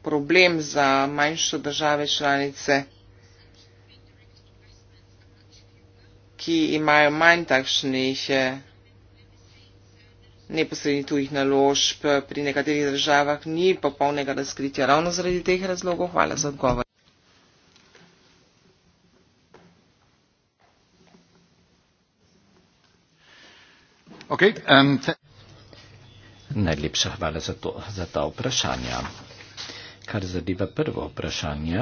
problem za manjšo države članice, ki imajo manj takšnih eh, neposrednih tujih naložb, pri nekaterih državah ni popolnega razkritja ravno zaradi teh razlogov. Hvala za odgovor. Okay, te... Najlepša hvala za, to, za ta vprašanja. Kar zadeva prvo vprašanje,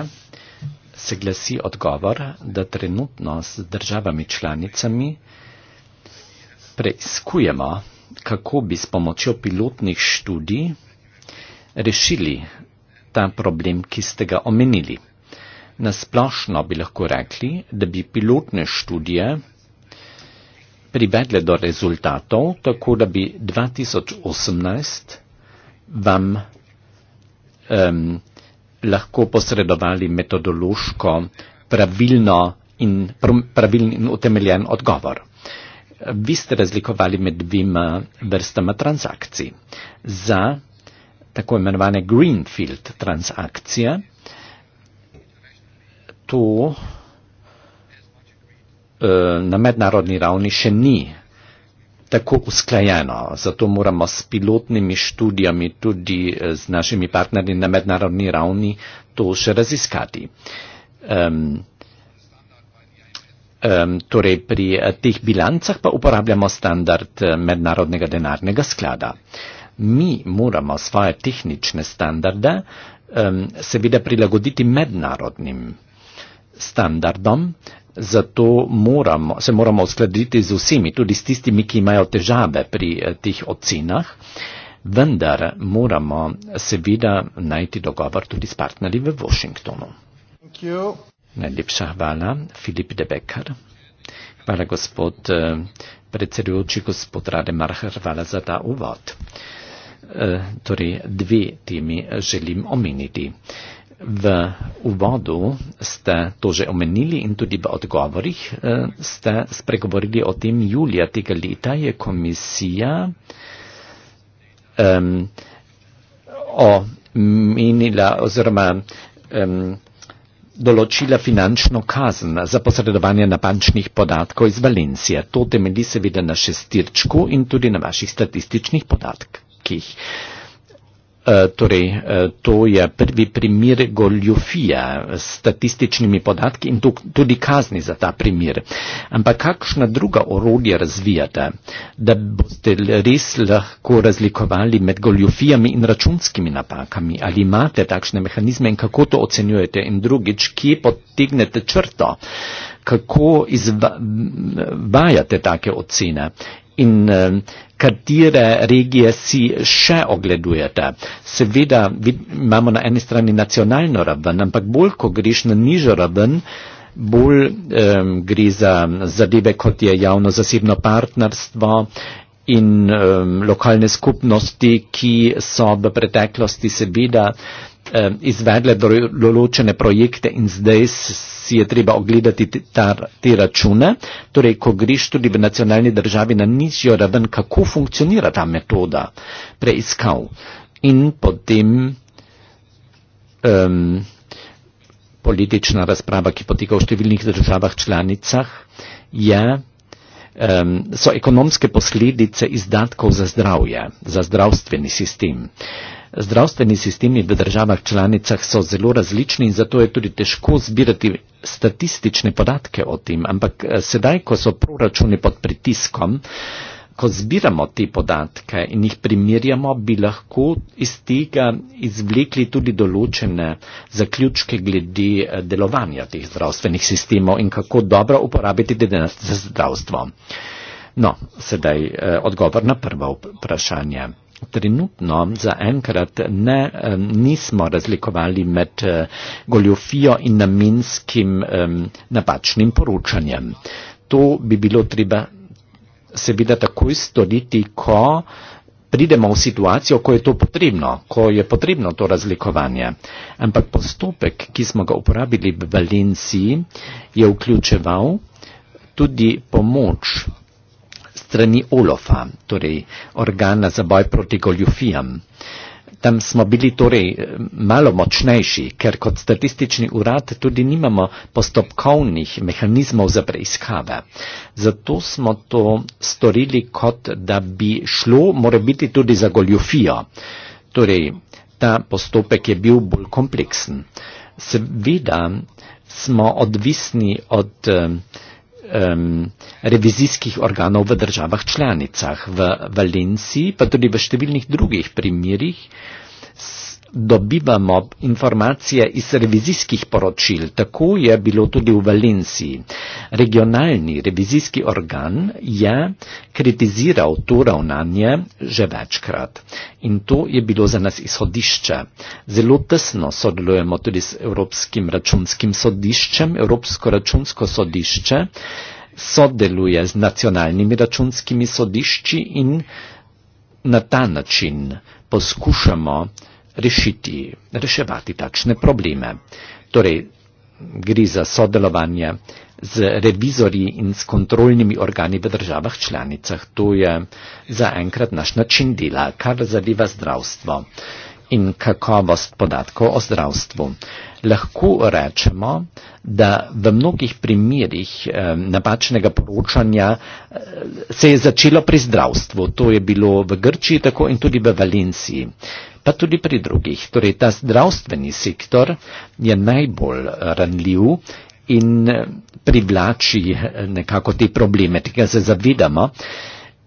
se glasi odgovor, da trenutno s državami članicami preizkujemo, kako bi s pomočjo pilotnih študij rešili ta problem, ki ste ga omenili. Nasplošno bi lahko rekli, da bi pilotne študije privedle do rezultatov, tako da bi 2018 vam um, lahko posredovali metodološko pravilno in, pravilni in utemeljen odgovor. Vi ste razlikovali med dvima vrstama transakcij. Za tako imenovane Greenfield transakcije, to Eh, na mednarodni ravni še ni tako usklajeno. Zato moramo s pilotnimi študijami tudi eh, z našimi partnerji na mednarodni ravni to še raziskati. Um, um, torej pri eh, teh bilancah pa uporabljamo standard mednarodnega denarnega sklada. Mi moramo svoje tehnične standarde um, seveda prilagoditi mednarodnim standardom, zato moramo, se moramo uskladiti z vsemi, tudi s tistimi, ki imajo težave pri eh, teh ocenah, vendar moramo seveda najti dogovor tudi s partnerji v Washingtonu. Najlepša hvala, Filip Debekar. Hvala, gospod eh, predsedujoči, gospod Rademarher, hvala za ta uvod. E, torej, dve temi želim omeniti. V uvodu ste to že omenili in tudi v odgovorih eh, ste spregovorili o tem, julija tega leta je komisija um, omenila oziroma um, določila finančno kazen za posredovanje napačnih podatkov iz Valencije. To temelji seveda na šestirčku in tudi na vaših statističnih podatkih. Eh, torej, eh, to je prvi primer goljofija s statističnimi podatki in tudi kazni za ta primer. Ampak kakšna druga orodja razvijate, da boste res lahko razlikovali med goljofijami in računskimi napakami? Ali imate takšne mehanizme in kako to ocenjujete? In drugič, kje potegnete črto? Kako izvajate take ocene? In, uh, katere regije si še ogledujete. Seveda vid, imamo na eni strani nacionalno raven, ampak bolj, ko greš na nižjo raven, bolj um, gre za zadeve, kot je javno-zasebno partnerstvo in um, lokalne skupnosti, ki so v preteklosti seveda Um, izvedle določene projekte in zdaj si je treba ogledati ta, te račune. Torej, ko greš tudi v nacionalni državi na nižjo raven, kako funkcionira ta metoda preiskav. In potem um, politična razprava, ki poteka v številnih državah članicah, je, um, so ekonomske posledice izdatkov za zdravje, za zdravstveni sistem. Uh, Zdravstveni sistemi v državah članicah so zelo različni in zato je tudi težko zbirati statistične podatke o tem, ampak eh, sedaj, ko so proračuni pod pritiskom, ko zbiramo te podatke in jih primerjamo, bi lahko iz tega izvlekli tudi določene zaključke glede eh, delovanja teh zdravstvenih sistemov in kako dobro uporabiti denar za zdravstvo. No, sedaj eh, odgovor na prvo vprašanje trenutno zaenkrat ne, nismo razlikovali med eh, goljofijo in namenskim napačnim poročanjem. To bi bilo treba seveda takoj storiti, ko pridemo v situacijo, ko je to potrebno, ko je potrebno to razlikovanje. Ampak postopek, ki smo ga uporabili v Valenciji, je vključeval tudi pomoč strani Olofa, torej organa za boj proti goljufijam. Tam smo bili torej eh, malo močnejši, ker kot statistični urad tudi nimamo postopkovnih mehanizmov za preiskave. Zato smo to storili kot da bi šlo, mora biti tudi za goljufijo. Torej, ta postopek je bil bolj kompleksen. Seveda smo odvisni od eh, um, revizijskih organov v državah članicah, v Valenciji, pa tudi v številnih drugih primerjih, dobivamo informacije iz revizijskih poročil. Tako je bilo tudi v Valenciji. Regionalni revizijski organ je kritiziral to ravnanje že večkrat in to je bilo za nas izhodišče. Zelo tesno sodelujemo tudi s Evropskim računskim sodiščem, Evropsko računsko sodišče sodeluje z nacionalnimi računskimi sodišči in na ta način poskušamo rešiti, reševati takšne probleme. Torej, gre za sodelovanje z revizorji in s kontrolnimi organi v državah članicah. To je zaenkrat naš način dela, kar zadeva zdravstvo in kakovost podatkov o zdravstvu. Lahko rečemo, da v mnogih primerjih eh, napačnega poročanja eh, se je začelo pri zdravstvu. To je bilo v Grčiji tako in tudi v Valenciji pa tudi pri drugih. Torej, ta zdravstveni sektor je najbolj ranljiv in eh, privlači eh, nekako te probleme, tega se zavedamo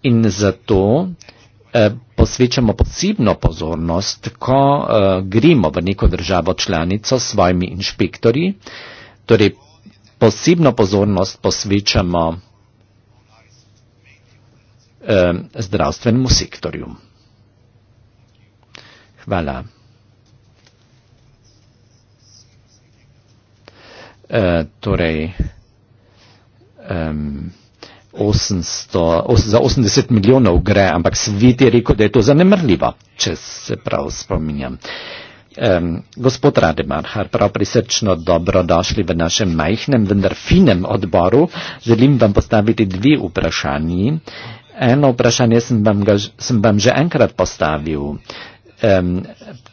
in zato eh, posvečamo posebno pozornost, ko gremo v neko državo članico s svojimi inšpektori, torej posebno pozornost posvečamo zdravstvenemu sektorju. Hvala. Uh, torej, um, 800, os, za 80 milijonov gre, ampak svet je rekel, da je to zanemrljivo, če se prav spominjam. Um, gospod Rademarhar, prav prisrčno dobrodošli v našem majhnem, vendar finem odboru. Želim vam postaviti dve vprašanji. Eno vprašanje sem vam, ga, sem vam že enkrat postavil um,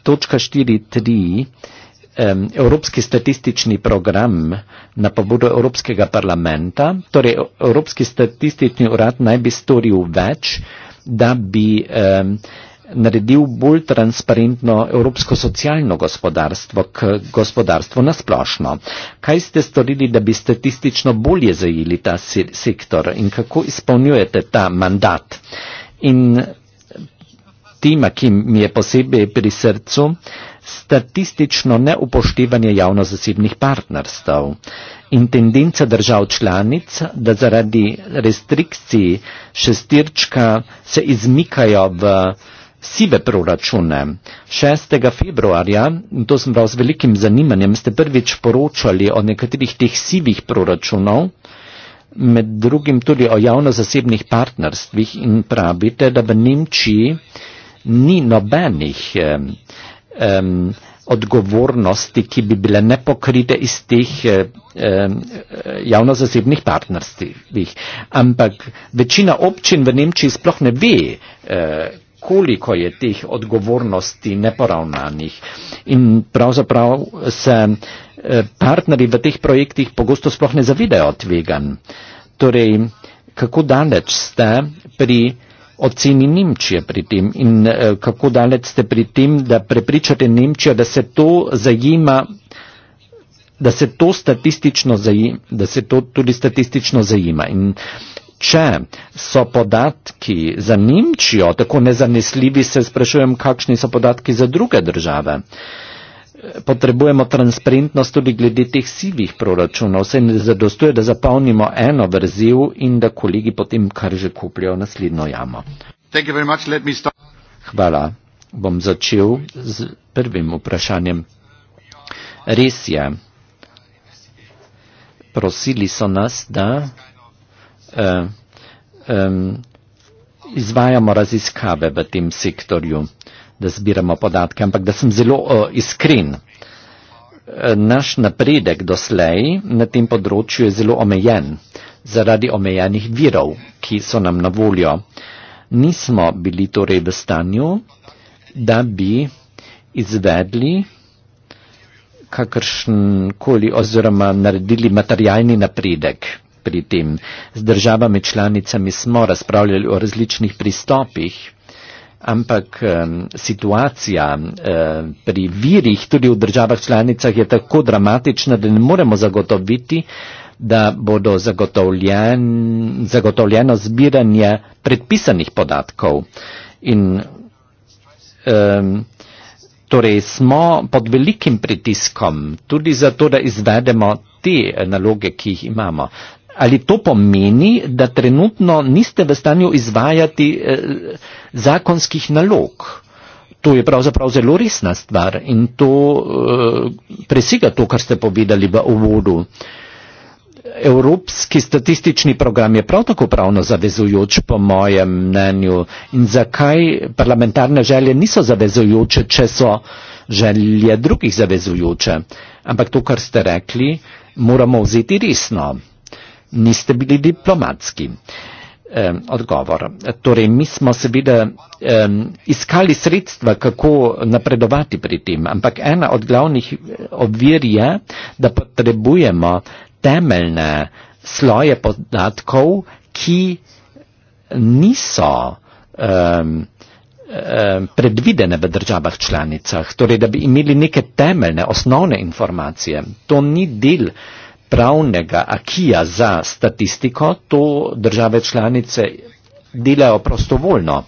točka 4.3. Evropski statistični program na pobudo Evropskega parlamenta, torej Evropski statistični urad naj bi storil več, da bi um, naredil bolj transparentno evropsko socialno gospodarstvo k gospodarstvu nasplošno. Kaj ste storili, da bi statistično bolje zajeli ta se sektor in kako izpolnjujete ta mandat? In tema, ki mi je posebej pri srcu, statistično neupoštevanje javno-zasebnih partnerstv in tendenca držav članic, da zaradi restrikcij šestirčka se izmikajo v sive proračune. 6. februarja, in to sem prav z velikim zanimanjem, ste prvič poročali o nekaterih teh sivih proračunov, med drugim tudi o javno-zasebnih partnerstvih in pravite, da v Nemčiji ni nobenih um, um, odgovornosti, ki bi bile nepokrite iz teh um, javno-zasebnih partnerstv. Ampak večina občin v Nemčiji sploh ne ve, uh, koliko je teh odgovornosti neporavnanih. In pravzaprav se eh, partnerji v teh projektih pogosto sploh ne zavidajo tvegan. Torej, kako daleč ste pri oceni Nemčije pri tem in eh, kako daleč ste pri tem, da prepričate Nemčijo, da se to zajima, da se to statistično zajima, da se to tudi statistično zajima. In če so podatki za Nemčijo tako nezanesljivi, se sprašujem, kakšni so podatki za druge države. Uh, potrebujemo transparentnost tudi glede teh sivih proračunov. Vse ne zadostuje, da zapolnimo eno verzijo in da kolegi potem kar že kupljajo naslednjo jamo. Hvala. Bom začel z prvim vprašanjem. Res je, prosili so nas, da eh, eh, izvajamo raziskave v tem sektorju da zbiramo podatke, ampak da sem zelo uh, iskren. Naš napredek doslej na tem področju je zelo omejen zaradi omejenih virov, ki so nam na voljo. Nismo bili torej v stanju, da bi izvedli kakršenkoli oziroma naredili materialni napredek pri tem. Z državami članicami smo razpravljali o različnih pristopih ampak um, situacija um, pri virih tudi v državah članicah je tako dramatična, da ne moremo zagotoviti, da bodo zagotovljen, zagotovljeno zbiranje predpisanih podatkov. In, um, torej smo pod velikim pritiskom tudi zato, da izvedemo te naloge, ki jih imamo. Ali to pomeni, da trenutno niste v stanju izvajati eh, zakonskih nalog? To je pravzaprav zelo resna stvar in to eh, presega to, kar ste povedali v uvodu. Evropski statistični program je prav tako pravno zavezujoč, po mojem mnenju. In zakaj parlamentarne želje niso zavezujoče, če so želje drugih zavezujoče? Ampak to, kar ste rekli, moramo vzeti resno niste bili diplomatski. Odgovor. Torej, mi smo seveda um, iskali sredstva, kako napredovati pri tem, ampak ena od glavnih eh, ovir je, da potrebujemo temeljne sloje podatkov, ki niso um, um, predvidene v državah članicah. Torej, da bi imeli neke temeljne, osnovne informacije. To ni del pravnega akija za statistiko, to države članice delajo prostovoljno.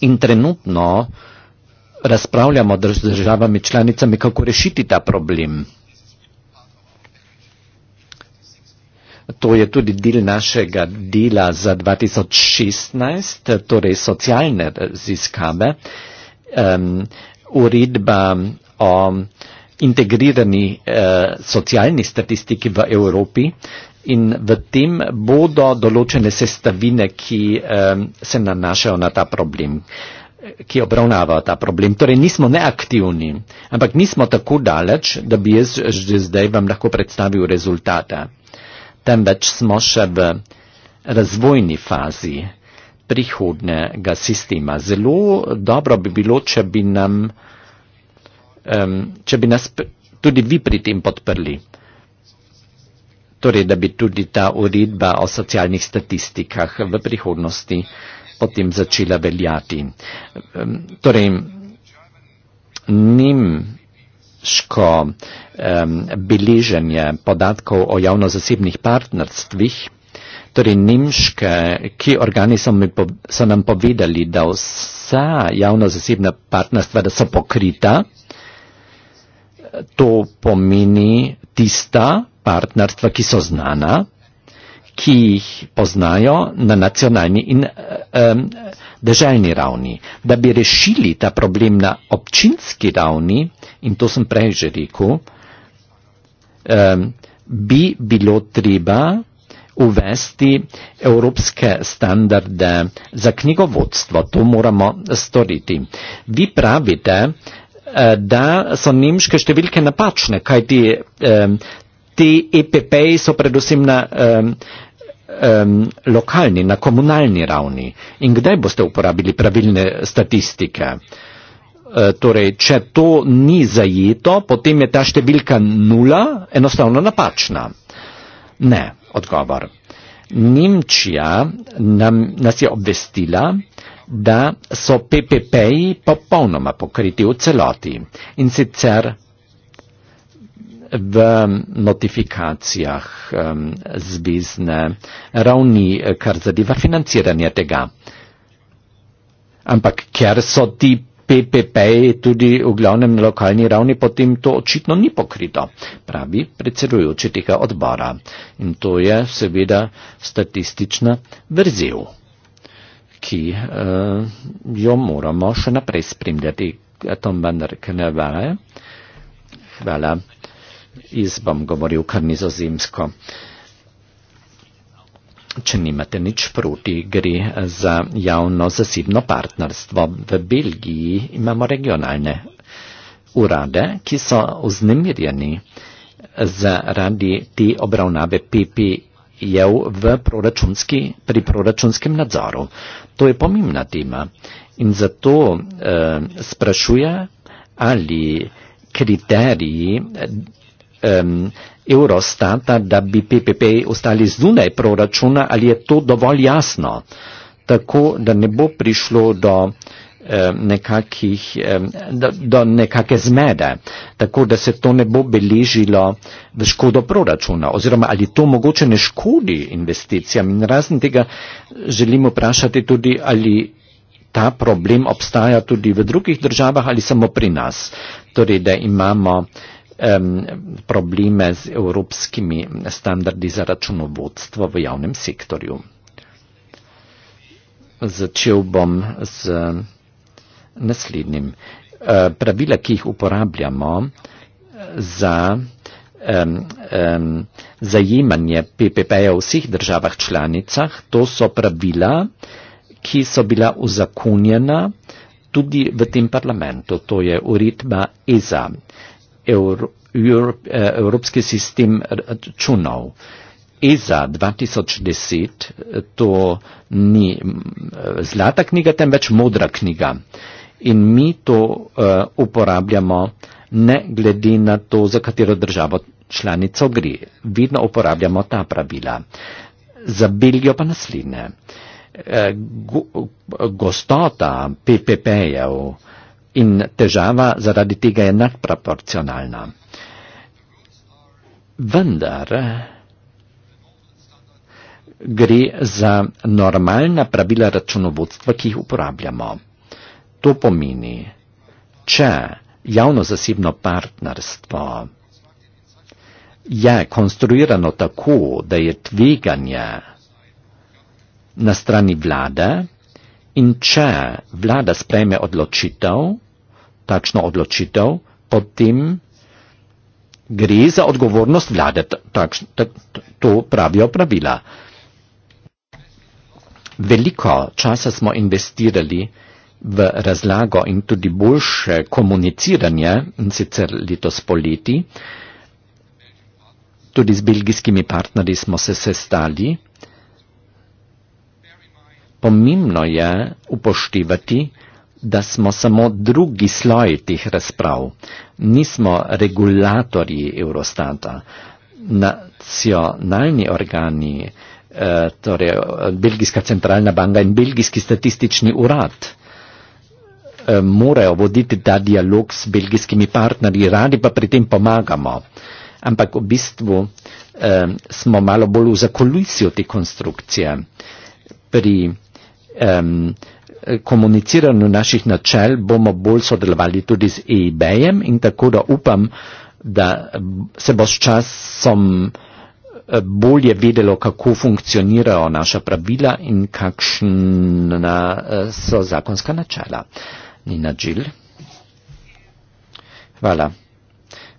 In trenutno razpravljamo z državami članicami, kako rešiti ta problem. To je tudi del našega dela za 2016, torej socialne raziskave. Um, uredba o integrirani eh, socialni statistiki v Evropi in v tem bodo določene sestavine, ki eh, se nanašajo na ta problem, ki obravnava ta problem. Torej nismo neaktivni, ampak nismo tako daleč, da bi jaz že zdaj vam lahko predstavil rezultata. Temveč smo še v razvojni fazi prihodnega sistema. Zelo dobro bi bilo, če bi nam eh, um, če bi nas tudi vi pri tem podprli. Torej, da bi tudi ta uredba o socialnih statistikah v prihodnosti potem začela veljati. Um, torej, nim ško um, beleženje podatkov o javno-zasebnih partnerstvih, torej nemške, ki organi so, mi, so nam povedali, da vsa javno-zasebna partnerstva, da so pokrita, to pomeni tista partnerstva, ki so znana, ki jih poznajo na nacionalni in um, eh, državni ravni. Da bi rešili ta problem na občinski ravni, in to sem prej že rekel, um, bi bilo treba uvesti evropske standarde za knjigovodstvo. To moramo storiti. Vi pravite, Eh, da so nemške številke napačne, kaj ti ti e EPP-ji so predvsem na um, um, lokalni, na komunalni ravni. In kdaj boste uporabili pravilne statistike? Eh, torej, če to ni zajeto, potem je ta številka nula enostavno napačna. Ne, odgovor. Nemčija nam, nas je obvestila, da so PPP-ji popolnoma pokriti v celoti in sicer v notifikacijah um, zvezne ravni, kar zadeva financiranje tega. Ampak ker so ti PPP-ji tudi v glavnem na lokalni ravni, potem to očitno ni pokrito, pravi predsedujoči tega odbora. In to je seveda statistična vrzel ki uh, jo moramo še naprej spremljati. Tom Bender, hvala. Hvala. Jaz bom govoril kar nizozemsko. Če nimate nič proti, gre za javno-zasebno partnerstvo. V Belgiji imamo regionalne urade, ki so vznemirjeni zaradi te obravnave PPI. E je v proračunski, pri proračunskem nadzoru. To je pomembna tema in zato eh, sprašuje, ali kriteriji eh, Eurostata, da bi PPP ostali zunaj proračuna, ali je to dovolj jasno, tako da ne bo prišlo do eh, Eh, nekakih, eh, do nekake zmede, tako da se to ne bo beležilo v škodo proračuna oziroma ali to mogoče ne škodi investicijam in razen tega želimo vprašati tudi, ali ta problem obstaja tudi v drugih državah ali samo pri nas, torej da imamo um, probleme z evropskimi standardi za računovodstvo v javnem sektorju. Začel bom z naslednjim. Eh, pravila, ki jih uporabljamo eh, za um, um, zajemanje PPP-ja v vseh državah članicah, to so pravila, ki so bila uzakonjena tudi v tem parlamentu. To je uredba EZA, eh, Evropski sistem računov. EZA 2010, to ni zlata knjiga, temveč modra knjiga in mi to uh, uporabljamo ne glede na to, za katero državo članico gre. Vidno uporabljamo ta pravila. Za Belgijo pa naslednje. Uh, gostota PPP-jev in težava zaradi tega je nadproporcionalna. Vendar gre za normalna pravila računovodstva, ki jih uporabljamo to pomeni, če javno-zasebno partnerstvo je konstruirano tako, da je tveganje na strani vlade in če vlada sprejme odločitev, takšno odločitev, potem gre za odgovornost vlade, to pravijo pravila. Veliko časa smo investirali, v razlago in tudi boljše komuniciranje, in sicer letos poleti. Tudi z belgijskimi partnerji smo se sestali. Pomembno je upoštevati, da smo samo drugi sloj teh razprav. Nismo regulatorji Eurostata. Nacionalni organi, eh, torej eh, Belgijska centralna banka in Belgijski statistični urad, Eh, morajo voditi ta dialog s belgijskimi partnerji, radi pa pri tem pomagamo. Ampak v bistvu eh, smo malo bolj v zakolicijo te konstrukcije. Pri eh, komuniciranju naših načel bomo bolj sodelovali tudi z EIB-jem in tako da upam, da se bo s časom eh, bolje vedelo, kako funkcionirajo naša pravila in kakšna eh, so zakonska načela. Eh, Nina Džil. Hvala,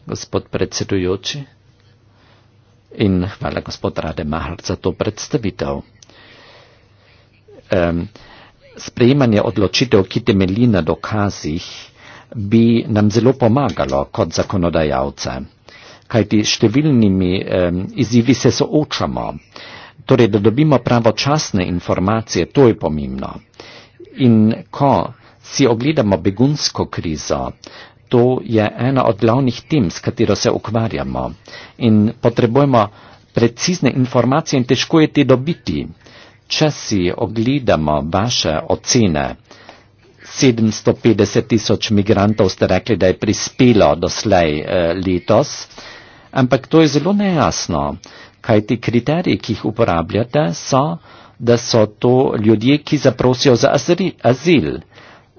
gospod predsedujoči. In hvala, gospod Rade Mahar, za to predstavitev. Um, sprejemanje odločitev, ki temelji na dokazih, bi nam zelo pomagalo kot zakonodajalce. Kajti številnimi um, izzivi se soočamo. Torej, da dobimo pravočasne informacije, to je pomembno. In ko si ogledamo begunsko krizo, to je ena od glavnih tem, s katero se ukvarjamo in potrebujemo precizne informacije in težko je te dobiti. Če si ogledamo vaše ocene, 750 tisoč migrantov ste rekli, da je prispelo doslej eh, letos, ampak to je zelo nejasno, kaj ti kriteriji, ki jih uporabljate, so, da so to ljudje, ki zaprosijo za azil.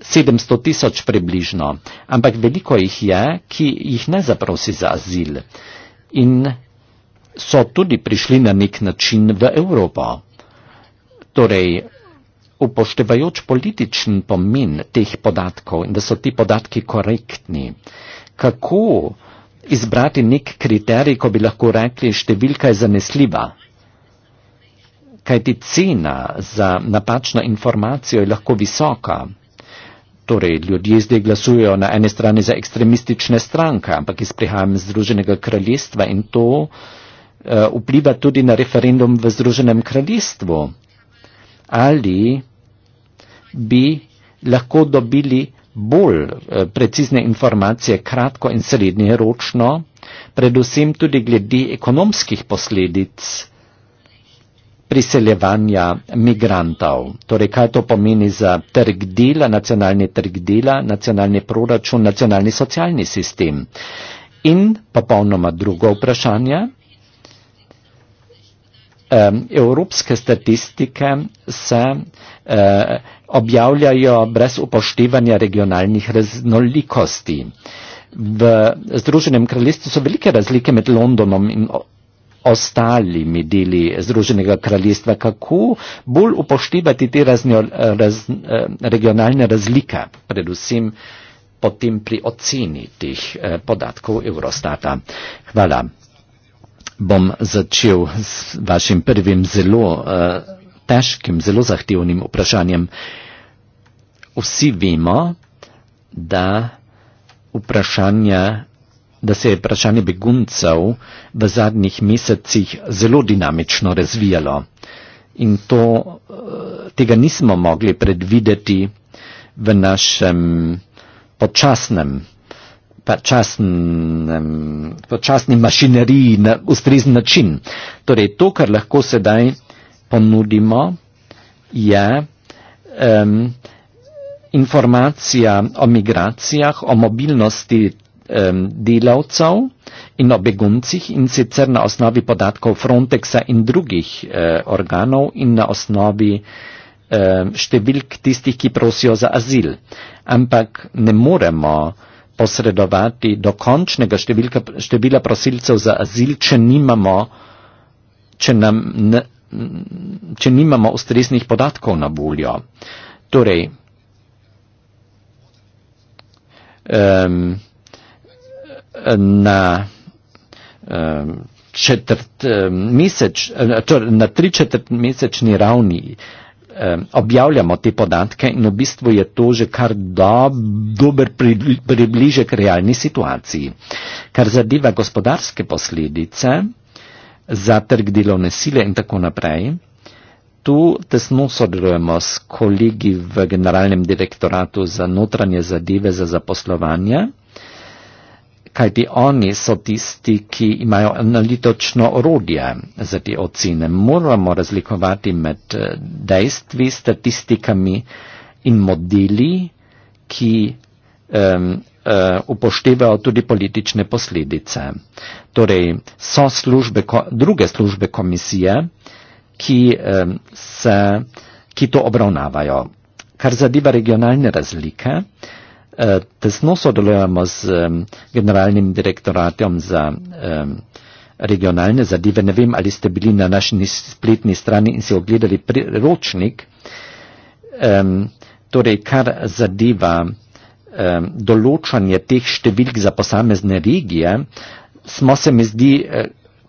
700 tisoč približno, ampak veliko jih je, ki jih ne zaprosi za azil in so tudi prišli na nek način v Evropo. Torej, upoštevajoč političen pomen teh podatkov in da so ti podatki korektni, kako izbrati nek kriterij, ko bi lahko rekli, številka je zanesljiva? Kajti cena za napačno informacijo je lahko visoka. Torej, ljudje zdaj glasujejo na eni strani za ekstremistične stranke, ampak jaz prihajam iz Združenega kraljestva in to eh, vpliva tudi na referendum v Združenem kraljestvu. Ali bi lahko dobili bolj eh, precizne informacije kratko in srednje ročno, predvsem tudi glede ekonomskih posledic priseljevanja migrantov. Torej, kaj to pomeni za trg dela, nacionalni trg dela, nacionalni proračun, nacionalni socialni sistem. In popolnoma drugo vprašanje. Evropske statistike se e, objavljajo brez upoštevanja regionalnih raznolikosti. V Združenem kraljestvu so velike razlike med Londonom in ostalimi deli Združenega kraljestva, kako bolj upoštevati te raznjo, raz, eh, regionalne razlike, predvsem potem pri oceni teh eh, podatkov Eurostata. Hvala. Bom začel s vašim prvim zelo eh, težkim, zelo zahtevnim vprašanjem. Vsi vemo, da vprašanja da se je vprašanje beguncev v zadnjih mesecih zelo dinamično razvijalo. In to, eh, tega nismo mogli predvideti v našem počasnem, počasnem, počasni mašineriji na ustrezen način. Torej, to, kar lahko sedaj ponudimo, je um, informacija o migracijah, o mobilnosti um, ehm, delavcev in o beguncih in sicer na osnovi podatkov Frontexa in drugih uh, organov in na osnovi uh, številk tistih, ki prosijo za azil. Ampak ne moremo posredovati do končnega številka, števila prosilcev za azil, če nimamo, če, nam ne, če nimamo ustreznih podatkov na voljo. Torej, um, na ehm, četrt mesec, ehm, eh, torej na tri četrt mesečni ravni ehm, objavljamo te podatke in v bistvu je to že kar do, dober približek realni situaciji. Kar zadeva gospodarske posledice za trg delovne sile in tako naprej, tu tesno sodelujemo s kolegi v Generalnem direktoratu za notranje zadeve za zaposlovanje kajti oni so tisti, ki imajo analitično orodje za te ocene. Moramo razlikovati med eh, dejstvi, statistikami in modeli, ki um, uh, upoštevajo tudi politične posledice. Torej so službe, druge službe komisije, ki, um, se, ki to obravnavajo. Kar zadeva regionalne razlike, uh, Eh, tesno sodelujemo z um, generalnim direktoratom za um, regionalne zadeve. Ne vem, ali ste bili na naši spletni strani in si ogledali priročnik, um, torej kar zadeva um, določanje teh številk za posamezne regije, smo se mi zdi eh,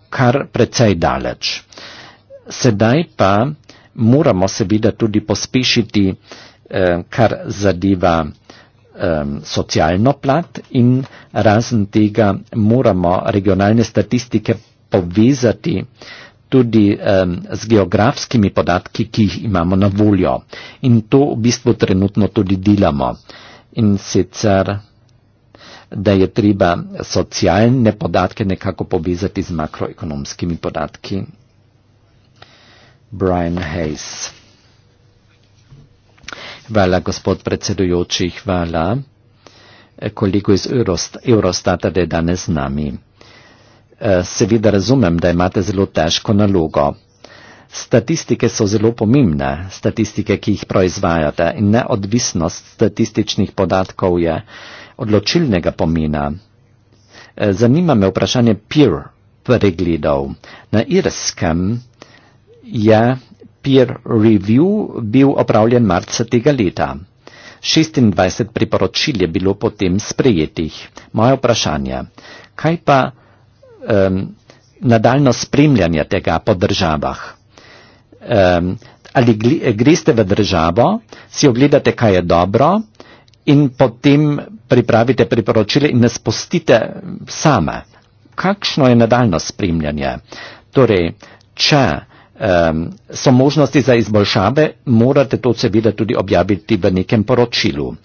kar precej daleč. Sedaj pa moramo seveda tudi pospešiti, um, kar zadeva um, socialno plat in razen tega moramo regionalne statistike povezati tudi um, z geografskimi podatki, ki jih imamo na voljo. In to v bistvu trenutno tudi delamo. In sicer, da je treba socialne podatke nekako povezati z makroekonomskimi podatki. Brian Hayes. Hvala, gospod predsedujoči, hvala. Koliko iz Eurost Eurostata da je danes z nami? Eh, seveda razumem, da imate zelo težko nalogo. Statistike so zelo pomembne, statistike, ki jih proizvajate in neodvisnost statističnih podatkov je odločilnega pomena. Eh, zanima me vprašanje peer pregledov. Na irskem je peer review bil opravljen marca tega leta. 26 priporočil je bilo potem sprejetih. Moje vprašanje, kaj pa um, nadaljno spremljanje tega po državah? Um, ali greste v državo, si ogledate, kaj je dobro in potem pripravite priporočile in nas postite same? Kakšno je nadaljno spremljanje? Torej, če um, so možnosti za izboljšave, morate to seveda tudi objaviti v nekem poročilu.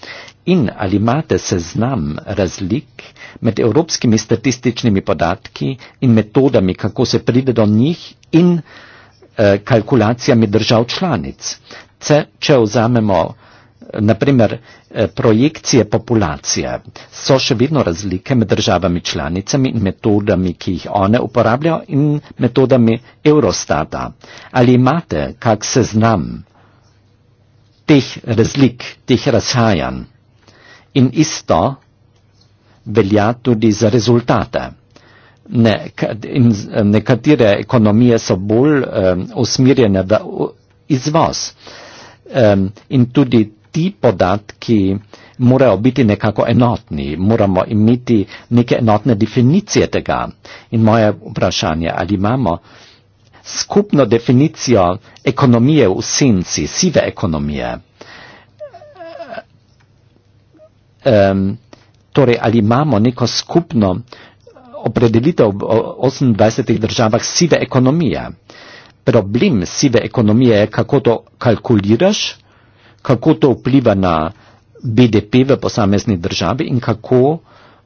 In ali imate seznam razlik med evropskimi statističnimi podatki in metodami, kako se pride do njih in uh, kalkulacijami držav članic? Če, če vzamemo Naprimer, eh, projekcije populacije so še vedno razlike med državami članicami in metodami, ki jih one uporabljajo in metodami Eurostata. Ali imate kak seznam teh razlik, teh razhajanj? In isto velja tudi za rezultate. Eh, nekatere ekonomije so bolj um, eh, usmirjene v izvoz um, in tudi ti podatki morajo biti nekako enotni, moramo imeti neke enotne definicije tega. In moje vprašanje, ali imamo skupno definicijo ekonomije v senci, sive ekonomije? Um, torej, ali imamo neko skupno opredelitev v 28 državah sive ekonomije? Problem sive ekonomije je, kako to kalkuliraš, kako to vpliva na BDP v posamezni državi in kako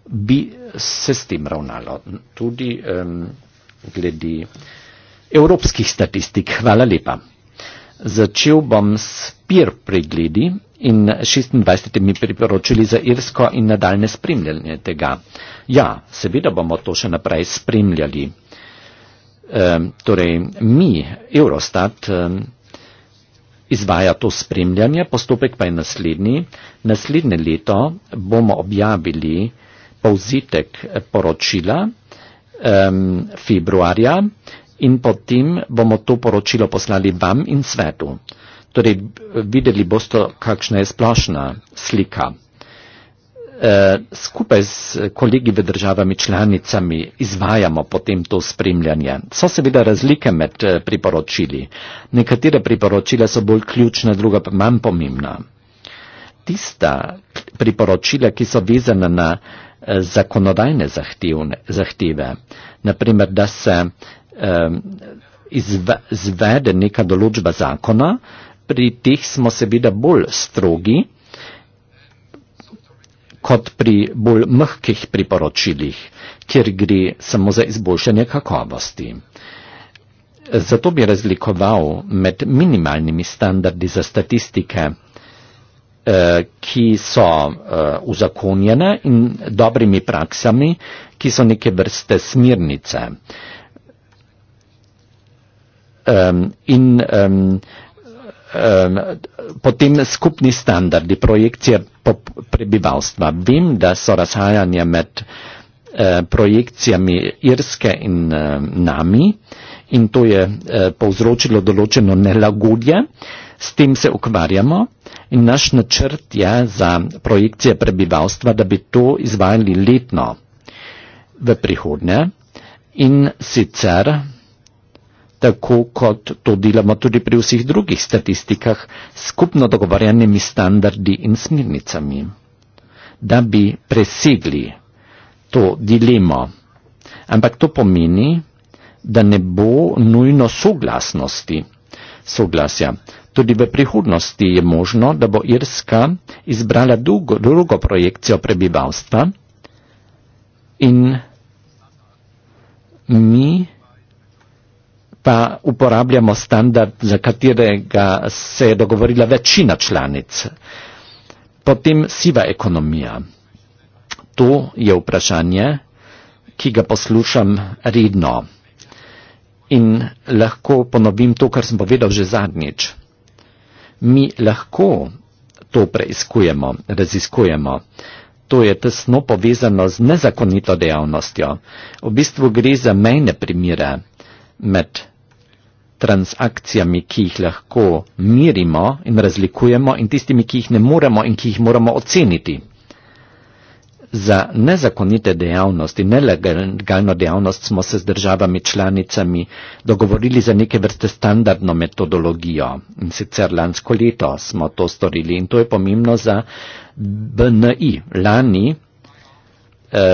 bi se s tem ravnalo. Tudi um, glede evropskih statistik. Hvala lepa. Začel bom s PIR pregledi in 26. mi priporočili za Irsko in nadaljne spremljanje tega. Ja, seveda bomo to še naprej spremljali. E, torej, mi, Eurostat, e, izvaja to spremljanje, postopek pa je naslednji. Naslednje leto bomo objavili povzitek poročila um, februarja in potem bomo to poročilo poslali vam in svetu. Torej, videli boste, kakšna je splošna slika. Eh, skupaj s kolegi v državami članicami izvajamo potem to spremljanje. So seveda razlike med eh, priporočili. Nekatera priporočila so bolj ključna, druga pa manj pomembna. Tista priporočila, ki so vezana na eh, zakonodajne zahtevne, zahteve, naprimer, da se izve, izvede neka določba zakona, pri teh smo seveda bolj strogi, kot pri bolj mehkih priporočilih, kjer gre samo za izboljšanje kakovosti. Zato bi razlikoval med minimalnimi standardi za statistike, eh, ki so eh, uzakonjene in dobrimi praksami, ki so neke vrste smirnice. In, in, um, potem skupni standardi, projekcije prebivalstva. Vem, da so razhajanja med uh, projekcijami Irske in uh, nami in to je uh, povzročilo določeno nelagodje. S tem se ukvarjamo in naš načrt je za projekcije prebivalstva, da bi to izvajali letno v prihodnje in sicer tako kot to delamo tudi pri vseh drugih statistikah, skupno dogovarjanimi standardi in smernicami. Da bi presegli to dilemo, ampak to pomeni, da ne bo nujno soglasnosti, soglasja. Tudi v prihodnosti je možno, da bo Irska izbrala drugo, drugo projekcijo prebivalstva in mi pa uporabljamo standard, za katerega se je dogovorila večina članic. Potem siva ekonomija. To je vprašanje, ki ga poslušam redno. In lahko ponovim to, kar sem povedal že zadnjič. Mi lahko to preiskujemo, raziskujemo. To je tesno povezano z nezakonito dejavnostjo. V bistvu gre za mejne primere med transakcijami, ki jih lahko merimo in razlikujemo in tistimi, ki jih ne moremo in ki jih moramo oceniti. Za nezakonite dejavnosti, nelegalno dejavnost smo se z državami članicami dogovorili za neke vrste standardno metodologijo in sicer lansko leto smo to storili in to je pomembno za BNI. Lani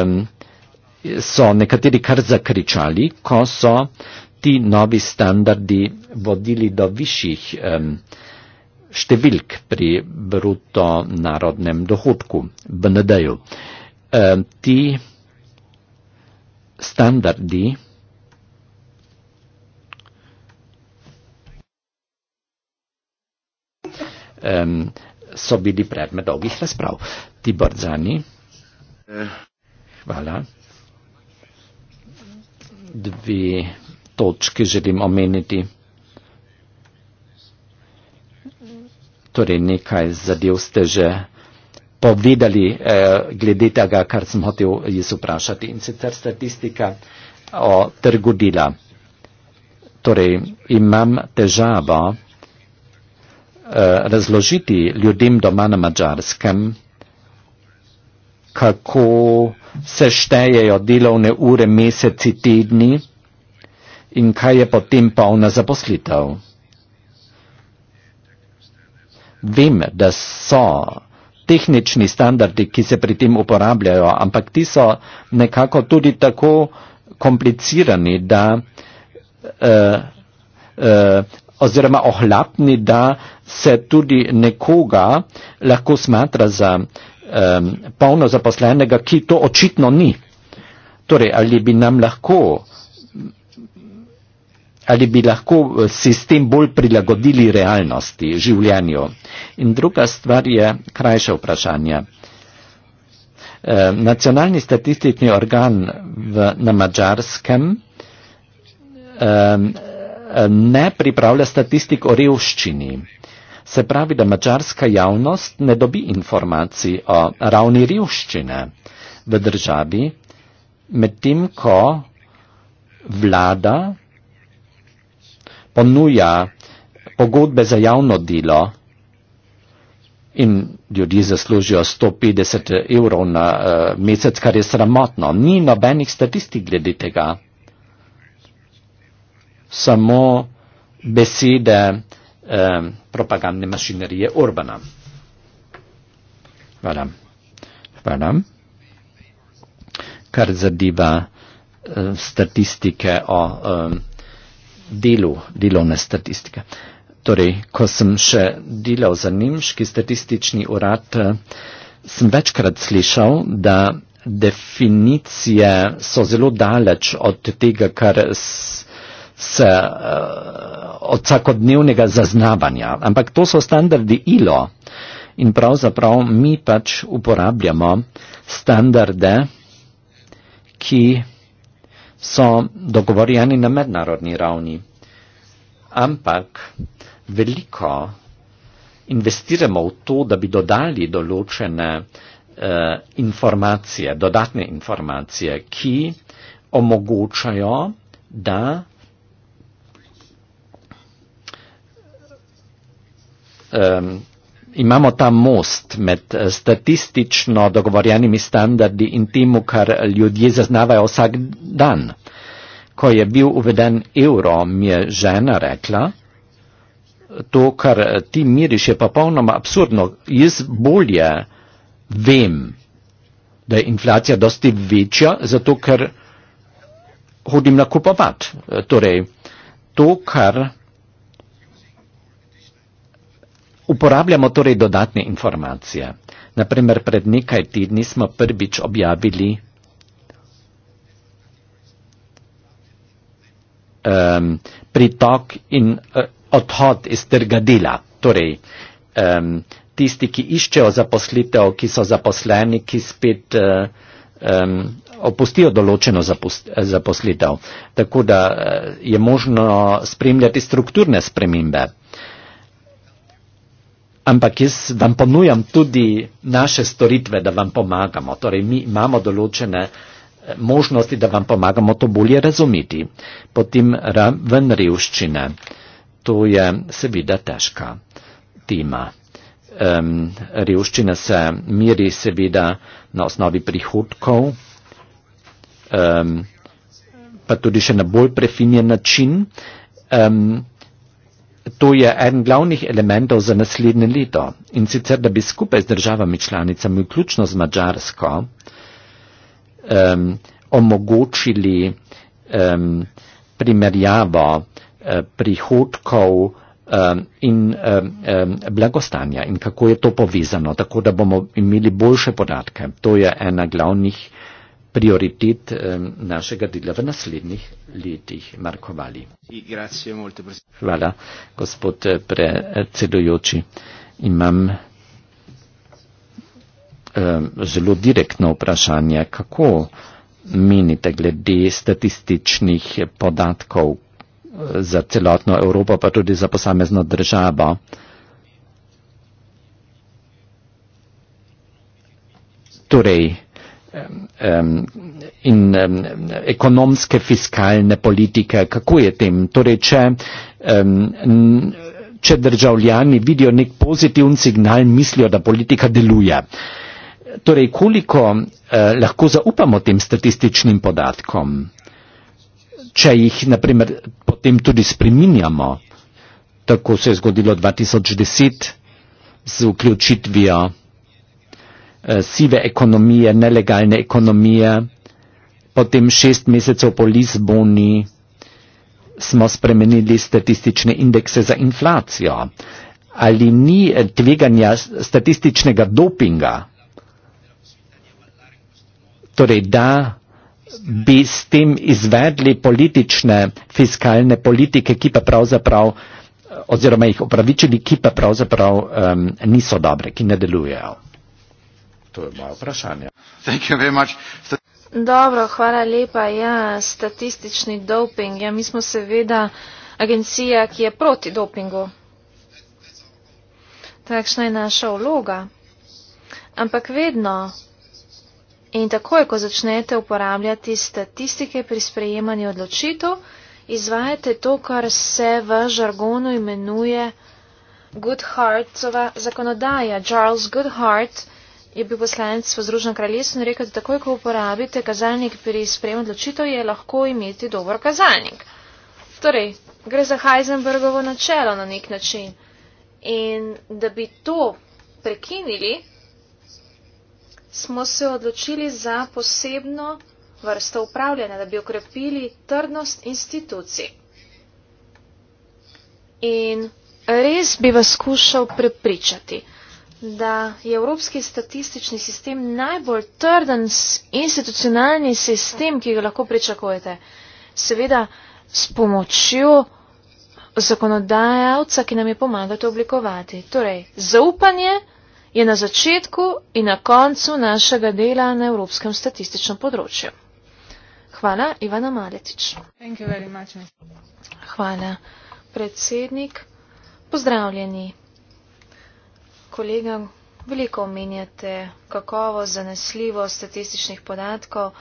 um, so nekateri kar zakričali, ko so ti novi standardi vodili do višjih um, številk pri bruto narodnem dohodku, BND-ju. Um, ti standardi um, so bili predmet dolgih razprav. Ti brzani. Eh. Hvala. Dve točki želim omeniti. Torej, nekaj zadev ste že povedali eh, glede tega, kar sem hotel jaz vprašati. In sicer statistika o trgu dela. Torej, imam težavo eh, razložiti ljudem doma na mačarskem, kako se štejejo delovne ure, meseci, tedni in kaj je potem polna zaposlitev. Vem, da so tehnični standardi, ki se pri tem uporabljajo, ampak ti so nekako tudi tako komplicirani, da eh, eh, oziroma ohlapni, da se tudi nekoga lahko smatra za eh, polno zaposlenega, ki to očitno ni. Torej, ali bi nam lahko ali bi lahko eh, sistem bolj prilagodili realnosti, življenju. In druga stvar je krajše vprašanje. Eh, nacionalni statistični organ v, na Mačarskem eh, ne pripravlja statistik o revščini. Se pravi, da mačarska javnost ne dobi informacij o ravni revščine v državi, medtem ko vlada ponuja pogodbe za javno delo in ljudje zaslužijo 150 evrov na uh, mesec, kar je sramotno. Ni nobenih statistik glede tega. Samo besede eh, propagandne mašinerije Urbana. Hvala. Hvala. Kar zadeva eh, statistike o. Eh, delu delovne statistike. Torej, ko sem še delal za nemški statistični urad, eh, sem večkrat slišal, da definicije so zelo daleč od tega, kar se eh, od vsakodnevnega zaznavanja. Ampak to so standardi ILO in pravzaprav mi pač uporabljamo standarde, ki so dogovorjeni na mednarodni ravni. Ampak veliko investiramo v to, da bi dodali določene eh, informacije, dodatne informacije, ki omogočajo, da eh, imamo ta most med eh, statistično dogovorjenimi standardi in temu, kar ljudje zaznavajo vsak dan. Ko je bil uveden evro, mi je žena rekla, to, kar eh, ti miriš, je popolnoma absurdno. Jaz bolje vem, da je inflacija dosti večja, zato ker hodim nakupovati. Eh, torej, to, kar Uporabljamo torej dodatne informacije. Naprimer, pred nekaj tedni smo prvič objavili um, pritok in uh, odhod iz trga dela. Torej, um, tisti, ki iščejo zaposlitev, ki so zaposleni, ki spet uh, um, opustijo določeno eh, zaposlitev. Tako da uh, je možno spremljati strukturne spremembe. Ampak jaz vam ponujam tudi naše storitve, da vam pomagamo. Torej, mi imamo določene eh, možnosti, da vam pomagamo to bolje razumeti. Potem ven revščine. To je seveda težka tema. Um, revščina se miri seveda na osnovi prihodkov, um, pa tudi še na bolj prefinjen način. Um, To je eden glavnih elementov za naslednje leto in sicer, da bi skupaj z državami članicami, vključno z Mačarsko, um, omogočili um, primerjavo um, prihodkov um, in um, blagostanja in kako je to povezano, tako da bomo imeli boljše podatke. To je ena glavnih prioritet našega dela v naslednjih letih, markovali. Hvala, gospod eh, predsedujoči. Imam zelo direktno vprašanje, kako menite glede statističnih podatkov eh, za celotno Evropo, pa tudi za posamezno državo. Torej, um, in um, ekonomske fiskalne politike, kako je tem. Torej, če, um, če državljani vidijo nek pozitiven signal, mislijo, da politika deluje. Torej, koliko uh, lahko zaupamo tem statističnim podatkom, če jih naprimer potem tudi spreminjamo, tako se je zgodilo 2010 z vključitvijo Eh, sive ekonomije, nelegalne ekonomije. Potem šest mesecev po Lizboni smo spremenili statistične indekse za inflacijo. Ali ni eh, tveganja statističnega dopinga? Torej, da bi s tem izvedli politične fiskalne politike, ki pa pravzaprav, eh, oziroma jih opravičili, ki pa pravzaprav um, niso dobre, ki ne delujejo. To je moje vprašanje. Dobro, hvala lepa. Ja, statistični doping. Ja, mi smo seveda agencija, ki je proti dopingu. Takšna je naša vloga. Ampak vedno in takoj, ko začnete uporabljati statistike pri sprejemanju odločitev, izvajate to, kar se v žargonu imenuje Goodhartova zakonodaja. Charles Goodhart je bil poslanec v Združenem kraljestvu in rekel, da takoj, ko uporabite kazalnik pri sprejemu odločitev, je lahko imeti dober kazalnik. Torej, gre za Heisenbergovo načelo na nek način. In da bi to prekinili, smo se odločili za posebno vrsto upravljanja, da bi okrepili trdnost institucij. In res bi vas skušal prepričati da je evropski statistični sistem najbolj trden institucionalni sistem, ki ga lahko pričakujete. Seveda s pomočjo zakonodajalca, ki nam je pomagal to oblikovati. Torej, zaupanje je na začetku in na koncu našega dela na evropskem statističnem področju. Hvala, Ivana Maletič. Hvala, predsednik. Pozdravljeni kolega, veliko omenjate kakovost, zanesljivost statističnih podatkov,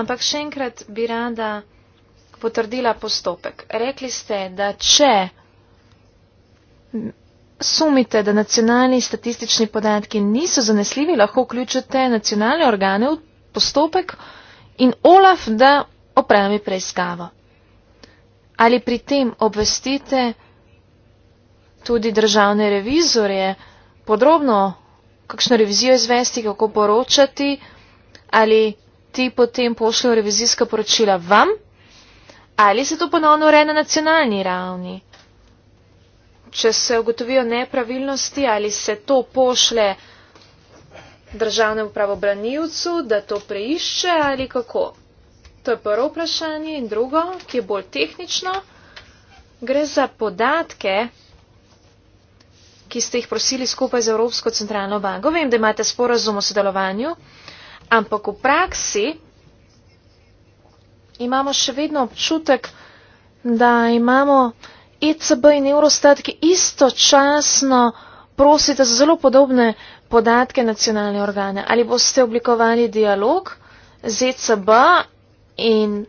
ampak še enkrat bi rada potrdila postopek. Rekli ste, da če sumite, da nacionalni statistični podatki niso zanesljivi, lahko vključite nacionalne organe v postopek in OLAF, da opravi preiskavo. Ali pri tem obvestite tudi državne revizorje, podrobno kakšno revizijo izvesti, kako poročati, ali ti potem pošljajo revizijska poročila vam, ali se to ponovno ureja na nacionalni ravni. Če se ugotovijo nepravilnosti, ali se to pošle državnemu pravobranilcu, da to preišče ali kako. To je prvo vprašanje in drugo, ki je bolj tehnično. Gre za podatke, ki ste jih prosili skupaj z Evropsko centralno banko. Vem, da imate sporazum o sodelovanju, ampak v praksi imamo še vedno občutek, da imamo ECB in Eurostat, ki istočasno prosite za zelo podobne podatke nacionalne organe. Ali boste oblikovali dialog z ECB in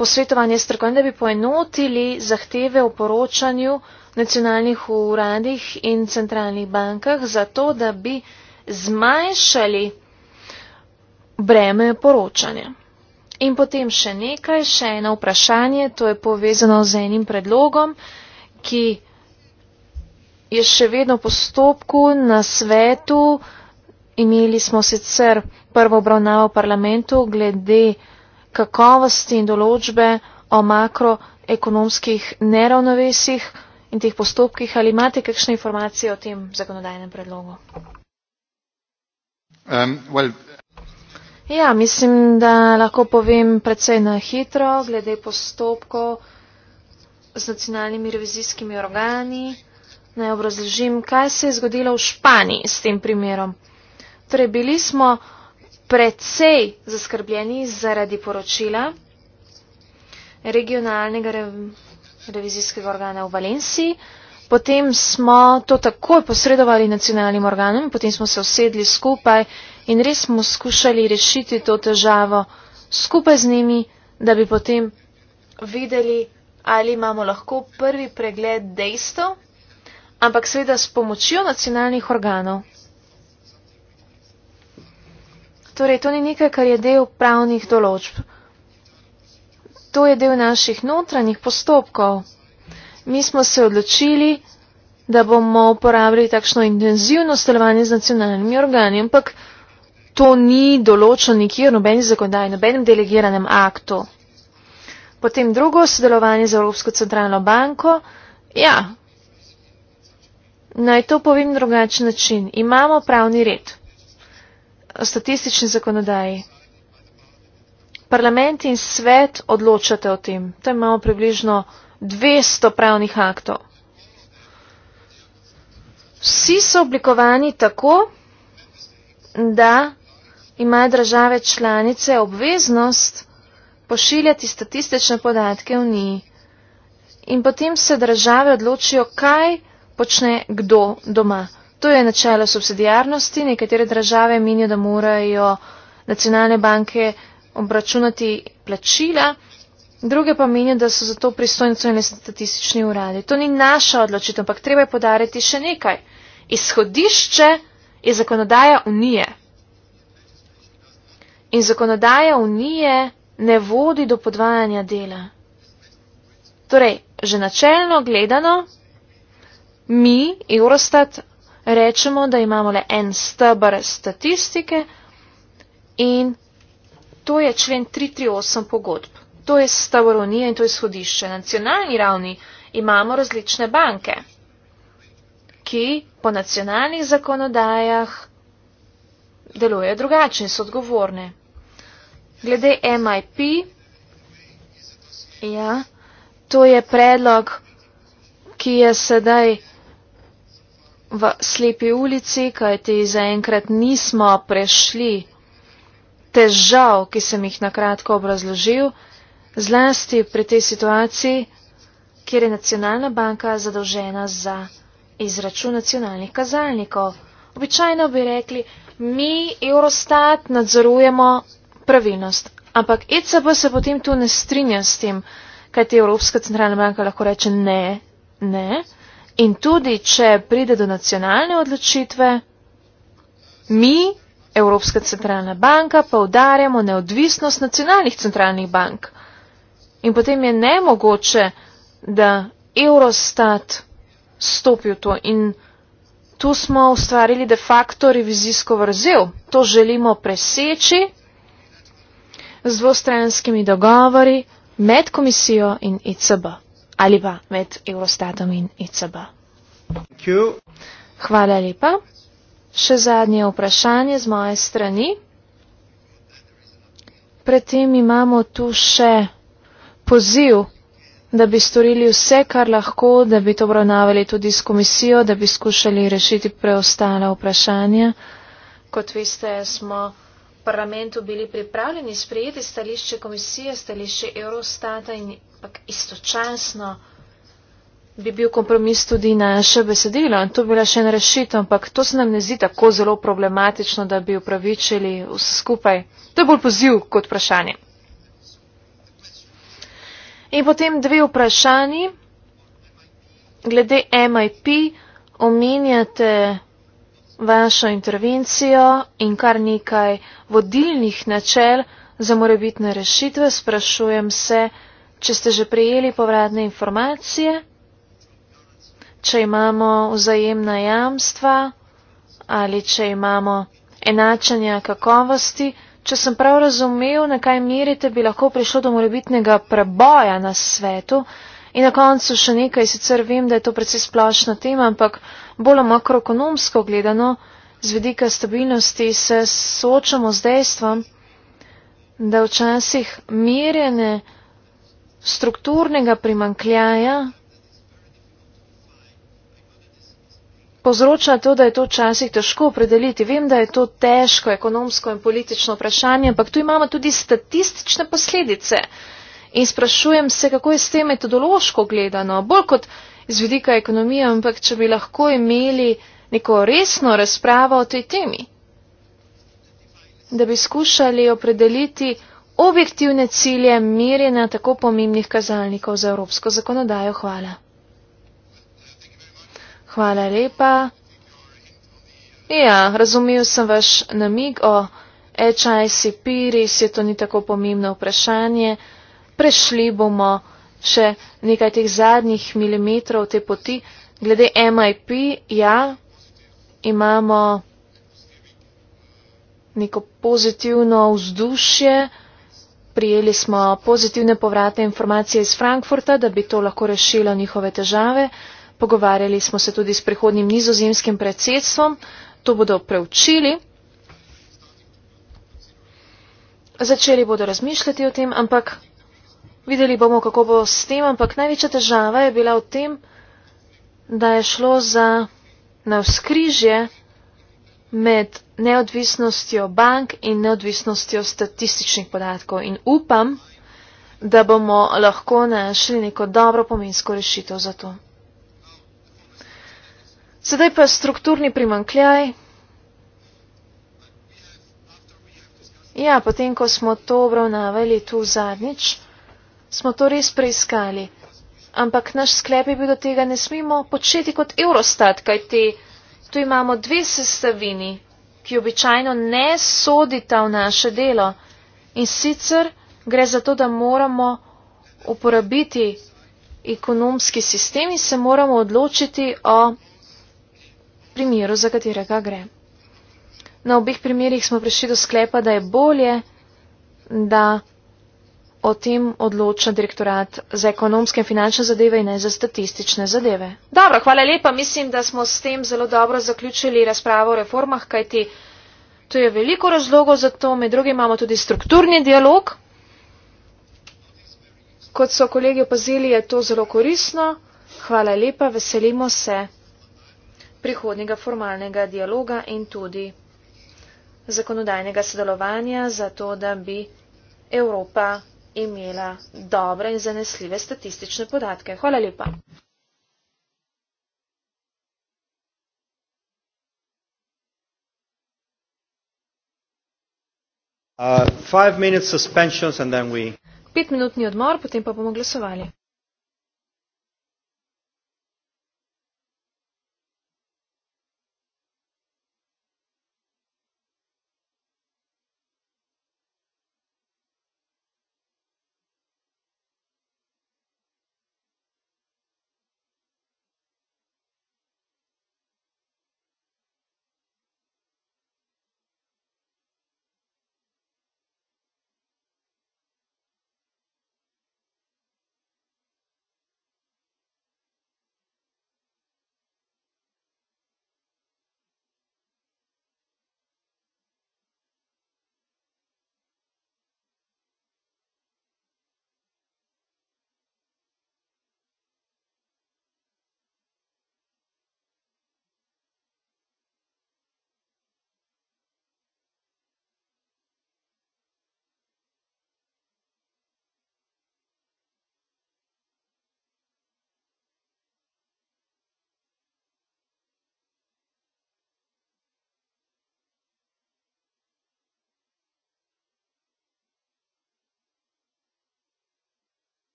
posvetovanje strokovnjakov, da bi poenotili zahteve o poročanju nacionalnih uradih in centralnih bankah za to, da bi zmanjšali breme poročanja. In potem še nekaj, še eno vprašanje, to je povezano z enim predlogom, ki je še vedno v postopku na svetu. Imeli smo sicer prvo obravnavo v parlamentu glede kakovosti in določbe o makroekonomskih neravnovesjih in teh postopkih, ali imate kakšne informacije o tem zakonodajnem predlogu? Um, well. Ja, mislim, da lahko povem predvsej na hitro, glede postopkov z nacionalnimi revizijskimi organi. Naj obrazložim, kaj se je zgodilo v Španiji s tem primerom. Torej, bili smo predvsej zaskrbljeni zaradi poročila regionalnega revizijskega organa v Valenciji. Potem smo to takoj posredovali nacionalnim organom, potem smo se usedli skupaj in res smo skušali rešiti to težavo skupaj z njimi, da bi potem videli, ali imamo lahko prvi pregled dejstev, ampak seveda s pomočjo nacionalnih organov. Torej, to ni nekaj, kar je del pravnih določb to je del naših notranjih postopkov. Mi smo se odločili, da bomo uporabljali takšno intenzivno stelovanje z nacionalnimi organi, ampak to ni določeno nikjer, nobeni zakonodaj, nobenem delegiranem aktu. Potem drugo sodelovanje z Evropsko centralno banko. Ja, naj to povem drugačen način. Imamo pravni red o statistični zakonodaji parlament in svet odločate o tem. Tam imamo približno 200 pravnih aktov. Vsi so oblikovani tako, da imajo države članice obveznost pošiljati statistične podatke v njih. In potem se države odločijo, kaj počne kdo doma. To je načelo subsidijarnosti. Nekatere države menijo, da morajo nacionalne banke obračunati plačila, druge pa menijo, da so za to pristojni celni statistični uradi. To ni naša odločitev, ampak treba je podariti še nekaj. Izhodišče je zakonodaja unije. In zakonodaja unije ne vodi do podvajanja dela. Torej, že načelno gledano, mi, Eurostat, rečemo, da imamo le en stebr statistike in to je člen 338 pogodb. To je stavor unije in to je shodišče. Na nacionalni ravni imamo različne banke, ki po nacionalnih zakonodajah delujejo drugačne, so odgovorne. Glede MIP, ja, to je predlog, ki je sedaj v slepi ulici, kajti zaenkrat nismo prešli težav, ki sem jih nakratko obrazložil, zlasti pri tej situaciji, kjer je nacionalna banka zadolžena za izračun nacionalnih kazalnikov. Običajno bi rekli, mi, Eurostat, nadzorujemo pravilnost. Ampak ECB se potem tu ne strinja s tem, kaj ti Evropska centralna banka lahko reče ne, ne. In tudi, če pride do nacionalne odločitve, mi, Evropska centralna banka, pa udarjamo neodvisnost nacionalnih centralnih bank. In potem je nemogoče, da Eurostat stopi v to. In tu smo ustvarili de facto revizijsko vrzel. To želimo preseči z dvostranskimi dogovori med komisijo in ECB ali pa med Eurostatom in ECB. Hvala lepa. Še zadnje vprašanje z moje strani. Predtem imamo tu še poziv, da bi storili vse, kar lahko, da bi to obravnavali tudi s komisijo, da bi skušali rešiti preostala vprašanja. Kot veste, smo v parlamentu bili pripravljeni sprejeti stališče komisije, stališče Eurostata in pa istočasno bi bil kompromis tudi naše besedilo in to bi bila še ena rešitev, ampak to se nam ne zdi tako zelo problematično, da bi upravičili vse skupaj. To je bolj poziv kot vprašanje. In potem dve vprašanji. Glede MIP omenjate vašo intervencijo in kar nekaj vodilnih načel za morebitne rešitve. Sprašujem se, če ste že prejeli povratne informacije če imamo vzajemna jamstva ali če imamo enačanja kakovosti. Če sem prav razumel, na kaj merite, bi lahko prišlo do morebitnega preboja na svetu. In na koncu še nekaj, sicer vem, da je to precej splošna tema, ampak bolj makroekonomsko gledano, z vedika stabilnosti se soočamo z dejstvom, da včasih merjene strukturnega primankljaja povzroča to, da je to včasih težko opredeliti. Vem, da je to težko ekonomsko in politično vprašanje, ampak tu imamo tudi statistične posledice. In sprašujem se, kako je s tem metodološko gledano, bolj kot iz vidika ekonomije, ampak če bi lahko imeli neko resno razpravo o tej temi, da bi skušali opredeliti objektivne cilje merjena tako pomembnih kazalnikov za evropsko zakonodajo. Hvala. Hvala lepa. Ja, razumel sem vaš namig o HICP, res je to ni tako pomembno vprašanje. Prešli bomo še nekaj teh zadnjih milimetrov te poti. Glede MIP, ja, imamo neko pozitivno vzdušje. Prijeli smo pozitivne povratne informacije iz Frankfurta, da bi to lahko rešilo njihove težave. Pogovarjali smo se tudi s prihodnim nizozemskim predsedstvom, to bodo preučili. Začeli bodo razmišljati o tem, ampak videli bomo, kako bo s tem, ampak največja težava je bila v tem, da je šlo za navskrižje med neodvisnostjo bank in neodvisnostjo statističnih podatkov. In upam, da bomo lahko našli neko dobro pomensko rešitev za to. Sedaj pa strukturni primankljaj. Ja, potem, ko smo to obravnavali tu zadnjič, smo to res preiskali. Ampak naš sklep je bil, da tega ne smemo početi kot Eurostat, kajti tu imamo dve sestavini, ki običajno ne sodita v naše delo. In sicer gre za to, da moramo uporabiti ekonomski sistem in se moramo odločiti o primeru, za katerega gre. Na obeh primerjih smo prišli do sklepa, da je bolje, da o tem odloča direktorat za ekonomske in finančne zadeve in ne za statistične zadeve. Dobro, hvala lepa. Mislim, da smo s tem zelo dobro zaključili razpravo o reformah, kajti tu je veliko razlogov za to. Med drugim imamo tudi strukturni dialog. Kot so kolegi opazili, je to zelo korisno. Hvala lepa, veselimo se prihodnjega formalnega dialoga in tudi zakonodajnega sodelovanja, zato da bi Evropa imela dobre in zanesljive statistične podatke. Hvala lepa. Uh, Pet minutni odmor, potem pa bomo glasovali.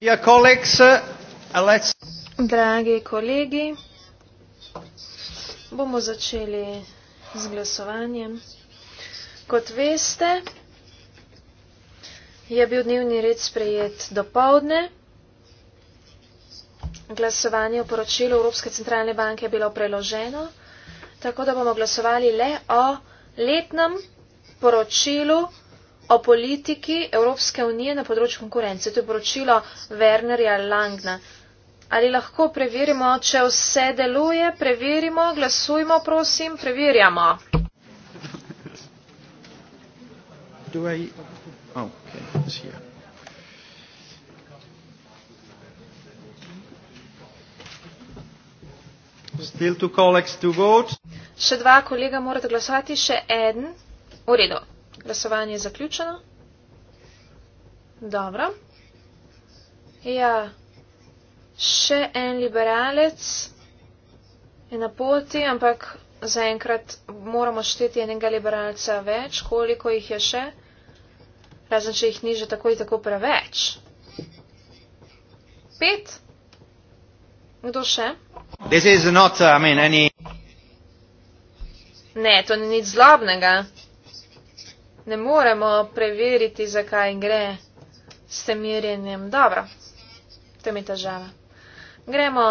Uh, Dragi kolegi, bomo začeli z glasovanjem. Kot veste, je bil dnevni red sprejet do povdne. Glasovanje v poročilu Evropske centralne banke je bilo preloženo, tako da bomo glasovali le o letnem poročilu o politiki Evropske unije na področju konkurence. To je poročilo Wernerja Langna. Ali lahko preverimo, če vse deluje? Preverimo, glasujmo, prosim, preverjamo. Oh, še dva kolega morate glasovati, še en. V redu glasovanje je zaključeno. Dobro. Ja, še en liberalec je na poti, ampak zaenkrat moramo šteti enega liberalca več, koliko jih je še, razen če jih ni že tako in tako preveč. Pet? Kdo še? Not, I mean, any... Ne, to ni nič zlobnega ne moremo preveriti, zakaj gre s tem merjenjem. Dobro, to mi je težava. Gremo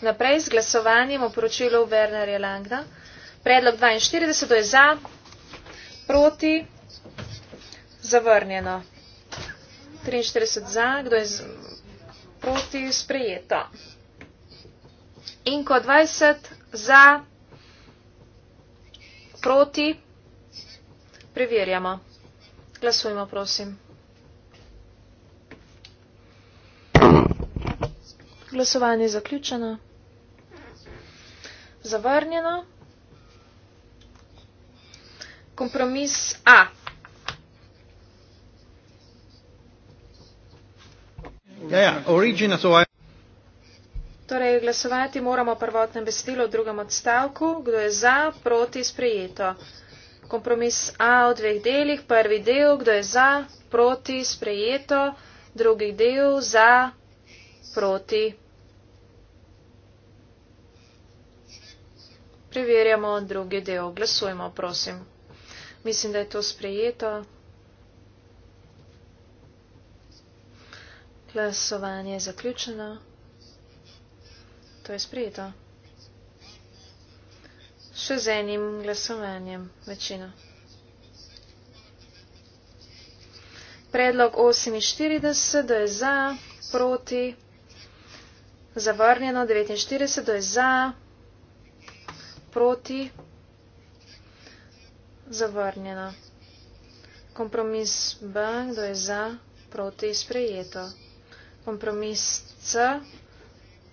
naprej z glasovanjem o poročilu Wernerja Langna. Predlog 42 je za, proti, zavrnjeno. 43 za, kdo je proti, sprejeto. In ko 20 za, proti, Preverjamo. Glasujmo, prosim. Glasovanje je zaključeno. Zavrnjeno. Kompromis A. Ja, ja, torej, glasovati moramo o prvotnem besedilu v drugem odstavku. Kdo je za, proti, sprejeto kompromis A v dveh delih. Prvi del, kdo je za, proti, sprejeto. Drugi del, za, proti. Preverjamo drugi del. Glasujemo, prosim. Mislim, da je to sprejeto. Glasovanje je zaključeno. To je sprejeto še z enim glasovanjem večino. Predlog 48, da je za, proti, zavrnjeno 49, da je za, proti, zavrnjeno. Kompromis B, da je za, proti, sprejeto. Kompromis C,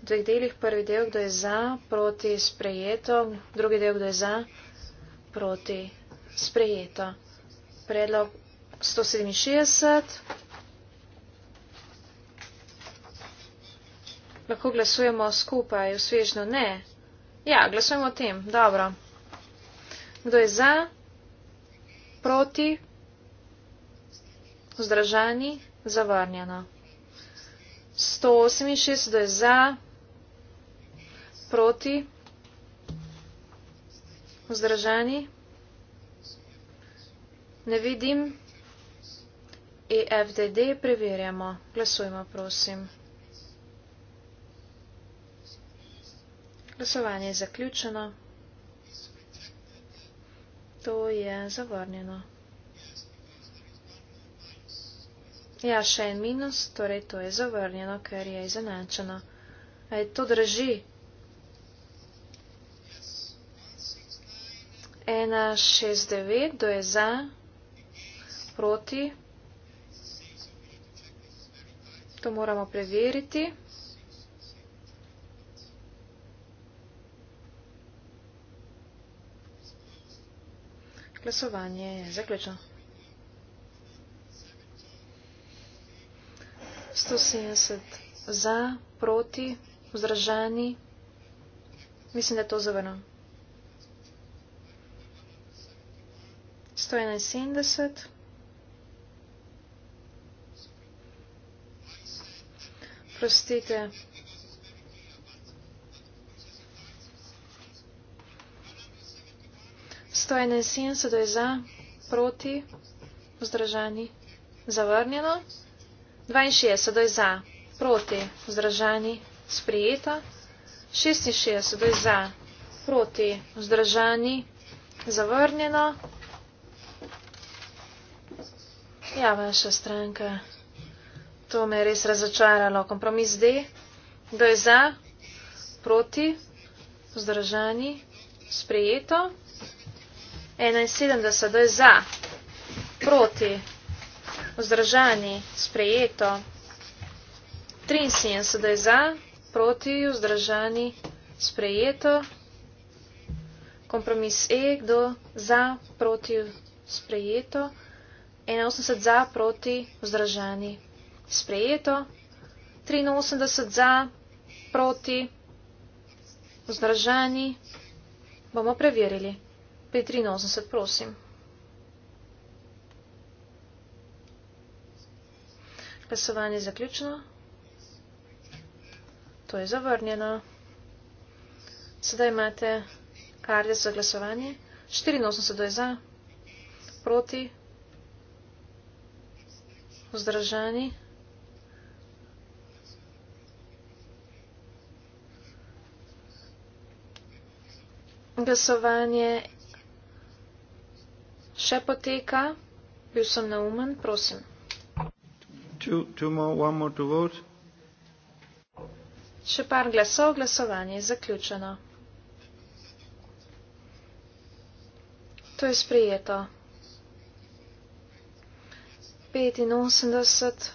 dveh delih. Prvi del, kdo je za, proti sprejeto. Drugi del, kdo je za, proti sprejeto. Predlog 167. Lahko glasujemo skupaj, usvežno ne. Ja, glasujemo o tem. Dobro. Kdo je za, proti, vzdržani, zavarnjeno. 168 je za, proti, vzdržani, ne vidim, EFDD preverjamo, glasujmo prosim. Glasovanje je zaključeno. To je zavrnjeno. Ja, še en minus, torej to je zavrnjeno, ker je izenačeno. Ej, to drži. ena šest devet, kdo je za, proti. To moramo preveriti. Glasovanje je zaključeno. 170 za, proti, vzdržani. Mislim, da je to zavrnjeno. 171. Prostite. Sto enajstdeset je za, proti, vzdržani, zavrnjeno. Dvainšestdeset je za, proti, vzdržani, sprijeta. Šestinšestdeset je za, proti, vzdržani, zavrnjeno. Ja, vaša stranka. To me je res razočaralo. Kompromis D. Kdo je za? Proti? Vzdržani? Sprejeto? 71. Kdo je za? Proti? Vzdržani? Sprejeto? 73. Kdo je za? Proti? Vzdržani? Sprejeto? Kompromis E. Kdo za? Proti? Sprejeto? 81 za, proti, vzdržani. Sprejeto. 83 za, proti, vzdržani. Bomo preverili. Pri 83, prosim. Glasovanje je zaključeno. To je zavrnjeno. Sedaj imate karte za glasovanje. 84 je za, proti, vzdržani vzdržani. Glasovanje še poteka. Bil sem naumen, prosim. Še par glasov, glasovanje je zaključeno. To je sprejeto. 85.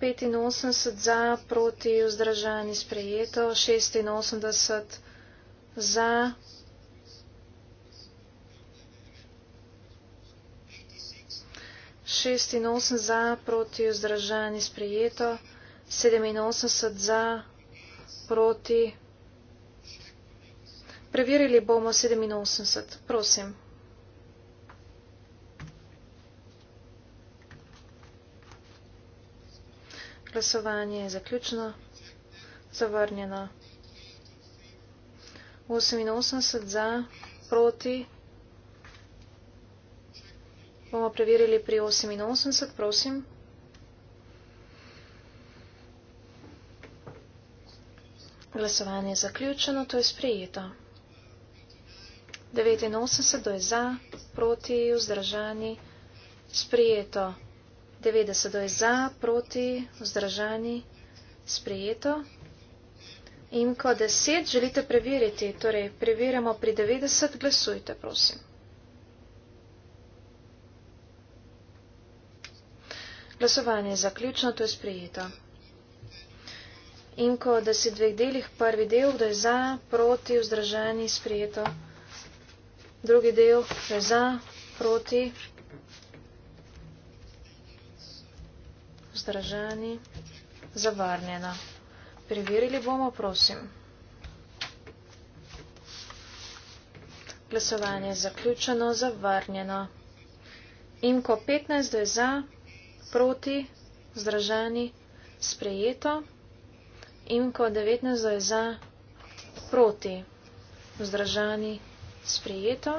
85 za, proti, vzdržani, sprejeto. 86 za. 86 za, proti, vzdržani, sprejeto. 87 za, proti. Preverili bomo 87, prosim. Glasovanje je zaključeno. Zavrnjeno. 88 za, proti. Bomo preverili pri 88, prosim. Glasovanje je zaključeno, to je sprejeto. 89 do je za, proti, vzdržani, sprejeto. 90 je za, proti, vzdržani, sprijeto. In ko 10 želite preveriti, torej preverjamo pri 90, glasujte, prosim. Glasovanje je zaključno, to je sprijeto. In ko 10 dveh delih, prvi del, kdo je za, proti, vzdržani, sprijeto. Drugi del, kdo je za, proti, vzdržani. vzdržani, zavarnjena. Preverili bomo, prosim. Glasovanje je zaključeno, zavarnjeno. Imko 15 je za, proti, vzdržani, sprejeto. Imko 19 je za, proti, vzdržani, sprejeto.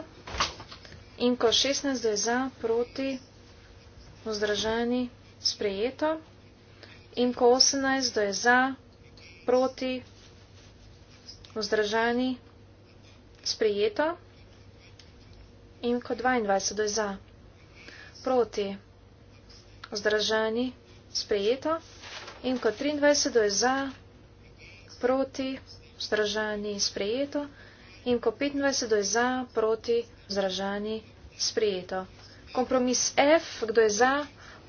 Imko 16 je za, proti, vzdržani, sprejeto sprejeto. In ko 18, kdo je za, proti, vzdržani, sprejeto. In ko 22, kdo je za, proti, vzdržani, sprejeto. In ko 23, kdo je za, proti, vzdržani, sprejeto. In ko 25, kdo je za, proti, vzdržani, sprejeto. Kompromis F, kdo je za,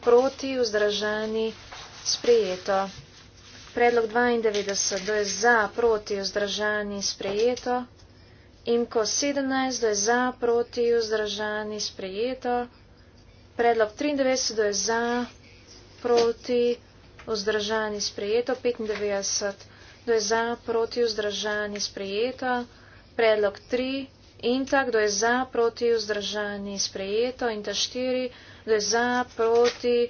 proti vzdržani sprejeto. Predlog 92, kdo je za proti vzdržani sprejeto. Imko 17, kdo je za proti vzdržani sprejeto. Predlog 93, kdo je za proti vzdržani sprejeto. 95, kdo je za proti vzdržani sprejeto. Predlog 3. In ta, kdo je za, proti, vzdržani, sprejeto. In ta štiri, kdo je za, proti,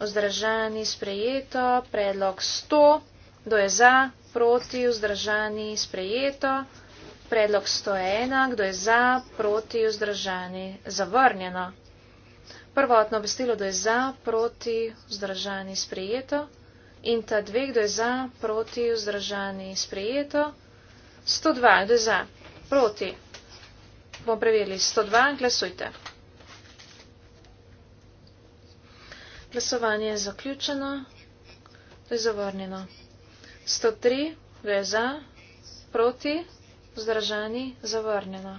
vzdržani, sprejeto. Predlog 100, kdo je za, proti, vzdržani, sprejeto. Predlog 101, kdo je za, proti, vzdržani, zavrnjeno. Prvotno obestilo, kdo je za, proti, vzdržani, sprejeto. In ta dve, kdo je za, proti, vzdržani, sprejeto. 102, kdo je za, proti, vzdržani bomo preverili. 102, glasujte. Glasovanje je zaključeno, to je zavrnjeno. 103, gre za, proti, vzdržani, zavrnjeno.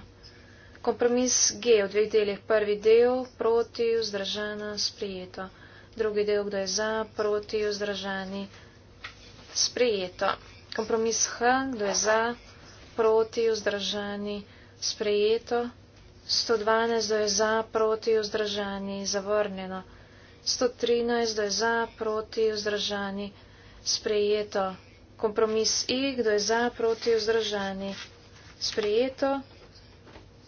Kompromis G v dveh delih. Prvi del, proti, vzdržana, sprijeto. Drugi del, kdo je za, proti, vzdržani, sprijeto. Kompromis H, kdo je za, proti, vzdržani, sprijeto sprejeto, 112 je za, proti, vzdržani, zavrnjeno, 113 je za, proti, vzdržani, sprejeto, kompromis I, e, kdo je za, proti, vzdržani, sprejeto,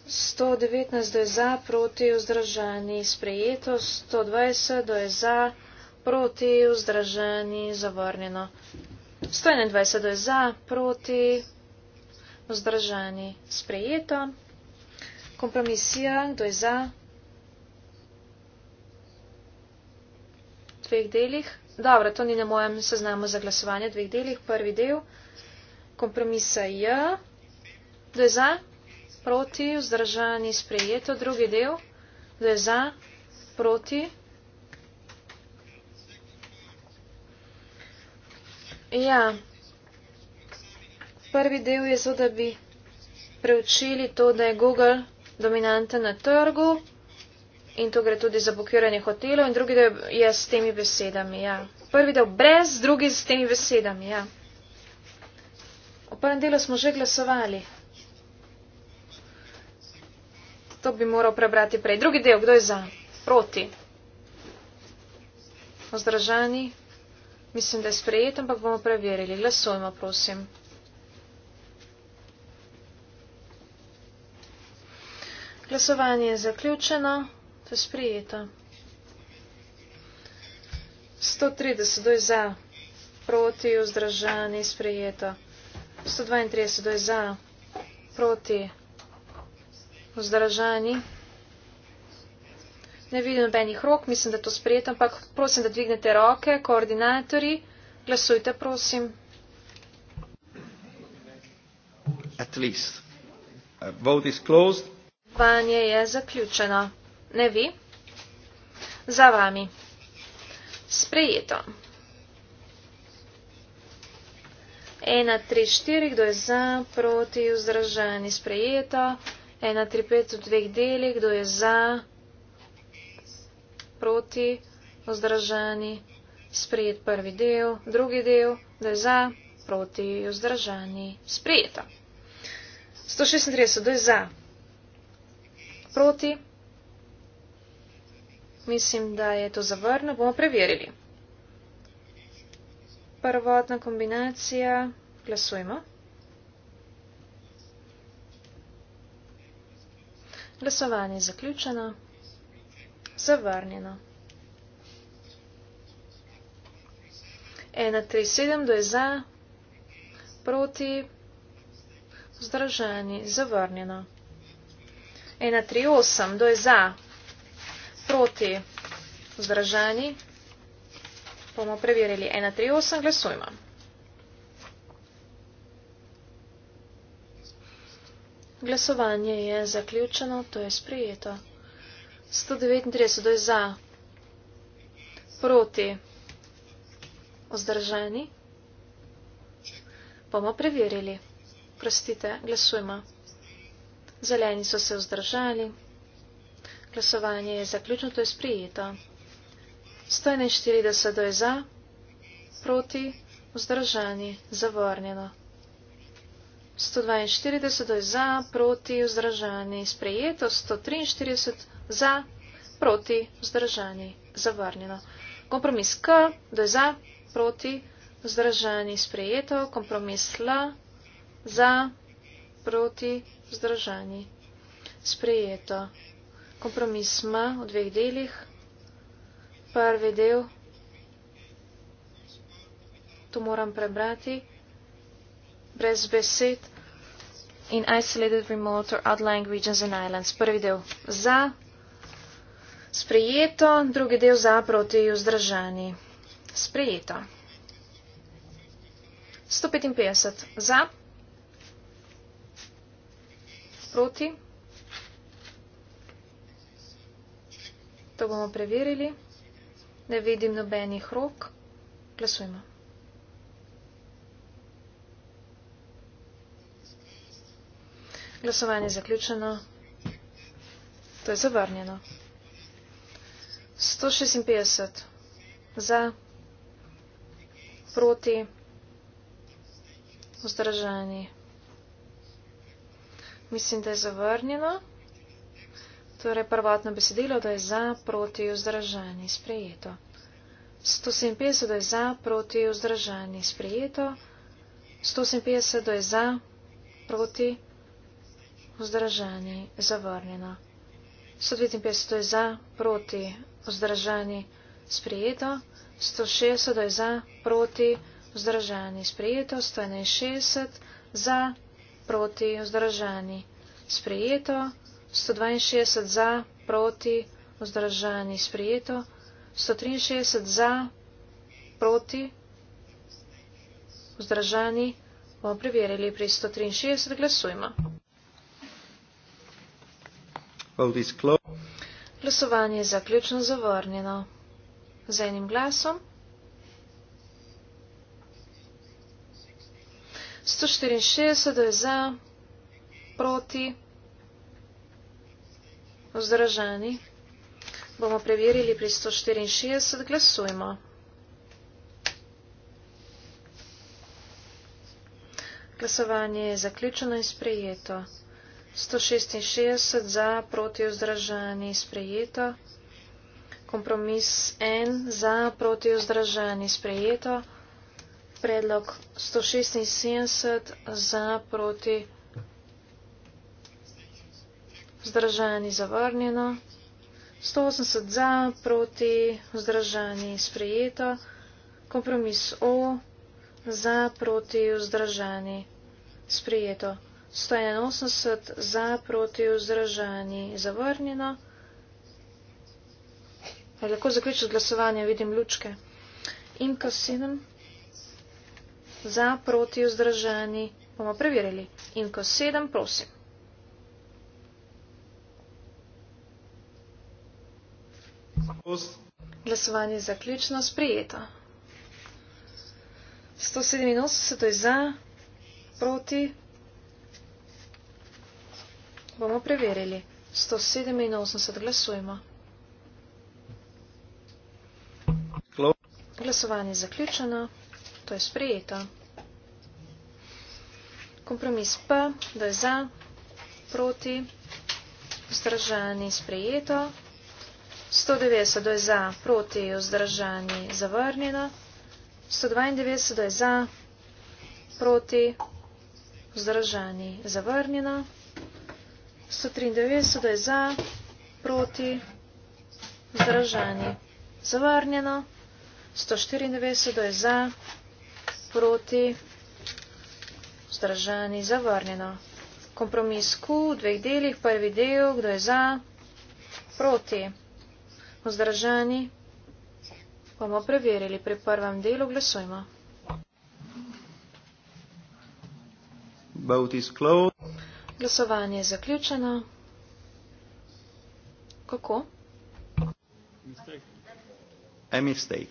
119 je za, proti, vzdržani, sprejeto, 120 je za, proti, vzdržani, zavrnjeno, 121 je za, proti, vzdržani, Vzdržani. Sprejeto. Kompromisija. Kdo je za? Dveh delih. Dobro, to ni na mojem seznamu za glasovanje. Dveh delih. Prvi del. Kompromisa je. Kdo je za? Proti. Vzdržani. Sprejeto. Drugi del. Kdo je za? Proti. Ja prvi del je zato, da bi preučili to, da je Google dominanten na trgu in to gre tudi za blokiranje hotelov in drugi del je s temi besedami. Ja. Prvi del brez, drugi s temi besedami. Ja. V prvem delu smo že glasovali. To bi moral prebrati prej. Drugi del, kdo je za? Proti. Ozdržani. Mislim, da je sprejet, ampak bomo preverili. Glasujmo, prosim. Glasovanje je zaključeno, to je sprijeto. 130 do je za, proti, vzdržani, sprijeto. 132 do je za, proti, vzdržani. Ne vidim nobenih rok, mislim, da je to sprijeto, ampak prosim, da dvignete roke, koordinatori, glasujte, prosim. At least. Uh, vote is closed. Vanje je zaključeno. Ne vi? Za vami. Sprejeto. 1, 3, 4, kdo je za, proti, vzdržani, sprejeto. 1, 3, 5 v dveh delih, kdo je za, proti, vzdržani, sprejet prvi del, drugi del, kdo je za, proti, vzdržani, sprejeto. 136, kdo je za, proti. Mislim, da je to zavrno. Bomo preverili. Prvotna kombinacija. Glasujmo. Glasovanje je zaključeno. Zavrnjeno. 1,37, do je za, proti, vzdržani, zavrnjeno. 138, kdo je za, proti, vzdržani, bomo preverili 138, glasujmo. Glasovanje je zaključeno, to je sprijeto. 139, kdo je za, proti, vzdržani, bomo preverili. Prostite, glasujmo. Zeleni so se vzdržali. Glasovanje je zaključeno, to je sprijeto. 141 je za, proti, vzdržani, zavrnjeno. 142 je za, proti, vzdržani, sprijeto. 143 za, proti, vzdržani, zavrnjeno. Kompromis K, da je za, proti, vzdržani, sprijeto. Kompromis L, za, proti, vzdržani vzdržani. Sprejeto. Kompromis ima v dveh delih. Prvi del, to moram prebrati, brez besed, in isolated remote or odd languages and islands. Prvi del za, sprejeto, drugi del za, proti, vzdržani. Sprejeto. 155 za proti. To bomo preverili. Ne vidim nobenih rok. Glasujmo. Glasovanje je zaključeno. To je zavrnjeno. 156 za, proti, vzdržanje. Mislim, da je zavrnjeno. Torej, prvotno besedilo, da je za, proti, vzdržani, sprejeto. 157, da je za, proti, vzdržani, sprejeto. 157, da je za, proti, vzdržani, zavrnjeno. 159, da je za, proti, vzdržani, sprejeto. 160, da je za, proti, vzdržani, sprejeto. 161, za, proti vzdržani. Sprijeto, 162 za proti vzdržani. Sprijeto, 163 za proti vzdržani. Bomo preverili pri 163. Glasujmo. Glasovanje je zaključno zavrnjeno. Z enim glasom. 164 za, proti, vzdržani. Bomo preverili pri 164, glasujmo. Glasovanje je zaključeno in sprejeto. 166 za, proti vzdržani, sprejeto. Kompromis 1 za, proti vzdržani, sprejeto predlog 176 za proti vzdržani zavrnjeno, 180 za proti vzdržani sprejeto, kompromis O za proti vzdržani sprejeto, 181 za proti vzdržani zavrnjeno. Ali lahko zaključiš glasovanje, vidim lučke. Imka 7 za proti vzdržani, bomo preverili. In ko sedem, prosim. Glasovanje je zaključno, sprijeto. 187 je za, proti, bomo preverili. 187 glasujemo. Glasovanje je zaključeno pa je sprejeta. Kompromis P, da je za, proti, vzdržani, sprejeto. 190, da je za, proti, vzdržani, zavrnjeno. 192, da je za, proti, vzdržani, zavrnjeno. 193, da je za, proti, vzdržani, zavrnjeno. 194, da je za, proti, vzdržani, zavrnjeno proti, vzdržani, zavrnjeno. Kompromis Q v dveh delih, prvi del, kdo je za, proti, vzdržani, bomo preverili pri prvem delu, glasujmo. Glasovanje je zaključeno. Kako? Mistake. Mistake.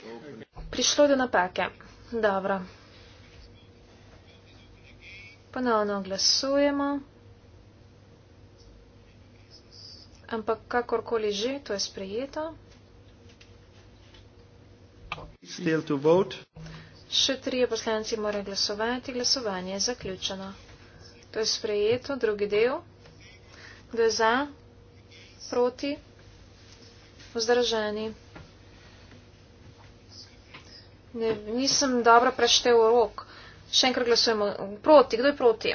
Prišlo je do napake. Dobro ponovno glasujemo. Ampak kakorkoli že, to je sprejeto. Še trije poslanci morajo glasovati, glasovanje je zaključeno. To je sprejeto, drugi del. Kdo je za, proti, vzdržani? Ne, nisem dobro preštevil rok. Še enkrat glasujemo proti. Kdo je proti?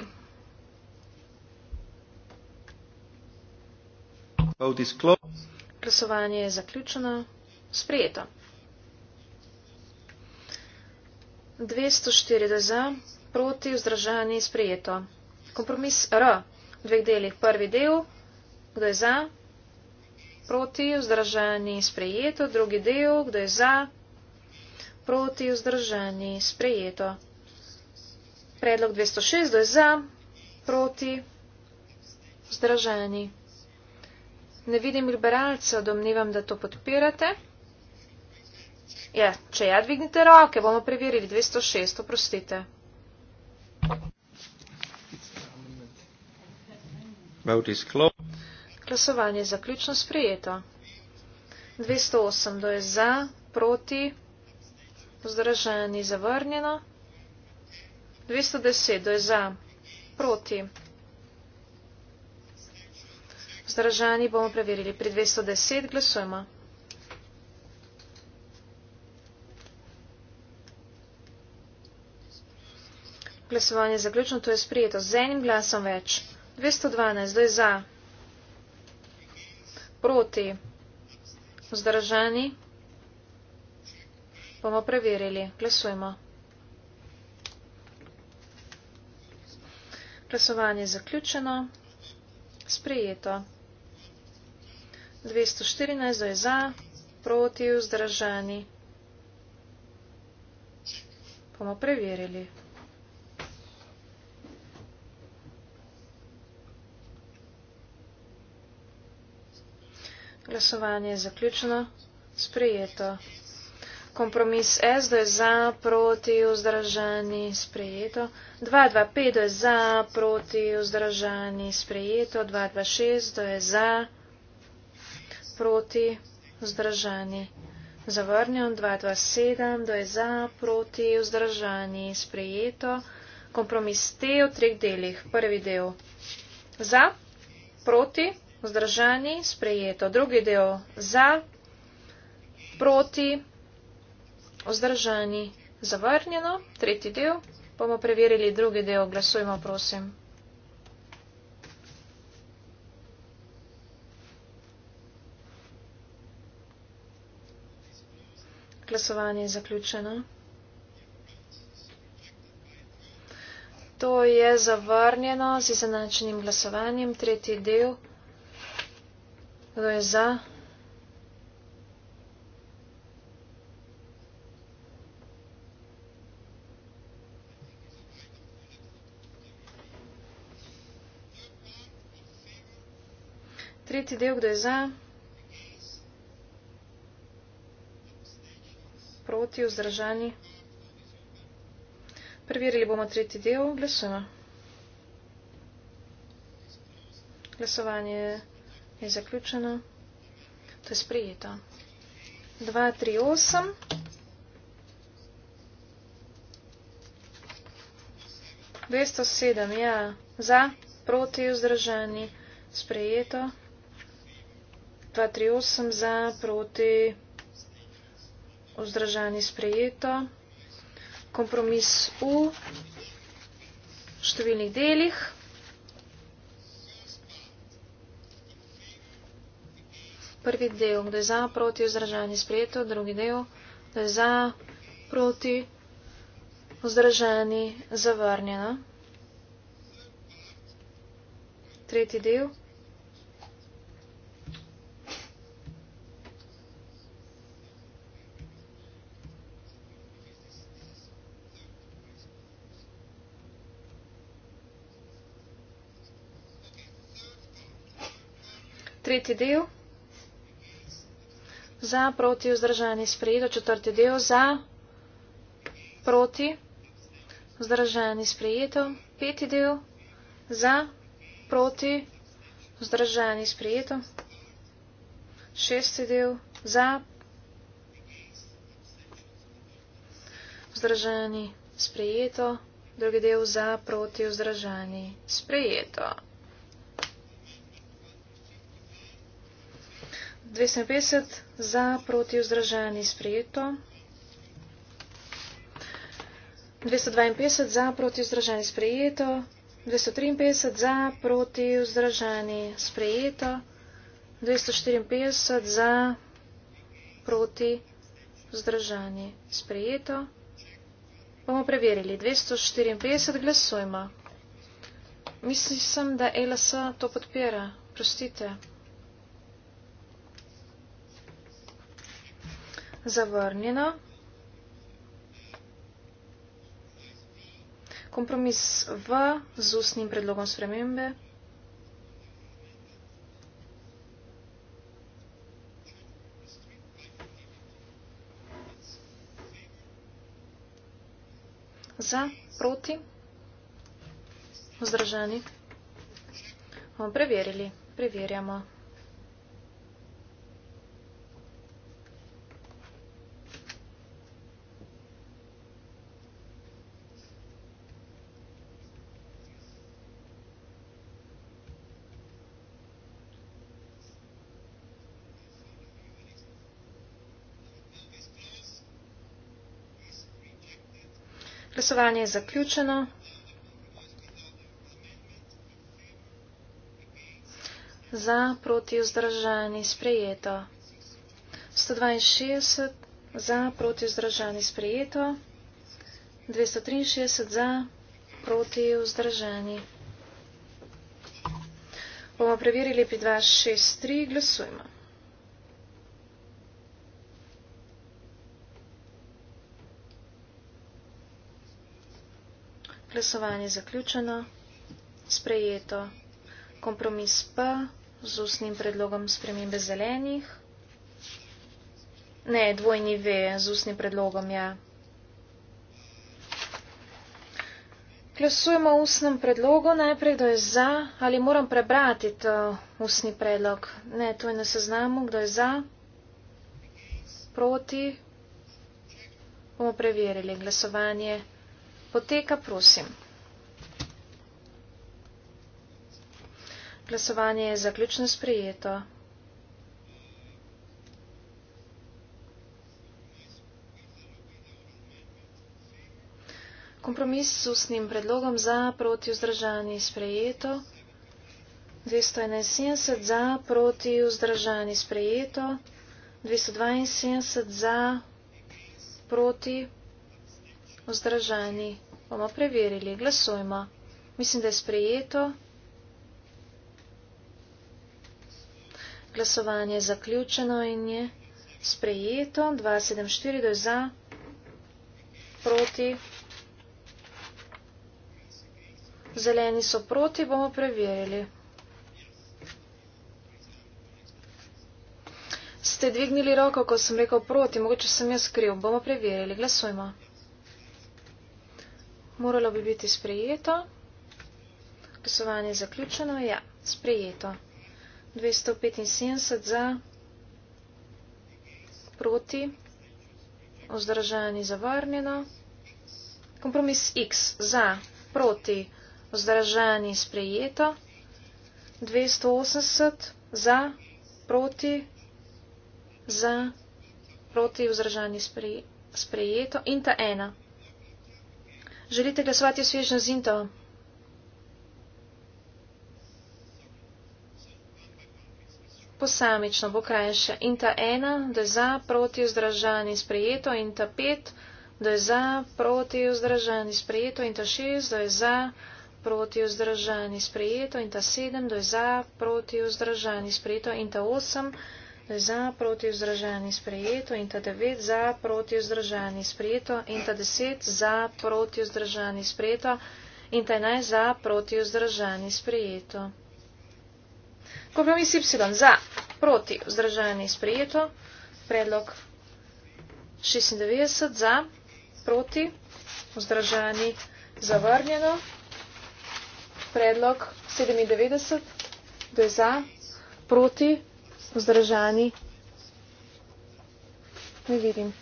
Glasovanje je zaključeno. Sprijeto. 204 za, proti, vzdržani, sprijeto. Kompromis R v dveh delih. Prvi del, kdo je za, proti, vzdržani, sprijeto. Drugi del, kdo je za, proti, vzdržani, sprijeto predlog 206, kdo je za, proti, vzdržani. Ne vidim liberalcev, domnevam, da to podpirate. Ja, če ja, dvignite roke, bomo preverili 206, oprostite. Glasovanje je zaključno sprejeto. 208, kdo je za, proti, vzdržani, zavrnjeno. 210, kdo je za? Proti. Zdržani bomo preverili. Pri 210 glasujemo. Glasovanje je zaključeno, to je sprijeto. Z enim glasom več. 212, kdo je za? Proti. Zdržani bomo preverili. Glasujemo. Glasovanje zaključeno. Sprijeto. 214 je za, proti vzdržani. Bomo preverili. Glasovanje je zaključeno. Sprijeto. 214 je za, proti vzdržani. Kompromis SD je za, proti, vzdržani, sprejeto. 225 je za, proti, vzdržani, sprejeto. 226 je za, proti, vzdržani, zavrnjen. 227 je za, proti, vzdržani, sprejeto. Kompromis T v treh delih. Prvi del. Za, proti, vzdržani, sprejeto. Drugi del. Za, proti, vzdržani vzdržani. Zavrnjeno, tretji del. Bomo preverili drugi del. Glasujmo, prosim. Glasovanje je zaključeno. To je zavrnjeno z izenačenim glasovanjem. Tretji del. Kdo je za? tretji del, kdo je za, proti, vzdržani. Preverili bomo tretji del, glasujemo. Glasovanje je zaključeno, to je sprejeto. 2, 3, 8. Dvesto sedem, ja, za, proti, vzdržani, sprejeto. 238 za, proti vzdržani sprejeto. Kompromis v številnih delih. Prvi del, kdo je za, proti vzdržani sprejeto. Drugi del, kdo je za, proti vzdržani zavrnjeno. Tretji del. tretji del. Za, proti, vzdržani, sprejeto, četrti del. Za, proti, vzdržani, sprejeto, peti del. Za, proti, vzdržani, sprejeto, šesti del. Za, vzdržani, sprejeto, drugi del. Za, proti, vzdržani, sprejeto. 250 za proti vzdržani sprejeto. 252 za proti vzdržani sprejeto. 253 za proti vzdržani sprejeto. 254 za proti vzdržani sprejeto. Bomo preverili. 254 glasujmo. Mislim, da e LS to podpira. Prostite. zavrnjeno. Kompromis v z ustnim predlogom spremembe. Za, proti, vzdržani. Preverili, preverjamo. glasovanje je zaključeno. Za, proti, vzdržani, sprejeto. 162 za, proti, vzdržani, sprejeto. 263 za, proti, vzdržani. Bomo preverili pri 263. Glasujmo. glasovanje zaključeno, sprejeto. Kompromis P z ustnim predlogom spremembe zelenih. Ne, dvojni V z ustnim predlogom, ja. Glasujemo o ustnem predlogu, najprej kdo je za, ali moram prebrati to ustni predlog. Ne, to je na seznamu, kdo je za, proti. Bomo preverili glasovanje. Poteka, prosim. Glasovanje je zaključno sprejeto. Kompromis s ustnim predlogom za proti vzdržani sprejeto. 271 za proti vzdržani sprejeto. 272 za proti vzdržani sprejeto vzdraženi. Bomo preverili. Glasujmo. Mislim, da je sprejeto. Glasovanje je zaključeno in je sprejeto. 274 je za, proti. Zeleni so proti, bomo preverili. Ste dvignili roko, ko sem rekel proti, mogoče sem jaz kriv. Bomo preverili. Glasujmo. Moralo bi biti sprejeto. Glasovanje je zaključeno. Ja, sprejeto. 275 za, proti, vzdržani zavrnjeno. Kompromis X za, proti, vzdržani sprejeto. 280 za, proti, za, proti, vzdržani spre, sprejeto. In ta ena. Želite glasovati o svežnju zinto? Posamično bo krajše. Inta 1, da je za, proti, vzdržan in sprejeto. Inta 5, da je za, proti, vzdržan in sprejeto. Inta 6, da je za, proti, vzdržan in sprejeto. Inta 7, da je za, proti, vzdržan in sprejeto. Inta 8, da je za, proti, vzdržan in sprejeto za, proti vzdržani, sprejeto in ta devet za, proti vzdržani, sprejeto in ta deset za, proti vzdržani, sprejeto in ta naj za, proti vzdržani, sprejeto. Kompromis Y za, proti vzdržani, sprejeto, predlog 96 za, proti vzdržani, zavrnjeno, predlog 97, to je za, proti vzdržani, vzdržani. Ne vidim.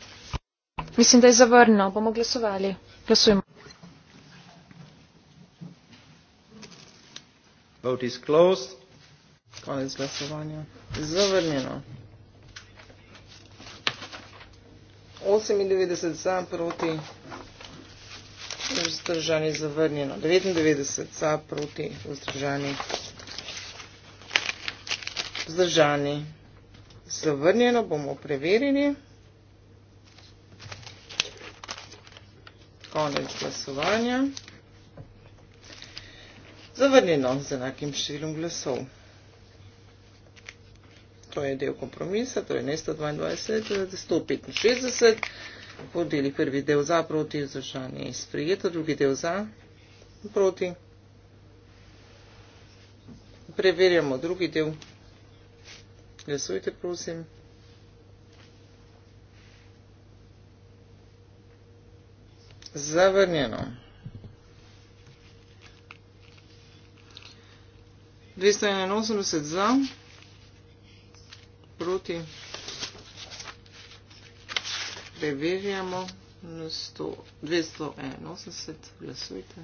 Mislim, da je zavrno. Bomo glasovali. Glasujemo. Vote is closed. Konec glasovanja. Zavrnjeno. 98 za proti. Vzdržani zavrnjeno. 99 za proti. Vzdržani zavrnjeno vzdržani. Zavrnjeno bomo preverili. Konec glasovanja. Zavrnjeno z enakim številom glasov. To je del kompromisa, to torej je ne 122, 165. Podeli prvi del za, proti, vzdržani je sprijeto, drugi del za, proti. Preverjamo drugi del. Glasujte, prosim. Zavrnjeno. 281 za, proti, preverjamo na 281, glasujte.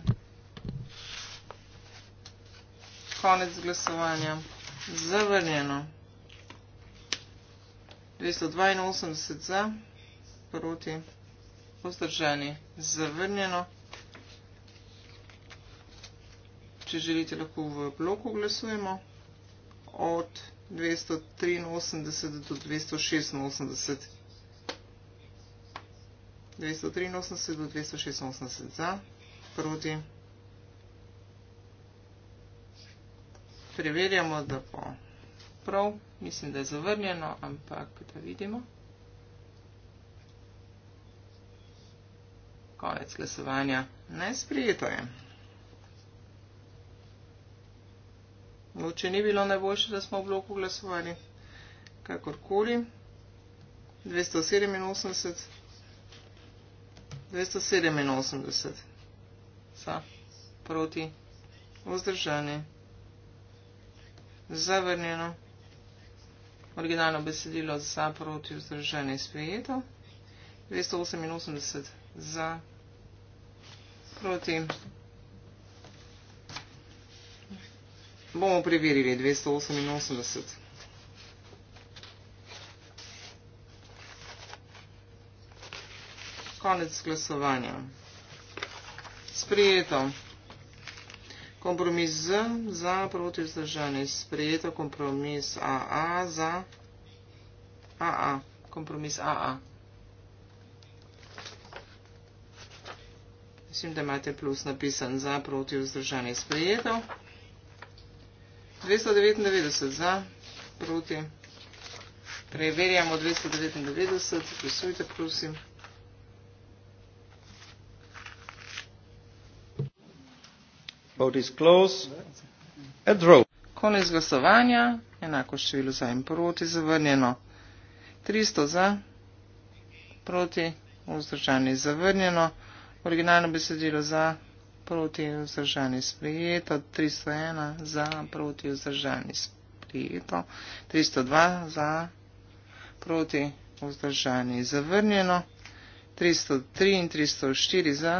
Konec glasovanja, zavrnjeno. 282 za, proti, vzdržani, zavrnjeno. Če želite, lahko v bloku glasujemo od 283 do 286. 283 do 286 za, proti. Preverjamo, da pa... Po prav, mislim, da je zavrnjeno, ampak da vidimo. Konec glasovanja. Najsprijeto je. Vloče ni bilo najboljše, da smo v bloku glasovali. Kakorkoli. 287. 287. Sa proti. Vzdržani. Zavrnjeno originalno besedilo za proti vzdržene sprejeto, 288 za proti, bomo preverili 288. Konec glasovanja. Sprijeto. Kompromis Z za proti vzdržanje sprejeto, kompromis AA za AA, kompromis AA. Mislim, da imate plus napisan za proti vzdržanje sprejeto. 299 za proti. Preverjamo 299, pisujte prosim. Konec glasovanja, enako število za in proti, zavrnjeno. 300 za, proti, vzdržani, zavrnjeno. Originalno besedilo za, proti, vzdržani, sprejeto. 301 za, proti, vzdržani, sprejeto. 302 za, proti, vzdržani, zavrnjeno. 303 in 304 za,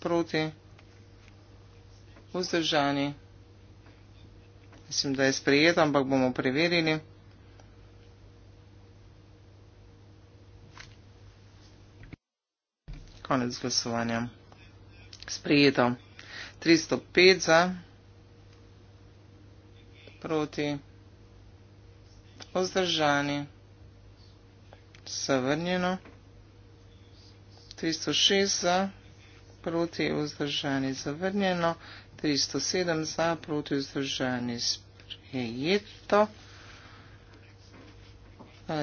proti, vzdržani, sprejeto vzdržani. Mislim, da je sprejeto, ampak bomo preverili. Konec glasovanja. Sprejeto. 305 za. Proti. Vzdržani. Zavrnjeno. 306 za. Proti. Vzdržani. Zavrnjeno. 307 za, proti vzdržani sprejeto.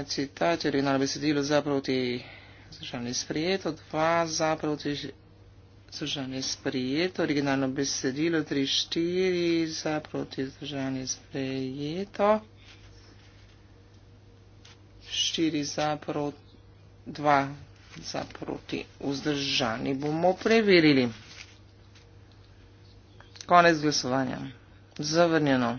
Citat, je originalno besedilo za, proti vzdržani sprejeto, 2 za, proti vzdržani sprejeto, originalno besedilo 3-4 za, proti vzdržani sprejeto, 4 za, proti 2 za, proti vzdržani bomo preverili. Konec glasovanja. Zavrnjeno.